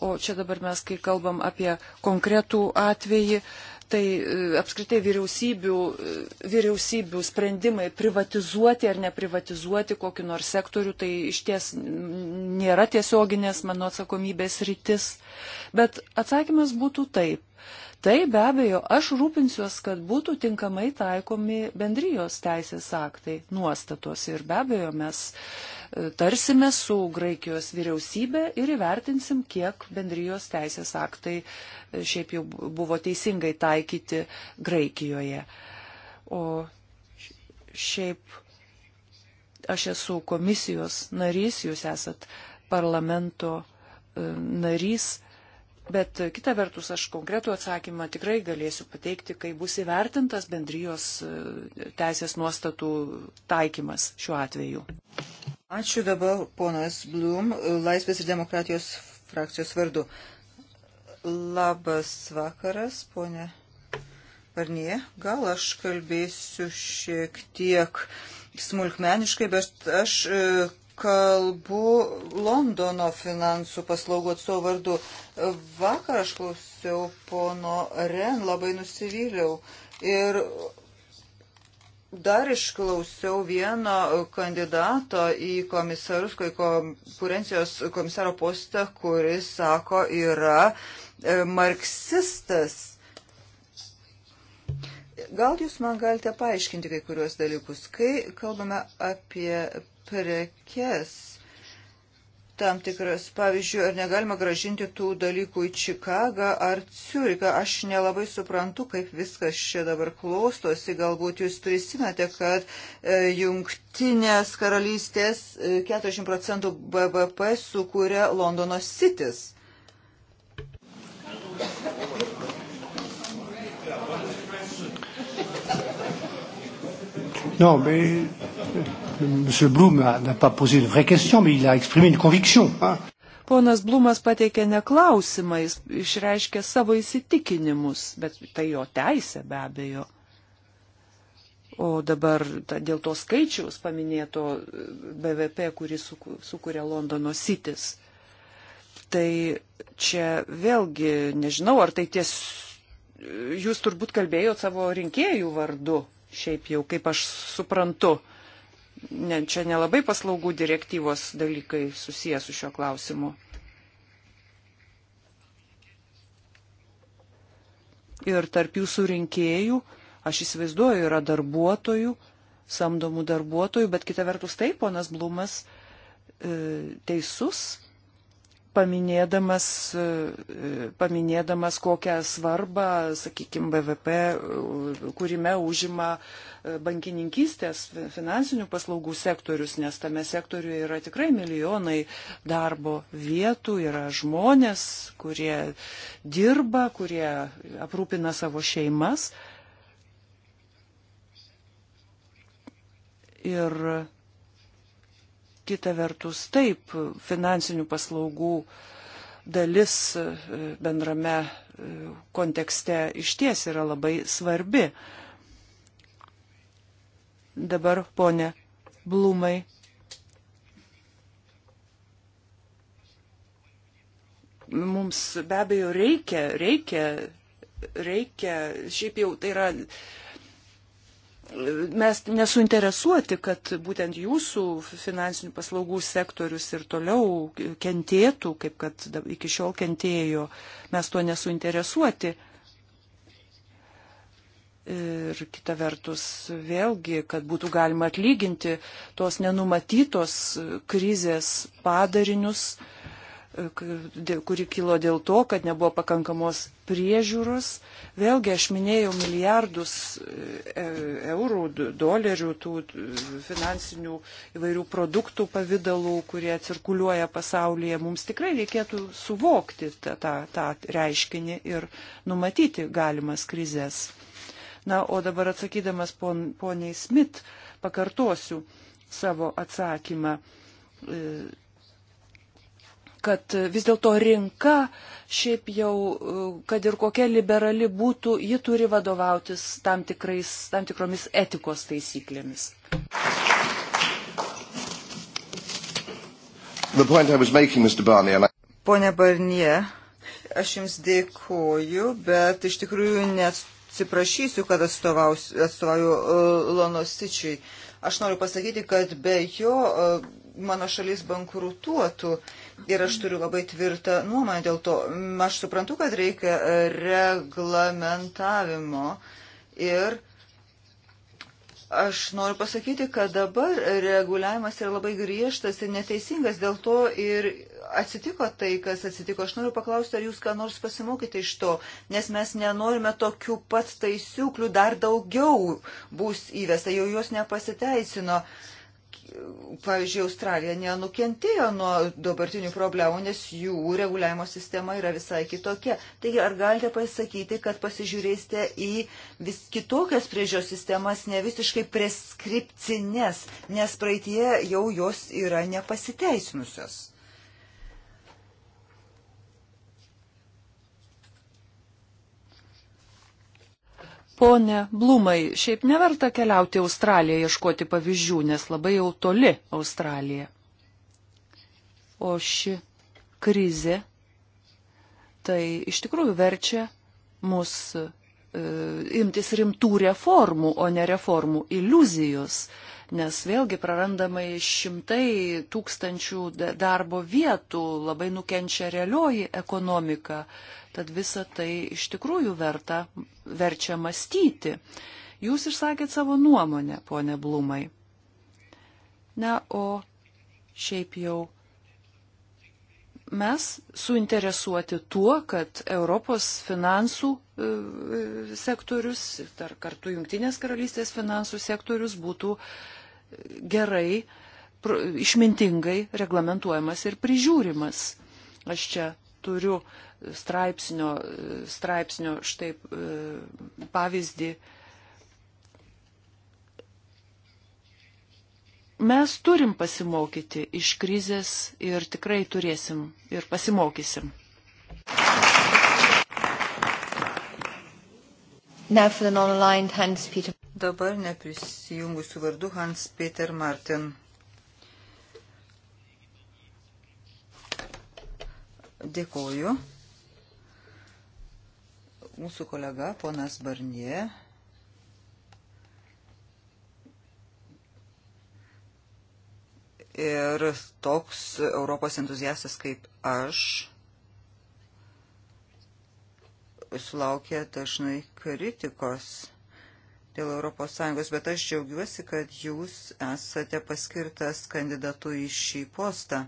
o čia dabar mes, kai kalbam apie konkretų atvejį, uh, tai e, apskritai vyriausybių, e, vyriausybių sprendimai privatizuoti ar neprivatizuoti kokį nors sektorių, tai iš ties nėra tiesioginės mano atsakomybės rytis. Bet atsakymas būtų taip tai be abejo aš rūpinsiuos, kad būtų tinkamai taikomi bendrijos teisės aktai, nuostatos ir be abejo mes e, tarsime su Graikijos vyriausybė ir įvertinsim, kiek bendrijos teisės aktai e, šiaip jau buvo teisingai taikyti Graikijoje. O šiaip aš esu komisijos narys, jūs esat parlamento e, narys Bet kita vertus, aš konkretų atsakymą tikrai galėsiu pateikti, kai bus įvertintas bendrijos e, teisės nuostatų taikymas šiuo atveju. Ačiū dabar ponas Blum, Laisvės ir demokratijos frakcijos vardu. Labas vakaras, ponė Barnie. Gal aš kalbėsiu šiek tiek smulkmeniškai, bet aš e, kalbu Londono finansų paslaugų atstovų vardu. Vakar aš klausiau pono Ren, labai nusivyliau. Ir dar išklausiau vieno kandidato į komisarus, kai konkurencijos komisaro postą, kuris, sako, yra e, marksistas. Gal jūs man galite paaiškinti kai kuriuos dalykus? Kai kalbame apie prekes tam tikras. Pavyzdžiui, ar negalima gražinti tų dalykų į Čikagą ar Ciuriką. Aš nelabai suprantu, kaip viskas čia dabar klostosi. Galbūt jūs prisimate, kad e, jungtinės karalystės 40 e, procentų BVP sukūrė Londono sitis. No, but... M. Blum n'a pas posé une vraie question, mais il a exprimé une conviction. Hein. Ponas Blumas pateikė ne klausimą, jis išreiškė savo įsitikinimus, bet tai jo teisė be abejo. O dabar ta, dėl to skaičiaus paminėto BVP, kurį sukuria Londono sitis, tai čia vėlgi nežinau, ar tai ties, jūs turbūt kalbėjot savo rinkėjų vardu, šiaip jau, kaip aš suprantu. Uh, ne, čia nelabai paslaugų direktyvos dalykai susijęs su šiuo klausimu. Ir tarp jų surinkėjų, aš įsivaizduoju, yra darbuotojų, samdomų darbuotojų, bet kita vertus taip, ponas Blumas e, teisus, paminėdamas, paminėdamas kokią svarbą, sakykime, BVP, kurime užima e, bankininkystės, finansinių paslaugų sektorius, nes tame sektoriuje yra tikrai milijonai darbo vietų, yra žmonės, kurie dirba, kurie aprūpina savo šeimas. Ir kita vertus, taip, finansinių paslaugų dalis e, bendrame e, kontekste išties yra labai svarbi. Dabar, ponė Blumai. Mums be abejo reikia, reikia, reikia, šiaip jau tai yra mes nesuinteresuoti, kad būtent jūsų finansinių paslaugų sektorius ir toliau kentėtų, kaip kad iki šiol kentėjo. Mes tuo nesuinteresuoti. Ir kita vertus, vėlgi, kad būtų galima atlyginti tos nenumatytos krizės padarinius, uh, kuri kilo dėl to, kad nebuvo pakankamos priežiūros. Vėlgi aš minėjau milijardus e, eurų, dolerių, tų finansinių įvairių produktų pavydalų, kurie cirkuliuoja pasaulyje. Mums tikrai reikėtų suvokti tą, tą, tą reiškinį ir numatyti galimas krizės. Na, o dabar atsakydamas pon, poniai Smith, pakartosiu savo atsakymą e, kad vis dėlto rinka šiaip jau, kad ir kokia liberali būtų, ji turi vadovautis tam, tikrais, tam tikromis etikos taisyklėmis. Making, Barney, I... Pone Barnie, aš Jums dėkoju, bet iš tikrųjų neatsiprašysiu, kad atstovauju uh, Lono Sičiui. Aš noriu pasakyti, kad be jo. Uh, mano šalis bankrutuotų. Ir aš turiu labai tvirtą nuomonę dėl to. Aš suprantu, kad reikia reglamentavimo. Ir aš noriu pasakyti, kad dabar reguliavimas yra labai griežtas ir neteisingas. Dėl to ir atsitiko tai, kas atsitiko. Aš noriu paklausti, ar jūs ką nors pasimokite iš to, nes mes nenorime tokių pat taisyklių, dar daugiau bus įvesta, jau jos nepasiteisino. Uh, pavyzdžiui, Australija nenukentėjo nuo dabartinių problemų, nes jų reguliavimo sistema yra visai kitokia. Taigi, ar galite pasakyti, kad pasižiūrėsite į vis kitokias priežios sistemas, ne visiškai preskripcinės, nes praeitie jau jos yra nepasiteisinusios? Pone Blumai, šiaip neverta keliauti į Australiją ieškoti pavyzdžių, nes labai jau toli Australija. O ši krizė, tai iš tikrųjų verčia mus e, imtis rimtų reformų, o ne reformų iliuzijos, nes vėlgi prarandamai šimtai tūkstančių darbo vietų, labai nukenčia realioji ekonomika, Tad visa tai iš tikrųjų verta, verčia mąstyti. Jūs išsakėt savo nuomonę, ponė Blumai. Na, o šiaip jau mes suinteresuoti tuo, kad Europos finansų e, e, sektorius ir kartu Junktinės karalystės finansų sektorius būtų e, gerai, išmintingai reglamentuojamas ir prižiūrimas. Aš čia turiu straipsnio, straipsnio štai e, pavyzdį. Mes turim pasimokyti iš krizės ir tikrai turėsim ir pasimokysim. Dabar neprisijungusiu vardu Hans Peter Martin. Dėkoju. Mūsų kolega ponas Barnie ir toks Europos entuziastas kaip aš sulaukia dažnai kritikos dėl ES, bet aš džiaugiuosi, kad jūs esate paskirtas kandidatu į šį postą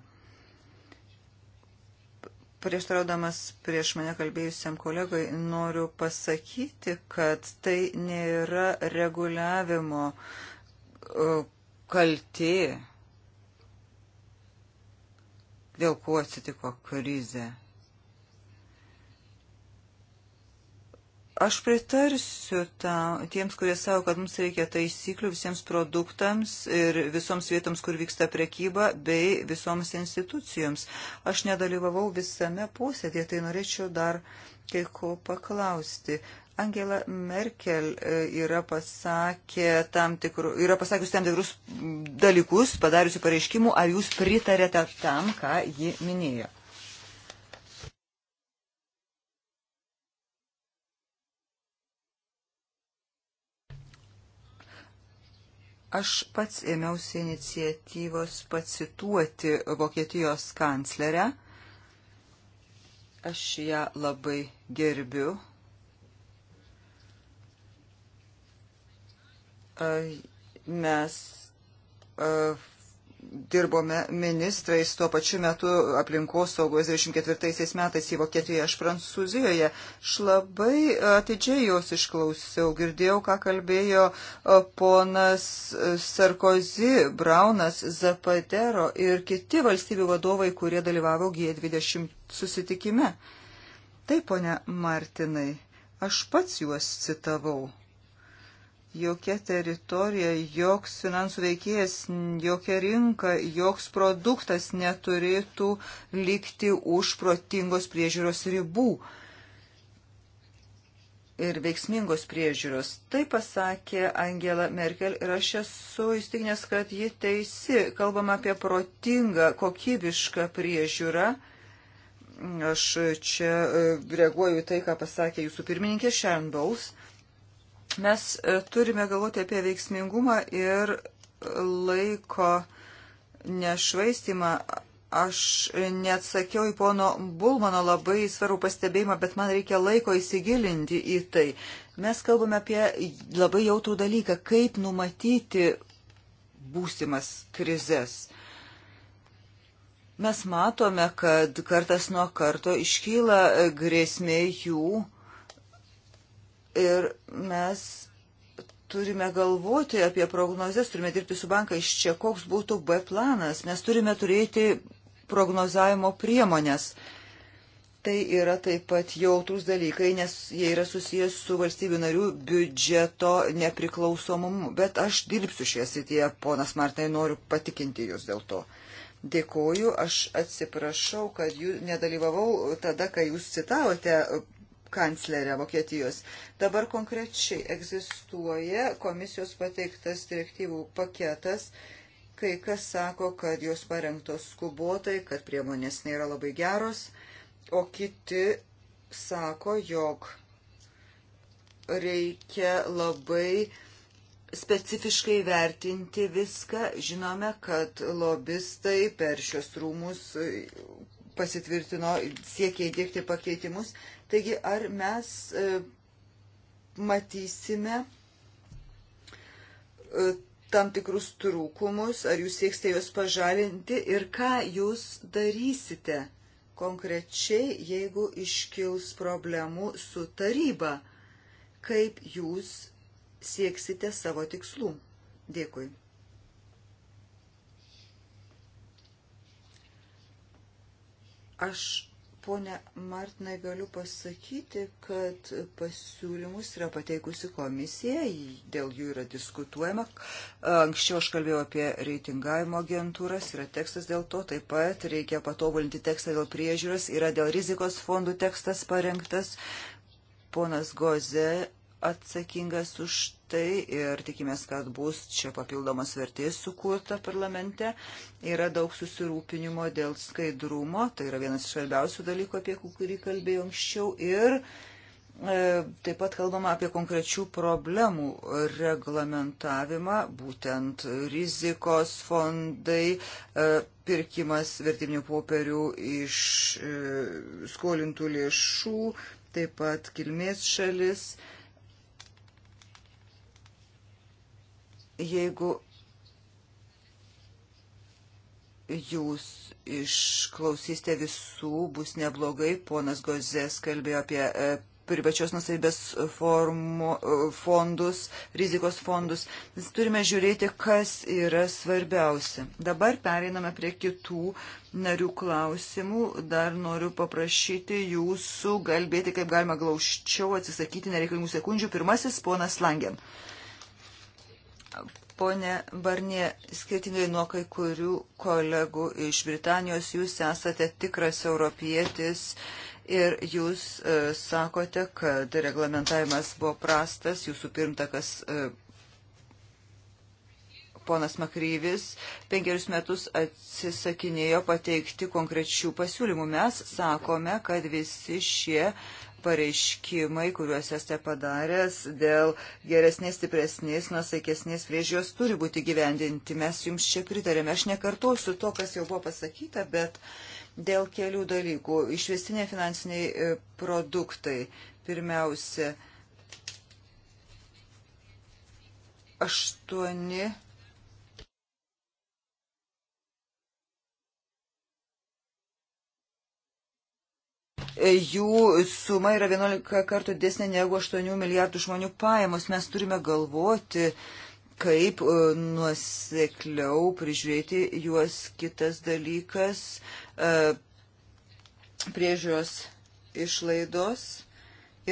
prieštaraudamas prieš mane kalbėjusiam kolegai, noriu pasakyti, kad tai nėra reguliavimo e, kalti, dėl ko atsitiko krizė. Aš pritarsiu ta, tiems, kurie savo, kad mums reikia taisyklių visiems produktams ir visoms vietoms, kur vyksta prekyba, bei visoms institucijoms. Aš nedalyvavau visame posėdėje, tai norėčiau dar kai ko paklausti. Angela Merkel e, yra, pasakė tam tikru, yra pasakius tam tikrus dalykus, padariusi pareiškimų, ar jūs pritarėte tam, ką ji minėjo? Aš pats ėmiausi iniciatyvos pacituoti Vokietijos kanclerę. Aš ją labai gerbiu. Mes dirbome ministrais, tuo pačiu metu aplinkos saugos 24 metais į Vokietiją, aš Prancūzijoje. Aš labai atidžiai jos išklausiau, girdėjau, ką kalbėjo e, ponas e, Sarkozy, Braunas, Zapatero ir kiti valstybių vadovai, kurie dalyvavo G20 susitikime. Taip, ponia Martinai, aš pats juos citavau jokia teritorija, joks finansų veikėjas, jokia rinka, joks produktas neturėtų likti už protingos priežiūros ribų ir veiksmingos priežiūros. Tai pasakė Angela Merkel ir aš esu įstignęs, kad ji teisi. Kalbam apie protingą, kokybišką priežiūrą. Aš čia e, reaguoju tai, ką pasakė jūsų pirmininkė Sharon Bowles Mes e, turime galvoti apie veiksmingumą ir laiko nešvaistimą. Aš neatsakiau į pono Bulmano labai svarų pastebėjimą, bet man reikia laiko įsigilinti į tai. Mes kalbame apie labai jautrų dalyką, kaip numatyti būsimas krizės. Mes matome, kad kartas nuo karto iškyla grėsmė jų Ir mes turime galvoti apie prognozes, turime dirbti su bankais čia, koks būtų B planas. Mes turime turėti prognozavimo priemonės. Tai yra taip pat jautrus dalykai, nes jie yra susijęs su valstybių narių biudžeto nepriklausomumu. Bet aš dirbsiu šioje srityje, ponas Martai, noriu patikinti jūs dėl to. Dėkoju, aš atsiprašau, kad jų nedalyvavau tada, kai jūs citavote kanclerę Vokietijos. Dabar konkrečiai egzistuoja komisijos pateiktas direktyvų paketas. Kai kas sako, kad jos parengtos skubotai, kad priemonės nėra labai geros, o kiti sako, jog reikia labai specifiškai vertinti viską. Žinome, kad lobistai per šios rūmus pasitvirtino siekia įdėkti pakeitimus, Taigi, ar mes e, matysime e, tam tikrus trūkumus, ar jūs sieksite juos pažalinti ir ką jūs darysite konkrečiai, jeigu iškils problemų su taryba, kaip jūs sieksite savo tikslų. Dėkui. Aš Pone Martinai, galiu pasakyti, kad pasiūlymus yra pateikusi komisija, dėl jų yra diskutuojama. Anksčiau aš kalbėjau apie reitingavimo agentūras, yra tekstas dėl to, taip pat reikia patobulinti tekstą dėl priežiūros, yra dėl rizikos fondų tekstas parengtas. Ponas Goze atsakingas už tai ir tikimės, kad bus čia papildomas vertės sukurta parlamente. Yra daug susirūpinimo dėl skaidrumo, tai yra vienas iš svarbiausių dalykų, apie kurį kalbėjau anksčiau. Ir e, Taip pat kalbama apie konkrečių problemų reglamentavimą, būtent rizikos fondai, e, pirkimas vertinių popierių iš e, skolintų lėšų, taip pat kilmės šalis. Jeigu jūs išklausysite visų, bus neblogai. Ponas Gozės kalbėjo apie e, privačios nusavybės e, fondus, rizikos fondus. Mes turime žiūrėti, kas yra svarbiausia. Dabar pereiname prie kitų narių klausimų. Dar noriu paprašyti jūsų kalbėti, kaip galima glaučiau atsisakyti nereikalingų sekundžių. Pirmasis, ponas Langen. Uh, Pone Barnė, skirtingai nuo kai kurių kolegų iš Britanijos, jūs esate tikras europietis ir jūs e, sakote, kad reglamentavimas buvo prastas, jūsų pirmtakas e, ponas Makryvis penkerius metus atsisakinėjo pateikti konkrečių pasiūlymų. Mes sakome, kad visi šie pareiškimai, kuriuos esate padaręs dėl geresnės, stipresnės, nusaikesnės priežios turi būti gyvendinti. Mes jums čia pritarėme. Aš nekartosiu to, kas jau buvo pasakyta, bet dėl kelių dalykų. Išvestiniai finansiniai e, produktai. Pirmiausia, 8 jų suma yra 11 kartų didesnė negu 8 milijardų žmonių pajamos. Mes turime galvoti, kaip e, nuosekliau prižiūrėti juos kitas dalykas e, priežiūros išlaidos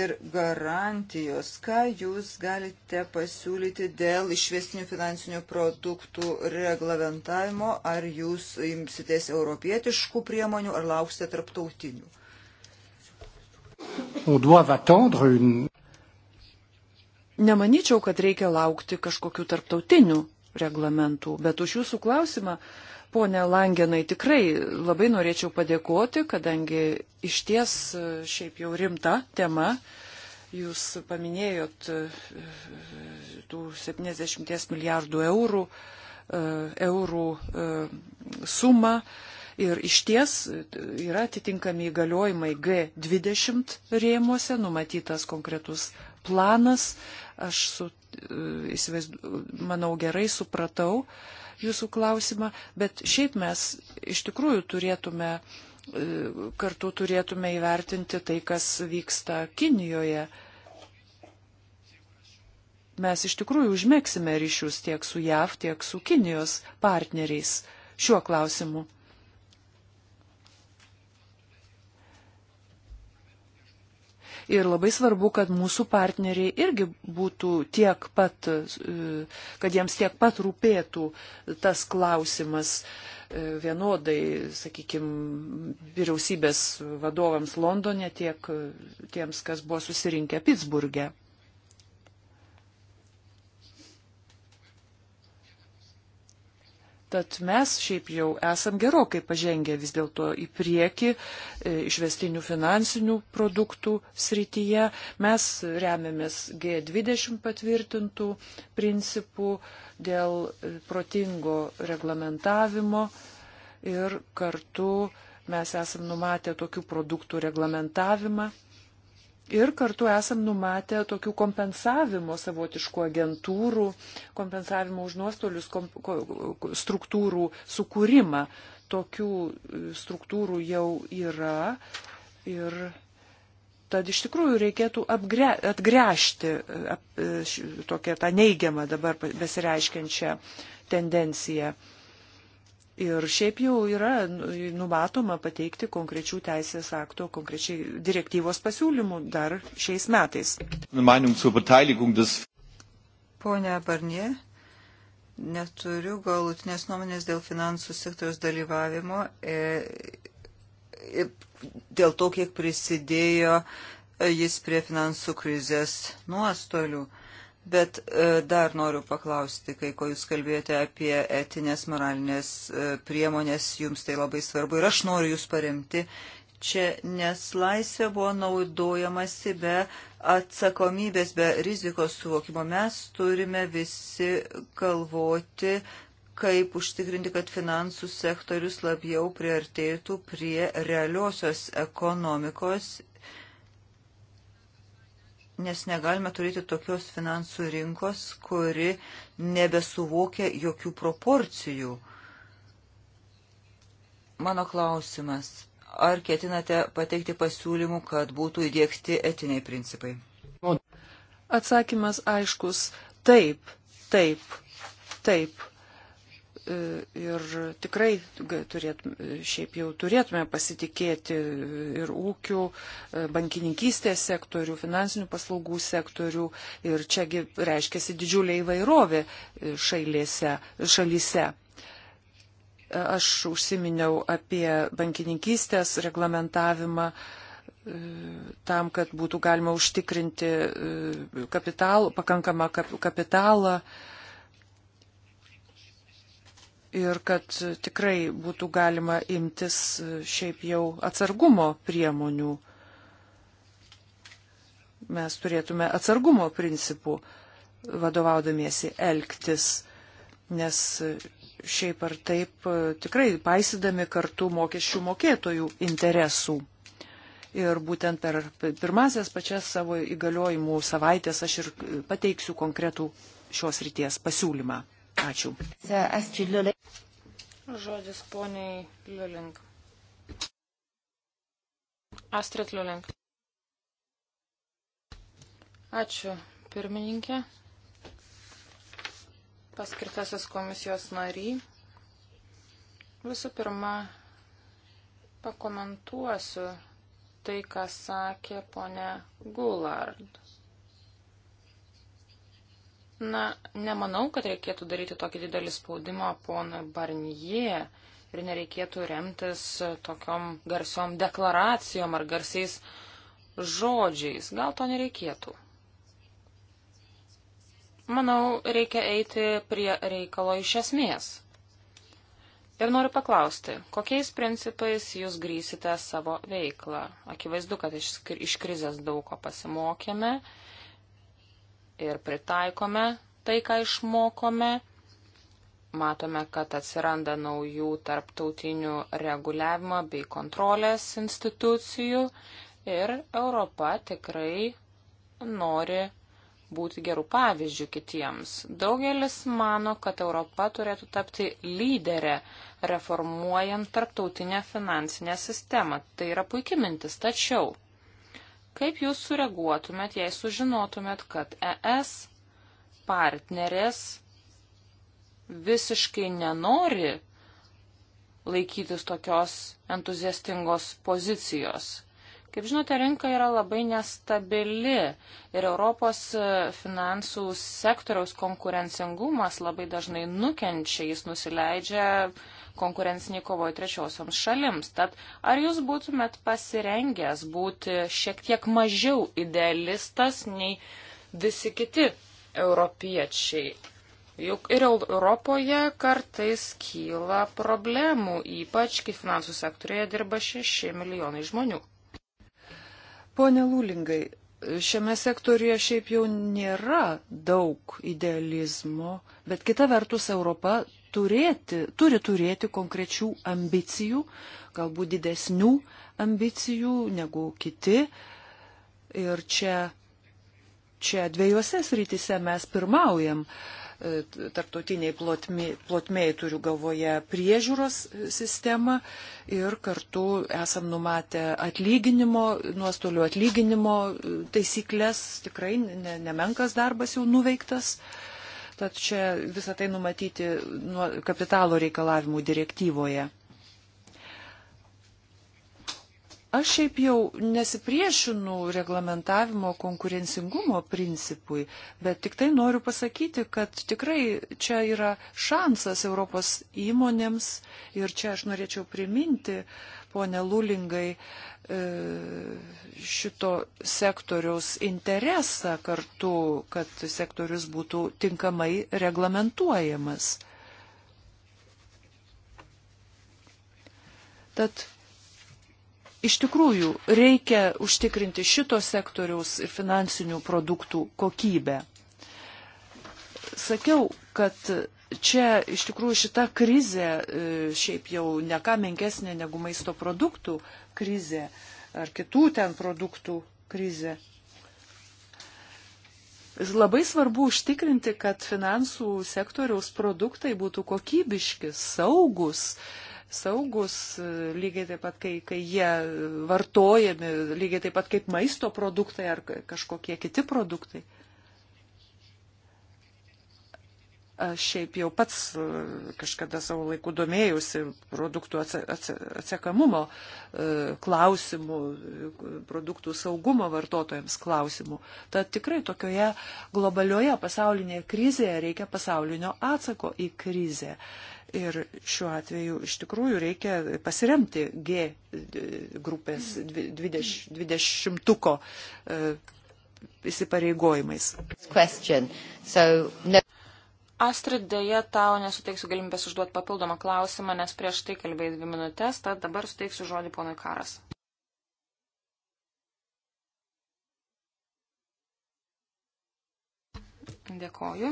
ir garantijos. Ką jūs galite pasiūlyti dėl išvestinių finansinių produktų reglamentavimo? Ar jūs imsitės europietiškų priemonių, ar lauksite tarptautinių? une... Nemanyčiau, kad reikia laukti kažkokių tarptautinių reglamentų, bet už jūsų klausimą, ponė Langenai, tikrai labai norėčiau padėkoti, kadangi iš ties e, šiaip jau rimta tema. Jūs paminėjot e, tų 70 milijardų eurų, e, eurų sumą Ir iš ties yra atitinkami įgaliojimai G20 rėmuose, numatytas konkretus planas. Aš su, e, įsivaizdu, manau, gerai supratau jūsų klausimą, bet šiaip mes iš tikrųjų turėtume e, kartu turėtume įvertinti tai, kas vyksta Kinijoje. Mes iš tikrųjų užmėgsime ryšius tiek su JAV, tiek su Kinijos partneriais šiuo klausimu. Ir labai svarbu, kad mūsų partneriai irgi būtų tiek pat, e, kad jiems tiek pat rūpėtų tas klausimas e, vienodai, sakykime, vyriausybės vadovams Londone, tiek e, tiems, kas buvo susirinkę Pittsburgė. E. Tad mes šiaip jau esam gerokai pažengę vis dėlto į priekį e, išvestinių finansinių produktų srityje. Mes remiamės G20 patvirtintų principų dėl e, protingo reglamentavimo ir kartu mes esam numatę tokių produktų reglamentavimą Ir kartu esam numatę tokių kompensavimo savotiškų agentūrų, kompensavimo už nuostolius kom, ko, struktūrų sukūrimą. Tokių e, struktūrų jau yra ir tad iš tikrųjų reikėtų apgre, atgręžti e, ap, e, tokią tą neigiamą dabar besireiškiančią tendenciją. Ir šiaip jau yra numatoma pateikti konkrečių teisės akto, konkrečiai direktyvos pasiūlymų dar šiais metais. Pone Barnie, neturiu galutinės nuomonės dėl finansų sektoriaus dalyvavimo ir e, e, dėl to, kiek prisidėjo e, jis prie finansų krizės nuostolių. Bet e, dar noriu paklausti, kai ko jūs kalbėjote apie etinės moralinės e, priemonės, jums tai labai svarbu ir aš noriu jūs paremti čia, nes laisvė buvo naudojamasi be atsakomybės, be rizikos suvokimo. Mes turime visi galvoti, kaip užtikrinti, kad finansų sektorius labiau priartėtų prie realiosios ekonomikos nes negalime turėti tokios finansų rinkos, kuri nebesuvokia jokių proporcijų. Mano klausimas. Ar ketinate pateikti pasiūlymų, kad būtų įdėkti etiniai principai? Atsakymas aiškus. Taip, taip, taip. E, ir tikrai turėtume, šiaip jau turėtume pasitikėti ir ūkių, e, bankininkystės sektorių, finansinių paslaugų sektorių ir čiagi reiškiasi didžiulė įvairovė e, šailėse, šalyse. Aš užsiminiau apie bankininkystės reglamentavimą tam, kad būtų galima užtikrinti kapital, pakankamą kapitalą. kapitalą ir kad tikrai būtų galima imtis šiaip jau atsargumo priemonių. Mes turėtume atsargumo principų vadovaudamiesi elgtis, nes šiaip ar taip tikrai paisydami kartu mokesčių mokėtojų interesų. Ir būtent per pirmasias pačias savo įgaliojimų savaitės aš ir pateiksiu konkretų šios ryties pasiūlymą. Ačiū. Žodis poniai Liulink. Astrid Liulink. Ačiū, pirmininkė. Paskirtasis komisijos nary. Visų pirma, pakomentuosiu tai, ką sakė ponia Gulard Na, nemanau, kad reikėtų daryti tokį didelį spaudimą ponui Barnie ir nereikėtų remtis tokiom garsiom deklaracijom ar garsiais žodžiais. Gal to nereikėtų. Manau, reikia eiti prie reikalo iš esmės. Ir noriu paklausti, kokiais principais jūs grįsite savo veiklą? Akivaizdu, kad iš, iš krizės daug ko pasimokėme ir pritaikome tai, ką išmokome. Matome, kad atsiranda naujų tarptautinių reguliavimo bei kontrolės institucijų ir Europa tikrai nori būti gerų pavyzdžių kitiems. Daugelis mano, kad Europa turėtų tapti lyderę reformuojant tarptautinę finansinę sistemą. Tai yra puikia mintis, tačiau Kaip jūs sureaguotumėt, jei sužinotumėt, kad ES partnerės visiškai nenori laikytis tokios entuziastingos pozicijos? Kaip žinote, rinka yra labai nestabili ir Europos finansų sektoriaus konkurencingumas labai dažnai nukenčia, jis nusileidžia konkurenciniai kovoj trečiosioms šalims. Tad ar jūs būtumėt pasirengęs būti šiek tiek mažiau idealistas nei visi kiti europiečiai? Juk ir Europoje kartais kyla problemų, ypač kai finansų sektorėje dirba 6 milijonai žmonių. Pone Lūlingai, šiame sektoriuje šiaip jau nėra daug idealizmo, bet kita vertus Europa turėti, turi turėti konkrečių ambicijų, galbūt didesnių ambicijų negu kiti. Ir čia, čia dviejose srityse mes pirmaujam e, tarptautiniai plotmiai, plotmiai turiu galvoje priežiūros sistemą ir kartu esam numatę atlyginimo, nuostolių atlyginimo taisyklės, tikrai nemenkas darbas jau nuveiktas. Uh, Tad čia visą tai numatyti nuo kapitalo reikalavimų direktyvoje. Aš šiaip jau nesipriešinu reglamentavimo konkurencingumo principui, bet tik tai noriu pasakyti, kad tikrai čia yra šansas Europos įmonėms ir čia aš norėčiau priminti ponė Lulingai, e, šito sektoriaus interesą kartu, kad sektorius būtų tinkamai reglamentuojamas. Tad iš tikrųjų reikia užtikrinti šito sektoriaus ir finansinių produktų kokybę. Sakiau, kad čia iš tikrųjų šita krizė e, šiaip jau neką menkesnė negu maisto produktų krizė ar kitų ten produktų krizė. Labai svarbu užtikrinti, kad finansų sektoriaus produktai būtų kokybiški, saugus, saugus e, lygiai taip pat, kai, kai jie vartojami, lygiai taip pat kaip maisto produktai ar kažkokie kiti produktai. Aš šiaip jau pats e, kažkada savo laiku domėjausi produktų atsiekamumo e, klausimų, produktų saugumo vartotojams klausimų. Tad tikrai tokioje globalioje pasaulinėje krizėje reikia pasaulinio atsako į krizę. Ir šiuo atveju iš tikrųjų reikia pasiremti G e, grupės 20, 20 įsipareigojimais. Question. So, no... Astrid, dėja, tau nesuteiksiu galimybės užduoti papildomą klausimą, nes prieš tai kalbėjai dvi minutės, tad dabar suteiksiu žodį ponui Karas. Dėkoju.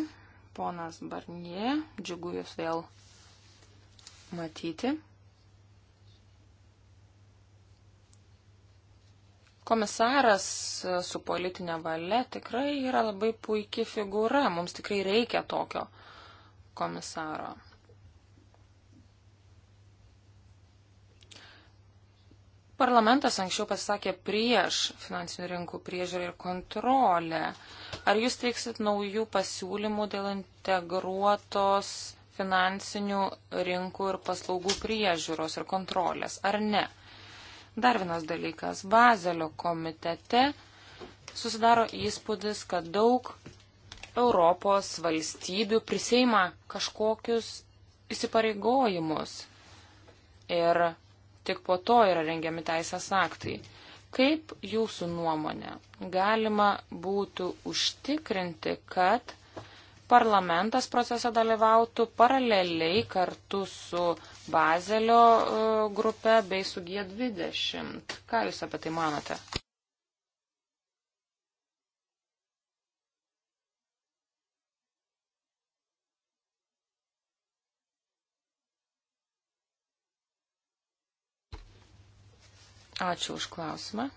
Ponas Barnie, džiugu jūs vėl matyti. Komisaras su politinė valia tikrai yra labai puikia figūra, mums tikrai reikia tokio komisaro. Parlamentas anksčiau pasisakė prieš finansinių rinkų priežiūrą ir kontrolę. Ar jūs teiksit naujų pasiūlymų dėl integruotos finansinių rinkų ir paslaugų priežiūros ir kontrolės, ar ne? Dar vienas dalykas. Bazelio komitete susidaro įspūdis, kad daug Europos valstybių prisima kažkokius įsipareigojimus ir tik po to yra rengiami teisės aktai. Kaip jūsų nuomonė galima būtų užtikrinti, kad parlamentas procese dalyvautų paraleliai kartu su Bazelio e, grupe bei su G20? Ką jūs apie tai manote? Ačiū už klausimą.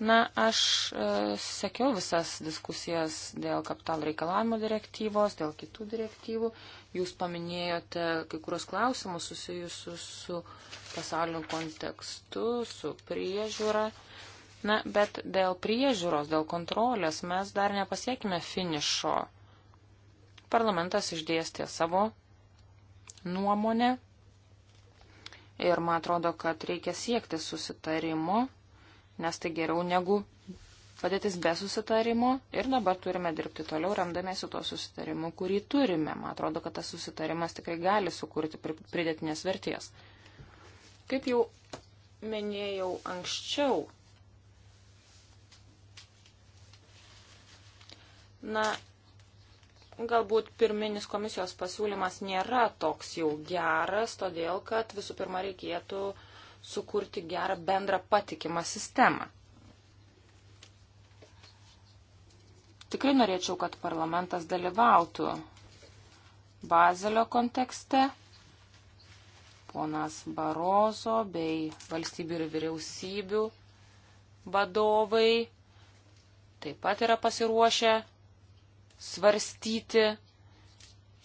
Na, aš e, sekiau visas diskusijas dėl kapital reikalavimo direktyvos, dėl kitų direktyvų. Jūs paminėjote kai kurios klausimus susijusius su pasauliniu kontekstu, su priežiūra. Na, bet dėl priežiūros, dėl kontrolės mes dar nepasiekime finišo. Parlamentas išdėstė savo nuomonę Ir man atrodo, kad reikia siekti susitarimo, nes tai geriau negu padėtis be susitarimo. Ir dabar turime dirbti toliau, remdamėsi tuo susitarimu, kurį turime. Man atrodo, kad tas susitarimas tikrai gali sukurti pridėtinės verties. Kaip jau minėjau anksčiau, na, Galbūt pirminis komisijos pasiūlymas nėra toks jau geras, todėl kad visų pirma reikėtų sukurti gerą bendrą patikimą sistemą. Tikrai norėčiau, kad parlamentas dalyvautų Bazelio kontekste. Ponas Barozo bei valstybių ir vyriausybių vadovai taip pat yra pasiruošę svarstyti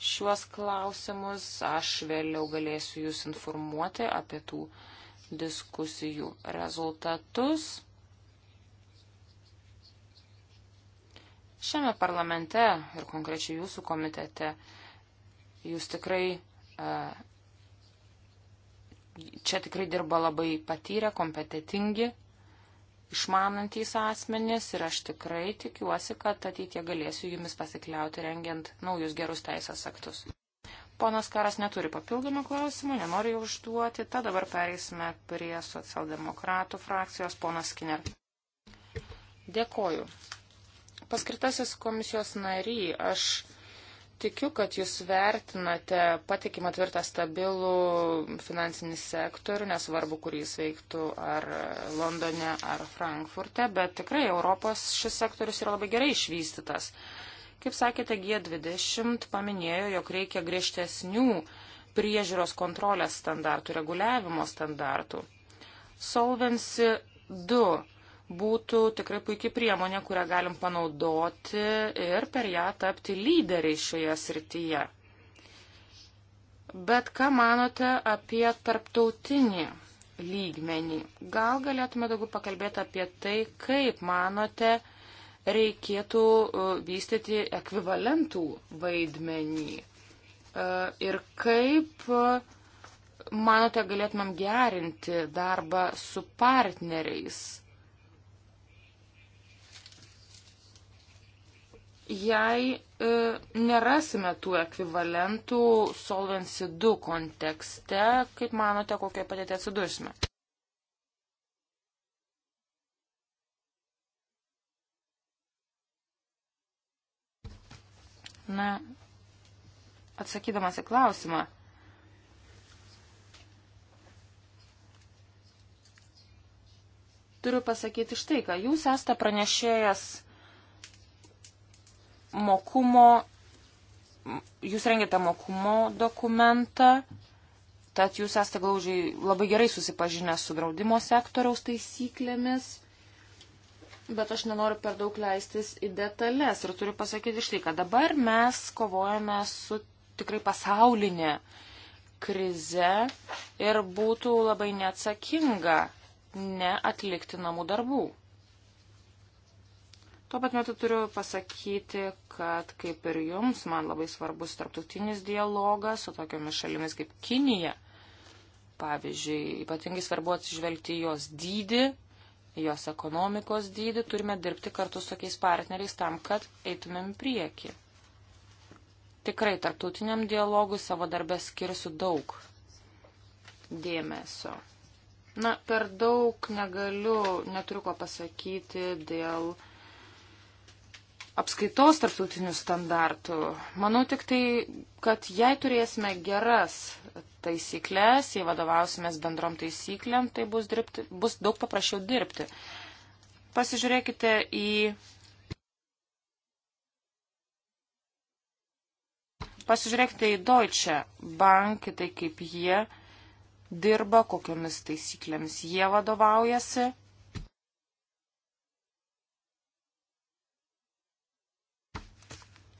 šiuos klausimus. Aš vėliau galėsiu Jūs informuoti apie tų diskusijų rezultatus. Šiame parlamente ir konkrečiai Jūsų komitete Jūs tikrai e, čia tikrai dirba labai patyrę, kompetitingi išmanantys asmenys ir aš tikrai tikiuosi, kad ateitie galėsiu jumis pasikliauti rengiant naujus gerus teisės aktus. Ponas Karas neturi papildomų klausimų, nenori jų užduoti, tad dabar pereisime prie socialdemokratų frakcijos, ponas Skinner. Dėkoju. Paskirtasis komisijos nary, aš tikiu, kad jūs vertinate patikimą tvirtą stabilų finansinį sektorių, nesvarbu, kur jis veiktų ar Londone, ar Frankfurte, bet tikrai Europos šis sektorius yra labai gerai išvystytas. Kaip sakėte, G20 paminėjo, jog reikia griežtesnių priežiūros kontrolės standartų, reguliavimo standartų. Solvency 2 būtų tikrai puikia priemonė, kurią galim panaudoti ir per ją tapti lyderiai šioje srityje. Bet ką manote apie tarptautinį lygmenį? Gal galėtume daugiau pakalbėti apie tai, kaip manote reikėtų e, vystyti ekvivalentų vaidmenį e, ir kaip e, manote galėtumėm gerinti darbą su partneriais jei e, nerasime tų ekvivalentų Solvency 2 kontekste, kaip manote, kokie padėtė atsidursime? Na, atsakydamas į klausimą, turiu pasakyti štai ką. Jūs esate pranešėjęs mokumo, jūs rengiate mokumo dokumentą, tad jūs esate glaužiai labai gerai susipažinę su draudimo sektoriaus taisyklėmis. Bet aš nenoriu per daug leistis į detalės ir turiu pasakyti štai, kad dabar mes kovojame su tikrai pasaulinė krize ir būtų labai neatsakinga neatlikti namų darbų. Tuo pat metu turiu pasakyti, kad kaip ir jums, man labai svarbus tarptautinis dialogas su tokiamis šalimis kaip Kinija. Pavyzdžiui, ypatingai svarbu atsižvelgti jos dydį, jos ekonomikos dydį, turime dirbti kartu su tokiais partneriais tam, kad eitumėm prieki. Tikrai tarptautiniam dialogui savo darbę skirsiu daug dėmesio. Na, per daug negaliu, neturiu ko pasakyti dėl uh, apskaitos tarptautinių standartų. Manau tik tai, kad jei turėsime geras taisyklės, jei vadovausimės bendrom taisyklėm, tai bus, dirbti, bus daug paprasčiau dirbti. Pasižiūrėkite į. Pasižiūrėkite į Deutsche Bank, tai kaip jie dirba, kokiamis taisyklėmis jie vadovaujasi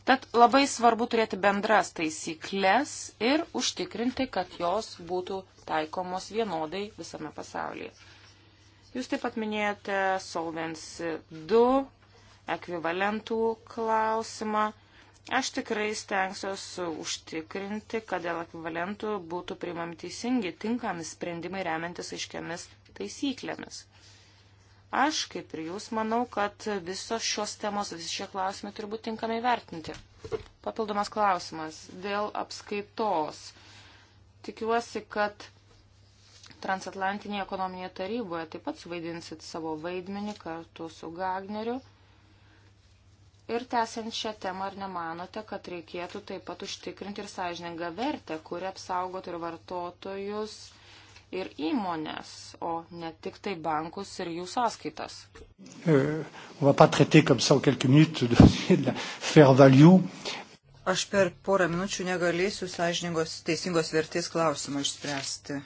Tad labai svarbu turėti bendras taisyklės ir užtikrinti, kad jos būtų taikomos vienodai visame pasaulyje. Jūs taip pat minėjote Solvency 2 ekvivalentų klausimą. Aš tikrai stengsiuosi užtikrinti, kad dėl ekvivalentų būtų priimami teisingi, tinkami sprendimai remiantis aiškiamis taisyklėmis. Aš, kaip ir jūs, manau, kad visos šios temos, visi šie klausimai turi būti tinkamai vertinti. Papildomas klausimas dėl apskaitos. Tikiuosi, kad transatlantinėje ekonominėje taryboje taip pat suvaidinsit savo vaidmenį kartu su Gagneriu. Ir tęsiant šią temą, ar nemanote, kad reikėtų taip pat užtikrinti ir sąžiningą vertę, kuri apsaugotų ir vartotojus, ir įmonės, o ne tik tai bankus ir jų sąskaitas. Euh, Aš per porą minučių negalėsiu sąžiningos teisingos vertės klausimą išspręsti.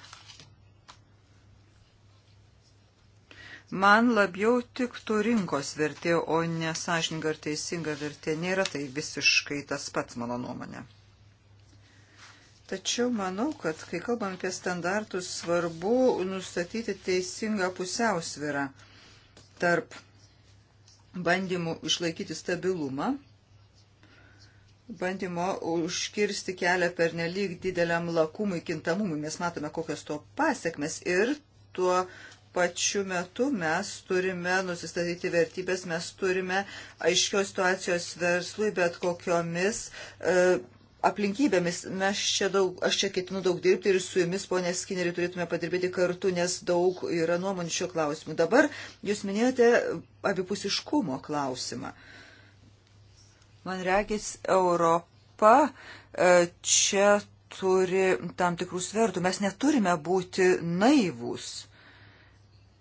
Man labiau tiktų rinkos vertė, o ne sąžininga ar teisinga vertė. Nėra tai visiškai tas pats mano nuomonė. Tačiau manau, kad kai kalbam apie standartus, svarbu nustatyti teisingą pusiausvyrą tarp bandymų išlaikyti stabilumą, bandymo užkirsti kelią per nelik dideliam lakumui, kintamumui. Mes matome, kokios to pasiekmes ir tuo pačiu metu mes turime nusistatyti vertybės, mes turime aiškios situacijos verslui, bet kokiomis e, aplinkybėmis. Mes čia daug, aš čia ketinu daug dirbti ir su jumis, ponė Skineri, turėtume padirbėti kartu, nes daug yra nuomonių šio klausimu. Dabar jūs minėjote abipusiškumo klausimą. Man reikės Europa e, čia turi tam tikrų svertų. Mes neturime būti naivūs.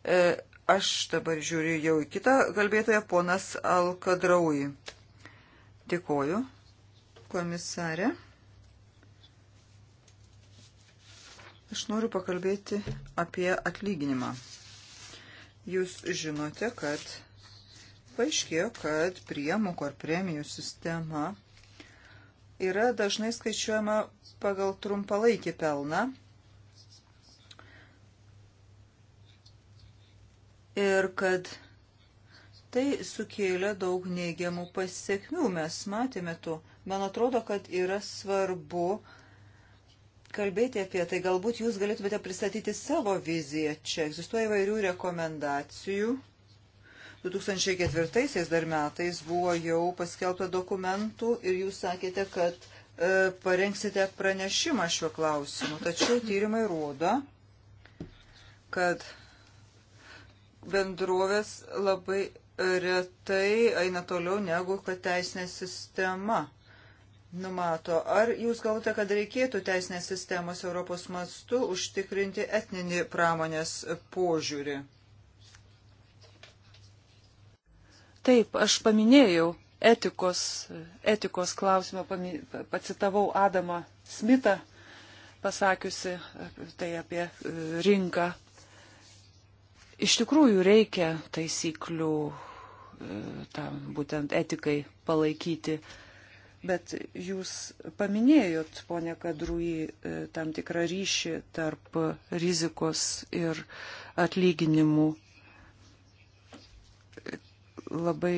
E, aš dabar žiūriu jau į kitą kalbėtoją, ponas Alkadraui. Dėkoju komisarė. Aš noriu pakalbėti apie atlyginimą. Jūs žinote, kad paaiškėjo, kad priemokų ar premijų sistema yra dažnai skaičiuojama pagal trumpalaikį pelną. Ir kad tai sukėlė daug neigiamų pasiekmių. Mes matėme to Man atrodo, kad yra svarbu kalbėti apie tai. Galbūt jūs galėtumėte pristatyti savo viziją čia. Egzistuoja įvairių rekomendacijų. 2004 dar metais buvo jau paskelbta dokumentų ir jūs sakėte, kad e, parengsite pranešimą šiuo klausimu. Tačiau tyrimai rodo, kad bendrovės labai retai eina toliau negu kad teisinė sistema numato. Ar jūs galvote, kad reikėtų teisinės sistemos Europos mastu užtikrinti etninį pramonės požiūrį? Taip, aš paminėjau etikos, etikos klausimą, pacitavau Adamą Smitą, pasakiusi tai apie e, rinką. Iš tikrųjų reikia taisyklių e, tam būtent etikai palaikyti Bet jūs paminėjot, ponė Kadrui, e, tam tikrą ryšį tarp rizikos ir atlyginimų. Labai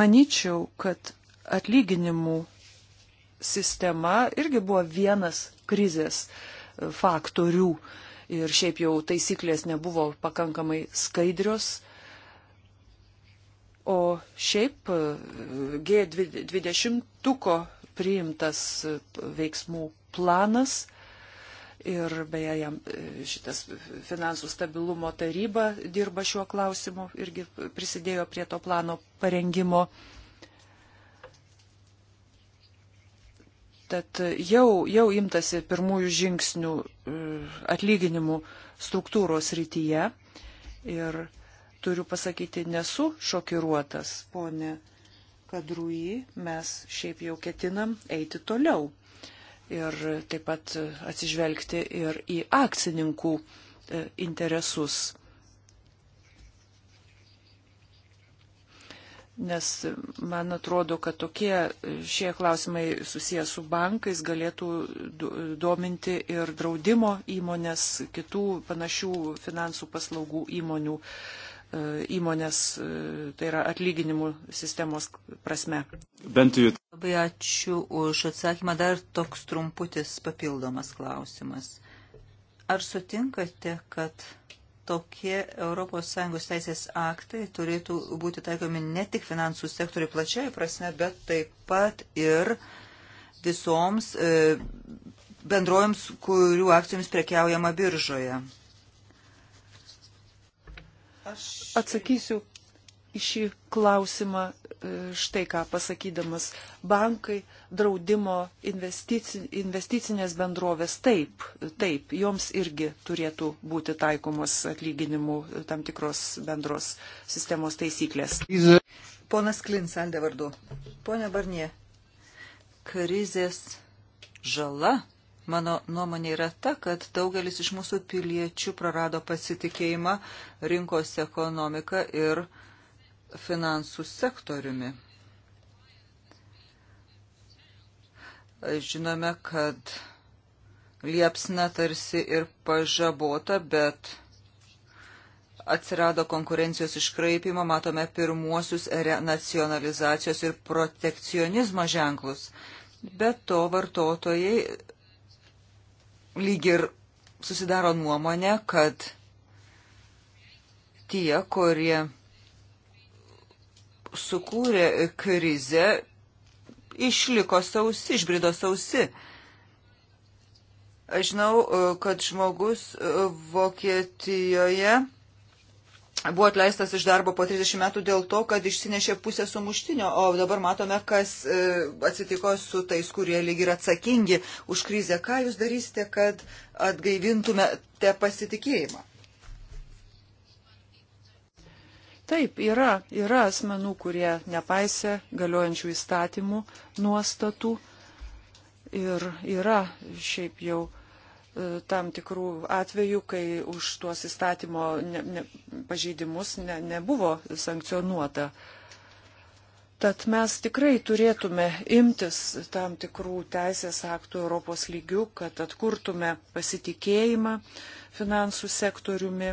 manyčiau, kad atlyginimų sistema irgi buvo vienas krizės faktorių. Ir šiaip jau taisyklės nebuvo pakankamai skaidrios, O šiaip e, G20 priimtas e, veiksmų planas ir beje jam e, šitas finansų stabilumo taryba dirba šiuo klausimu irgi prisidėjo prie to plano parengimo. Tad jau, jau imtasi pirmųjų žingsnių atlyginimų struktūros rytyje ir turiu pasakyti, nesu šokiruotas, ponė Kadrui, mes šiaip jau ketinam eiti toliau ir taip pat atsižvelgti ir į akcininkų e, interesus. Nes man atrodo, kad tokie e, šie klausimai susijęs su bankais galėtų dominti ir draudimo įmonės, kitų panašių finansų paslaugų įmonių uh, E, įmonės, e, tai yra atlyginimų sistemos prasme. Bent jau. Labai ačiū už atsakymą. Dar toks trumputis papildomas klausimas. Ar sutinkate, kad tokie ES teisės aktai turėtų būti taikomi ne tik finansų sektoriui plačiai prasme, bet taip pat ir visoms e, bendrojams, kurių akcijoms prekiaujama biržoje atsakysiu į šį klausimą e, štai ką pasakydamas. Bankai, draudimo, investici, investicinės bendrovės, taip, taip, joms irgi turėtų būti taikomos atlyginimų e, tam tikros bendros sistemos taisyklės. Ponas Klins, Aldė vardu. Pone Barnie, krizės žala Mano nuomonė yra ta, kad daugelis iš mūsų piliečių prarado pasitikėjimą rinkos ekonomika ir finansų sektoriumi. Žinome, kad liepsna tarsi ir pažabota, bet atsirado konkurencijos iškraipimo, matome pirmuosius nacionalizacijos ir protekcionizmo ženklus. Be to vartotojai lyg ir susidaro nuomonė, kad tie, kurie sukūrė krizę, išliko sausi, išbrido sausi. Aš žinau, kad žmogus e, Vokietijoje buvo atleistas iš darbo po 30 metų dėl to, kad išsinešė pusę sumuštinio, o dabar matome, kas e, atsitiko su tais, kurie lyg yra atsakingi už krizę. Ką jūs darysite, kad atgaivintumėte pasitikėjimą? Taip, yra, yra asmenų, kurie nepaisė galiojančių įstatymų nuostatų ir yra šiaip jau E, tam tikrų atvejų, kai už tuos įstatymo ne, ne, pažeidimus ne, nebuvo sankcionuota. Tad mes tikrai turėtume imtis tam tikrų teisės aktų Europos lygių, kad atkurtume pasitikėjimą finansų sektoriumi,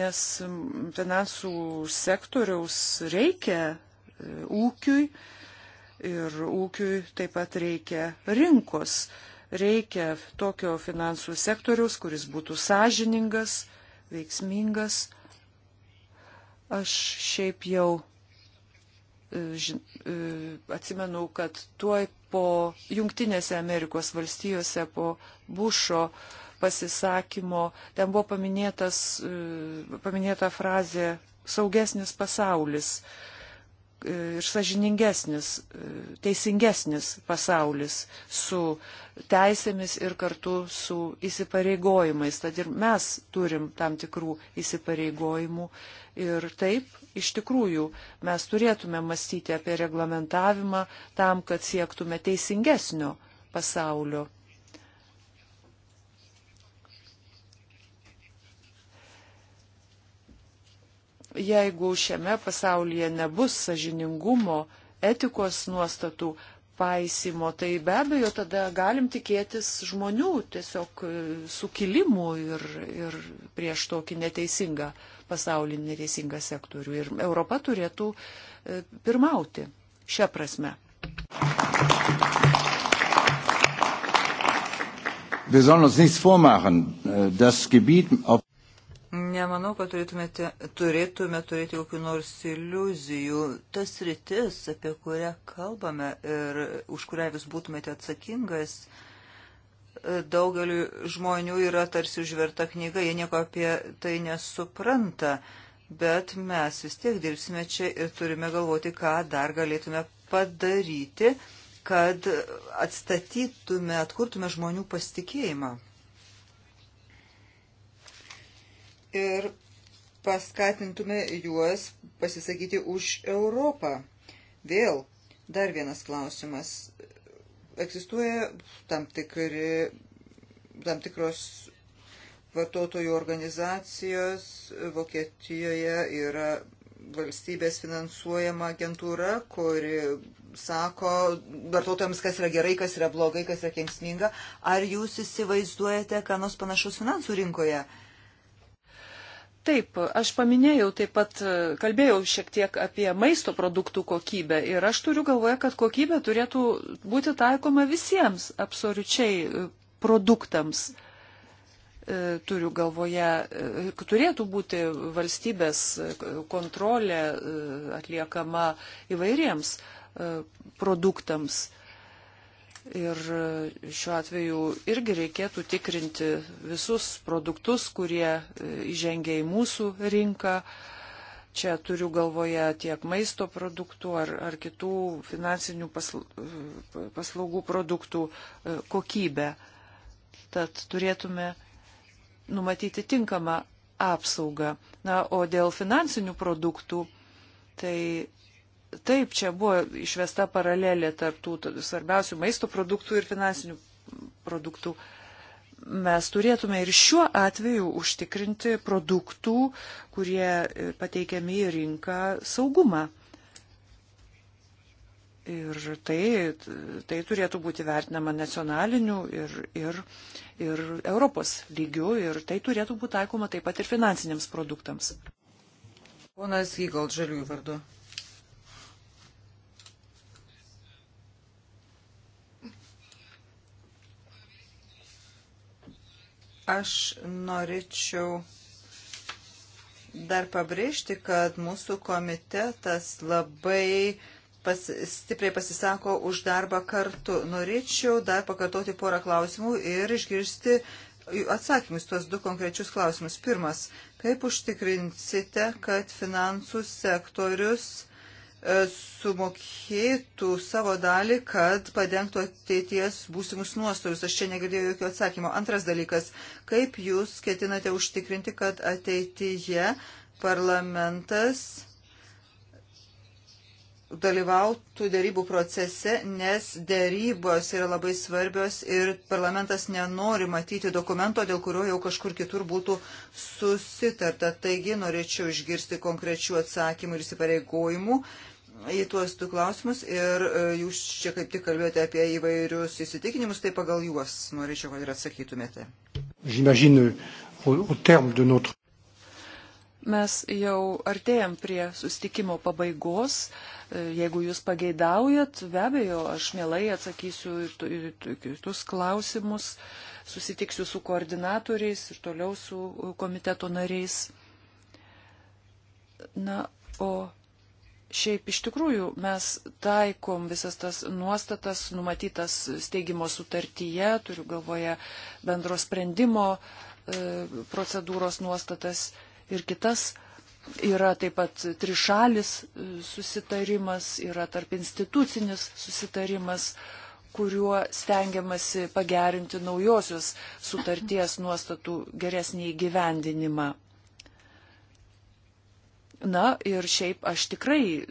nes finansų sektoriaus reikia e, ūkiui ir ūkiui taip pat reikia rinkos. Reikia tokio finansų sektoriaus, kuris būtų sąžiningas, veiksmingas. Aš šiaip jau e, e, atsimenu, kad tuoj po Junktinėse Amerikos valstijose, po Bušo pasisakymo, ten buvo paminėtas, e, paminėta frazė saugesnis pasaulis. E, ir sažiningesnis, e, teisingesnis pasaulis su teisėmis ir kartu su įsipareigojimais. Tad ir mes turim tam tikrų įsipareigojimų ir taip, iš tikrųjų, mes turėtume mąstyti apie reglamentavimą tam, kad siektume teisingesnio pasaulio. Jeigu šiame pasaulyje nebus sažiningumo, etikos nuostatų paisimo, tai be abejo tada galim tikėtis žmonių tiesiog e, sukilimų ir, ir prieš tokį neteisingą pasaulį, neteisingą sektorių. Ir Europa turėtų e, pirmauti šią prasme. Wir sollen uns nichts vormachen. Äh, das Gebiet, auf nemanau, kad turėtumėte, turėtume turėti kokiu nors iliuzijų. Tas rytis, apie kurią kalbame ir už kurią vis būtumėte atsakingas, e, daugeliu žmonių yra tarsi užverta knyga, jie nieko apie tai nesupranta, bet mes vis tiek dirbsime čia ir turime galvoti, ką dar galėtume padaryti, kad atstatytume, atkurtume žmonių pasitikėjimą. ir paskatintume juos pasisakyti už Europą. Vėl dar vienas klausimas. Egzistuoja tam, tikri, tam tikros vartotojų organizacijos, Vokietijoje yra valstybės finansuojama agentūra, kuri sako vartotojams, kas yra gerai, kas yra blogai, kas yra kengsminga. Ar jūs įsivaizduojate, ką nors panašaus finansų rinkoje? Uh, Taip, aš paminėjau taip pat, kalbėjau šiek tiek apie maisto produktų kokybę ir aš turiu galvoje, kad kokybė turėtų būti taikoma visiems absoliučiai e, produktams. E, turiu galvoje, e, turėtų būti valstybės kontrolė atliekama įvairiems produktams. Ir šiuo atveju irgi reikėtų tikrinti visus produktus, kurie e, įžengia į mūsų rinką. Čia turiu galvoje tiek maisto produktų ar, ar kitų finansinių e, paslaugų produktų e, kokybę. Tad turėtume numatyti tinkamą apsaugą. Na, o dėl finansinių produktų, tai Taip, čia buvo išvesta paralelė tarptų svarbiausių maisto produktų ir finansinių produktų. Mes turėtume ir šiuo atveju užtikrinti produktų, kurie e, pateikiami į rinką saugumą. Ir tai, tai turėtų būti vertinama nacionaliniu ir, ir, ir Europos lygiu ir tai turėtų būti taikoma taip pat ir finansiniams produktams. Ponas Gygal, žaliųjų vardu. Aš norėčiau dar pabrėžti, kad mūsų komitetas labai pas, stipriai pasisako už darbą kartu. Norėčiau dar pakartoti porą klausimų ir išgirsti atsakymus tuos du konkrečius klausimus. Pirmas, kaip užtikrinsite, kad finansų sektorius E, sumokėtų savo dalį, kad padengtų ateities būsimus nuostolius. Aš čia negirdėjau jokio atsakymo. Antras dalykas, kaip jūs ketinate užtikrinti, kad ateityje parlamentas dalyvautų dėrybų procese, nes dėrybos yra labai svarbios ir parlamentas nenori matyti dokumento, dėl kurio jau kažkur kitur būtų susitarta. Taigi norėčiau išgirsti konkrečių atsakymų ir įsipareigojimų į tuos du klausimus ir e, jūs čia kaip tik kalbėjote apie įvairius įsitikinimus, tai pagal juos norėčiau, kad ir atsakytumėte. Mes jau artėjom prie sustikimo pabaigos. E, jeigu jūs pageidaujat, be abejo, aš mielai atsakysiu ir kitus klausimus, susitiksiu su koordinatoriais ir toliau su komiteto nariais. Na, o Šiaip iš tikrųjų mes taikom visas tas nuostatas numatytas steigimo sutartyje, turiu galvoje bendro sprendimo e, procedūros nuostatas ir kitas. Yra taip pat trišalis e, susitarimas, yra tarp institucinis susitarimas, kuriuo stengiamasi pagerinti naujosios sutarties nuostatų geresnį įgyvendinimą. Na ir šiaip aš tikrai e,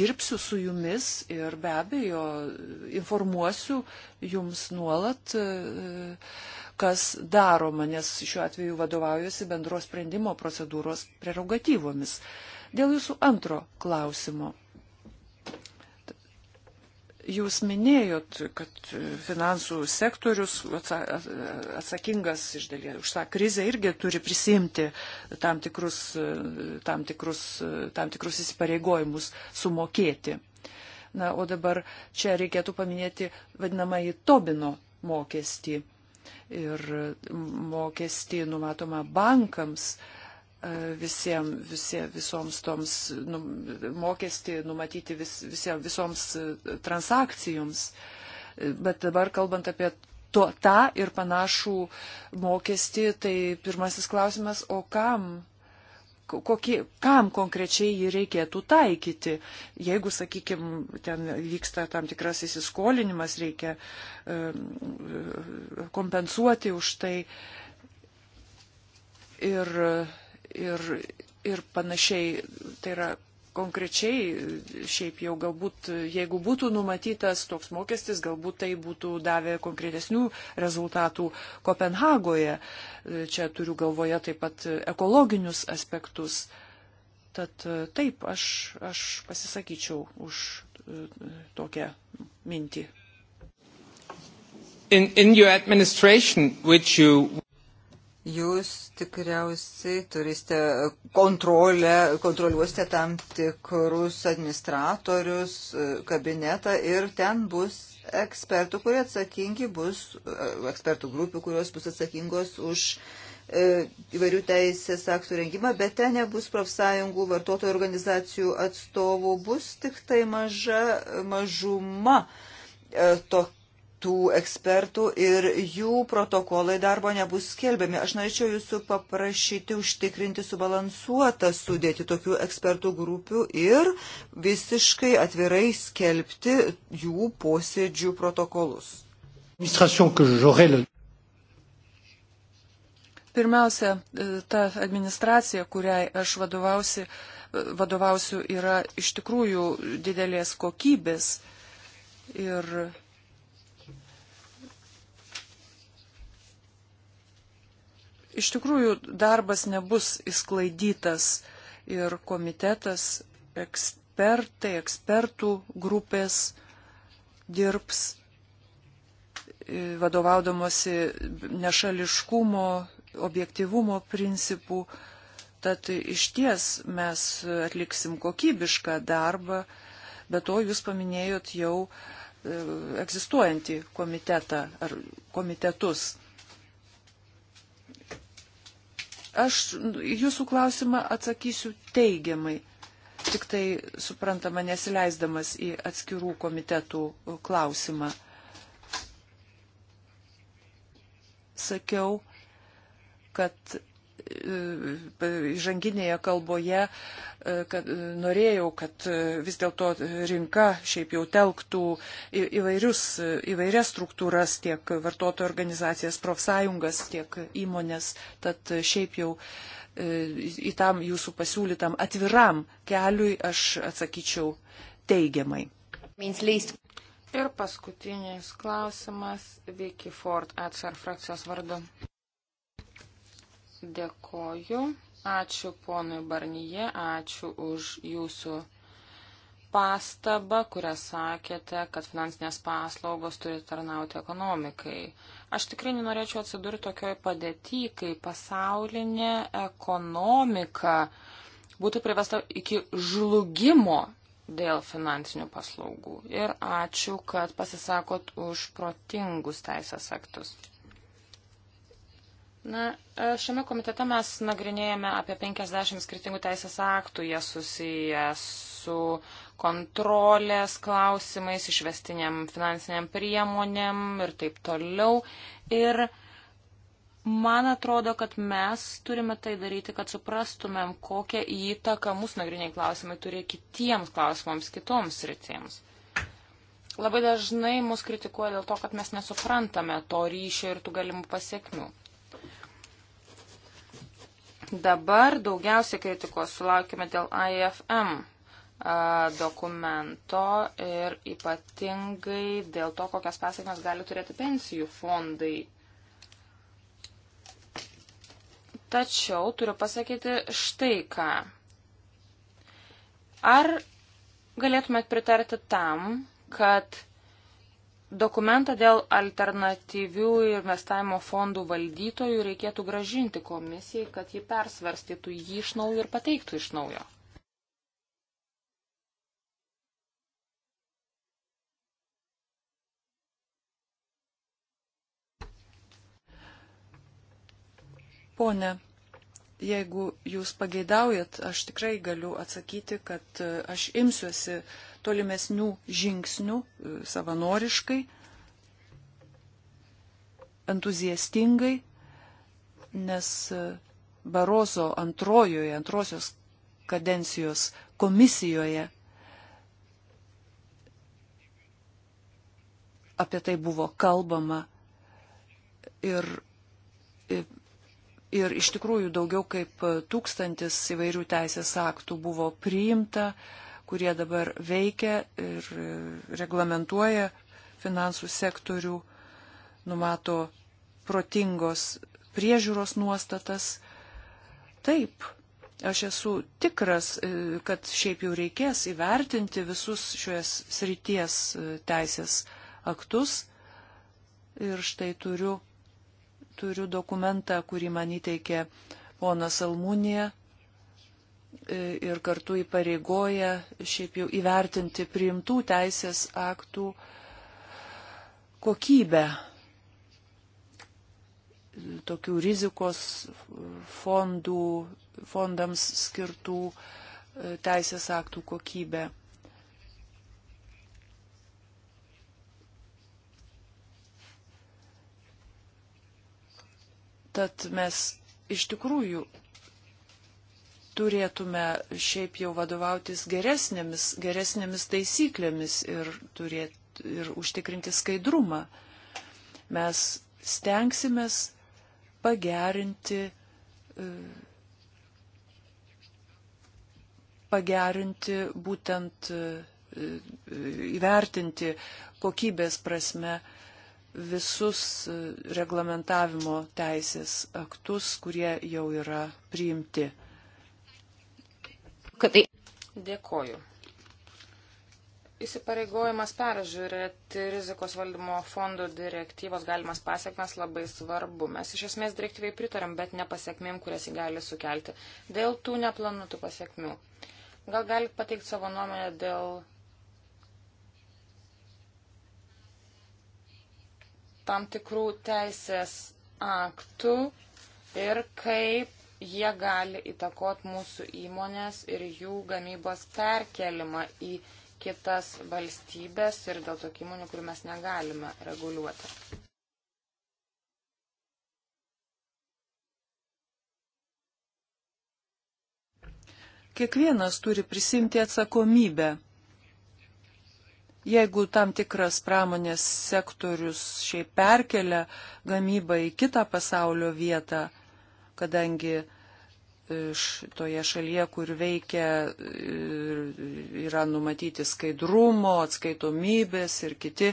dirbsiu su jumis ir be abejo e, informuosiu jums nuolat, e, kas daroma, nes šiuo atveju vadovaujuosi bendros sprendimo procedūros prerogatyvomis. Dėl jūsų antro klausimo. Jūs minėjot, kad finansų sektorius atsakingas iš dalies už tą krizę irgi turi prisimti tam tikrus, tam tikrus, tam tikrus įsipareigojimus sumokėti. Na, o dabar čia reikėtų paminėti vadinamąjį Tobino mokestį ir mokestį numatomą bankams. Uh, visiems, visie, visoms toms nu, mokestį numatyti vis, visie, visoms e, transakcijoms. E, bet dabar kalbant apie to, tą ir panašų mokestį, tai pirmasis klausimas, o kam? Kokie, kam konkrečiai jį reikėtų taikyti. Jeigu, sakykime, ten vyksta tam tikras įsiskolinimas, reikia e, kompensuoti už tai. Ir e, ir, ir panašiai. Tai yra konkrečiai, šiaip jau galbūt, jeigu būtų numatytas toks mokestis, galbūt tai būtų davę konkretesnių rezultatų Kopenhagoje. Čia turiu galvoje taip pat ekologinius aspektus. Tad taip, aš, aš pasisakyčiau už e, tokią mintį. In, in your administration, which you Jūs tikriausiai turite kontrolę, kontroliuosite tam tikrus administratorius e, kabinetą ir ten bus ekspertų, kurie atsakingi bus, e, ekspertų grupių, kurios bus atsakingos už e, įvairių teisės aktų rengimą, bet ten nebus profsąjungų, vartotojų organizacijų atstovų, bus tik tai maža, mažuma tokia tų ekspertų ir jų protokolai darbo nebus skelbiami. Aš norėčiau jūsų paprašyti užtikrinti subalansuotą sudėti tokių ekspertų grupių ir visiškai atvirai skelbti jų posėdžių protokolus. Pirmiausia, e, ta administracija, kuriai aš vadovausi, e, vadovausiu, yra iš tikrųjų didelės kokybės ir iš tikrųjų darbas nebus įsklaidytas ir komitetas, ekspertai, ekspertų grupės dirbs e, vadovaudamosi nešališkumo, objektivumo principų. Tad iš ties mes atliksim kokybišką darbą, bet to jūs paminėjot jau e, egzistuojantį komitetą ar komitetus. Aš jūsų klausimą atsakysiu teigiamai, tik tai suprantama nesileisdamas į atskirų komitetų klausimą. Sakiau, kad E, žanginėje kalboje, e, kad e, norėjau, kad vis dėlto rinka šiaip jau telktų įvairius, įvairias struktūras, tiek vartotojų organizacijas, profsąjungas, tiek įmonės. Tad šiaip jau į tam jūsų pasiūlytam atviram keliui aš atsakyčiau teigiamai. Ir paskutinis klausimas Vicky Ford atsar frakcijos vardu. Dėkoju. Ačiū ponui Barnyje, ačiū už jūsų pastabą, kurią sakėte, kad finansinės paslaugos turi tarnauti ekonomikai. Aš tikrai nenorėčiau atsidurti tokioje padėtyje, kai pasaulinė ekonomika būtų privesta iki žlugimo dėl finansinių paslaugų. Ir ačiū, kad pasisakot už protingus teisės aktus. Na, šiame komitete mes nagrinėjame apie 50 skirtingų teisės aktų, jie susiję su kontrolės klausimais, išvestiniam finansiniam priemonėm ir taip toliau. Ir man atrodo, kad mes turime tai daryti, kad suprastumėm, kokią įtaką mūsų nagrinėjai klausimai turi kitiems klausimams, kitoms rytėms. Labai dažnai mus kritikuoja dėl to, kad mes nesuprantame to ryšio ir tų galimų pasiekmių. Dabar daugiausiai kritikos sulaukime dėl IFM dokumento ir ypatingai dėl to, kokias pasiekmes gali turėti pensijų fondai. Tačiau turiu pasakyti štai ką. Ar galėtumėt pritarti tam, kad dokumentą dėl alternatyvių investavimo fondų valdytojų reikėtų gražinti komisijai, kad ji persvarstytų jį iš naujo ir pateiktų iš naujo. Pone, jeigu jūs pageidaujat, aš tikrai galiu atsakyti, kad e, aš imsiuosi uh, tolimesnių žingsnių e, savanoriškai, entuziastingai, nes e, Barozo antrojoje, antrosios kadencijos komisijoje apie tai buvo kalbama ir, ir, ir iš tikrųjų daugiau kaip tūkstantis įvairių teisės aktų buvo priimta, uh, kurie dabar veikia ir e, reglamentuoja finansų sektorių, numato protingos priežiūros nuostatas. Taip, aš esu tikras, e, kad šiaip jau reikės įvertinti visus šios srities e, teisės aktus. Ir štai turiu, turiu dokumentą, kurį man įteikė ponas Almūnija, ir kartu įpareigoja šiaip jau įvertinti priimtų teisės aktų kokybę. Tokių rizikos fondų, fondams skirtų e, teisės aktų kokybę. Tad mes iš tikrųjų turėtume šiaip jau vadovautis geresnėmis, geresnėmis taisyklėmis ir, turėt, ir užtikrinti skaidrumą. Mes stengsimės pagerinti, e, pagerinti būtent e, įvertinti kokybės prasme visus e, reglamentavimo teisės aktus, kurie jau yra priimti kad tai. Dėkoju. Įsipareigojimas peržiūrėti rizikos valdymo fondų direktyvos galimas pasiekmes labai svarbu. Mes iš esmės direktyvai pritarėm, bet ne pasiekmėm, kurias jį gali sukelti. Dėl tų neplanuotų pasiekmių. Gal galit pateikti savo nuomonę dėl tam tikrų teisės aktų ir kaip jie gali įtakot mūsų įmonės ir jų gamybos perkelimą į kitas valstybės ir dėl tokių įmonių, kurių mes negalime reguliuoti. Kiekvienas turi prisimti atsakomybę. Jeigu tam tikras pramonės sektorius šiaip perkelia gamybą į kitą pasaulio vietą, kadangi toje šalyje, kur veikia, yra numatyti skaidrumo, atskaitomybės ir kiti,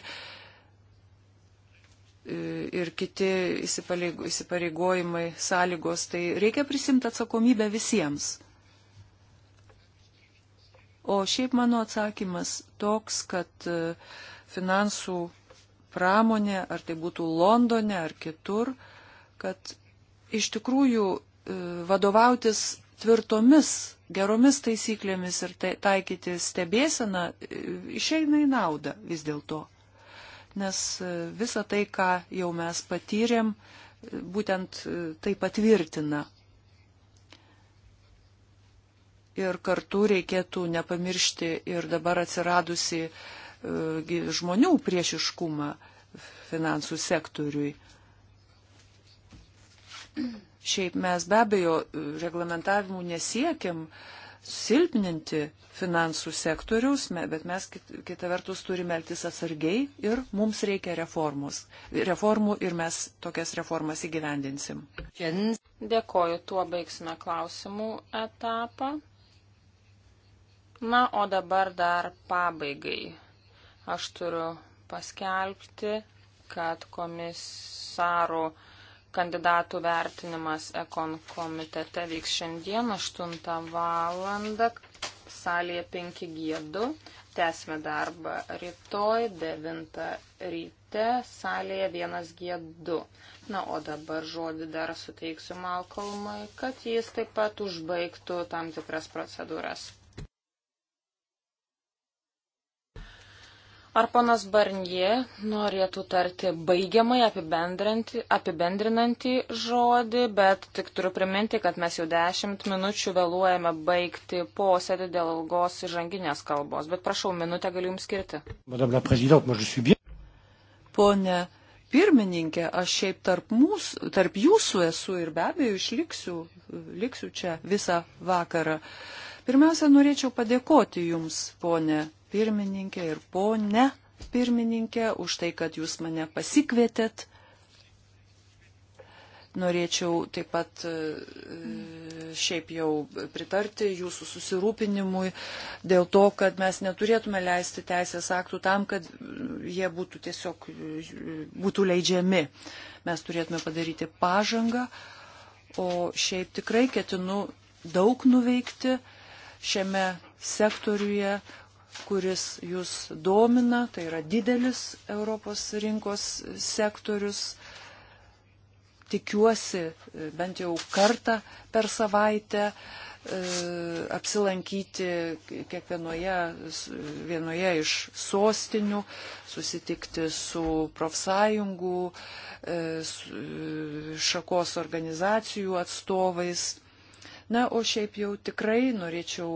ir kiti įsipareigojimai, sąlygos, tai reikia prisimti atsakomybę visiems. O šiaip mano atsakymas toks, kad e, finansų pramonė, ar tai būtų Londone ar kitur, kad iš tikrųjų e, vadovautis tvirtomis, geromis taisyklėmis ir tai, taikyti stebėseną e, išeina į naudą vis dėlto. Nes e, visa tai, ką jau mes patyrėm, būtent tai patvirtina. Ir kartu reikėtų nepamiršti ir dabar atsiradusi žmonių priešiškumą finansų sektoriui Šiaip mes be abejo reglamentavimų nesiekiam silpninti finansų sektoriaus, bet mes kitą vertus turime elgtis atsargiai ir mums reikia reformos. reformų ir mes tokias reformas įgyvendinsim. Dėkoju, tuo baigsime klausimų etapą. Na, o dabar dar pabaigai. Aš turiu paskelbti, kad komisarų kandidatų vertinimas Ekon komitete vyks šiandien 8 valandą salėje 5G2. Tęsime darbą rytoj 9 ryte salėje 1G2. Na, o dabar žodį dar suteiksiu Malkolmui, kad jis taip pat užbaigtų tam tikras procedūras. Ar panas Barnie norėtų tarti baigiamai apibendrinantį žodį, bet tik turiu priminti, kad mes jau dešimt minučių vėluojame baigti posėdį dėl ilgos įžanginės kalbos. Bet prašau, minutę galiu jums skirti. Pone pirmininkė, aš šiaip tarp, mūsų, tarp jūsų esu ir be abejo išliksiu liksiu čia visą vakarą. Pirmiausia, norėčiau padėkoti jums, ponė pirmininkė ir ponė pirmininkė už tai, kad jūs mane pasikvietėt. Norėčiau taip pat e, šiaip jau pritarti jūsų susirūpinimui dėl to, kad mes neturėtume leisti teisės aktų tam, kad jie būtų tiesiog e, būtų leidžiami. Mes turėtume padaryti pažangą, o šiaip tikrai ketinu daug nuveikti šiame sektoriuje, kuris jūs domina, tai yra didelis Europos rinkos sektorius. Tikiuosi e, bent jau kartą per savaitę e, apsilankyti kiekvienoje vienoje iš sostinių, susitikti su profsąjungų, e, šakos organizacijų atstovais Na, o šiaip jau tikrai norėčiau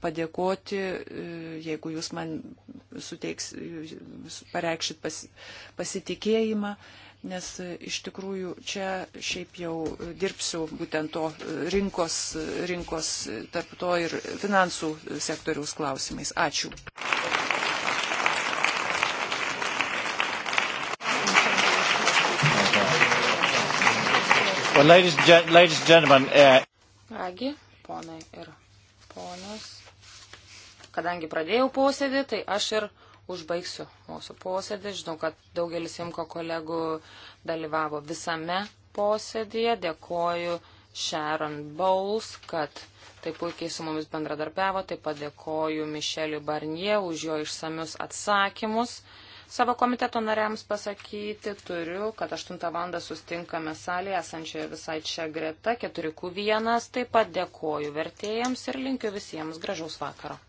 padėkoti, e, jeigu jūs man suteiks, e, pareikšit pas, pasitikėjimą, nes e, iš tikrųjų čia šiaip jau dirbsiu būtent to rinkos, rinkos tarp to ir finansų sektoriaus klausimais. Ačiū. Well, ladies, ladies and gentlemen, uh... Kągi, ponai ir ponios, kadangi pradėjau posėdį, tai aš ir užbaigsiu mūsų posėdį. Žinau, kad daugelis Imko kolegų dalyvavo visame posėdėje. Dėkoju Sharon Bowles, kad taip puikiai su mumis bendradarbiavo. Taip pat dėkoju Mišeliu Barnie už jo išsamius atsakymus. Savo komiteto nariams pasakyti turiu, kad 8 val. sustinkame salėje esančioje visai čia greta 4Q1. Taip pat dėkoju vertėjams ir linkiu visiems gražaus vakaro.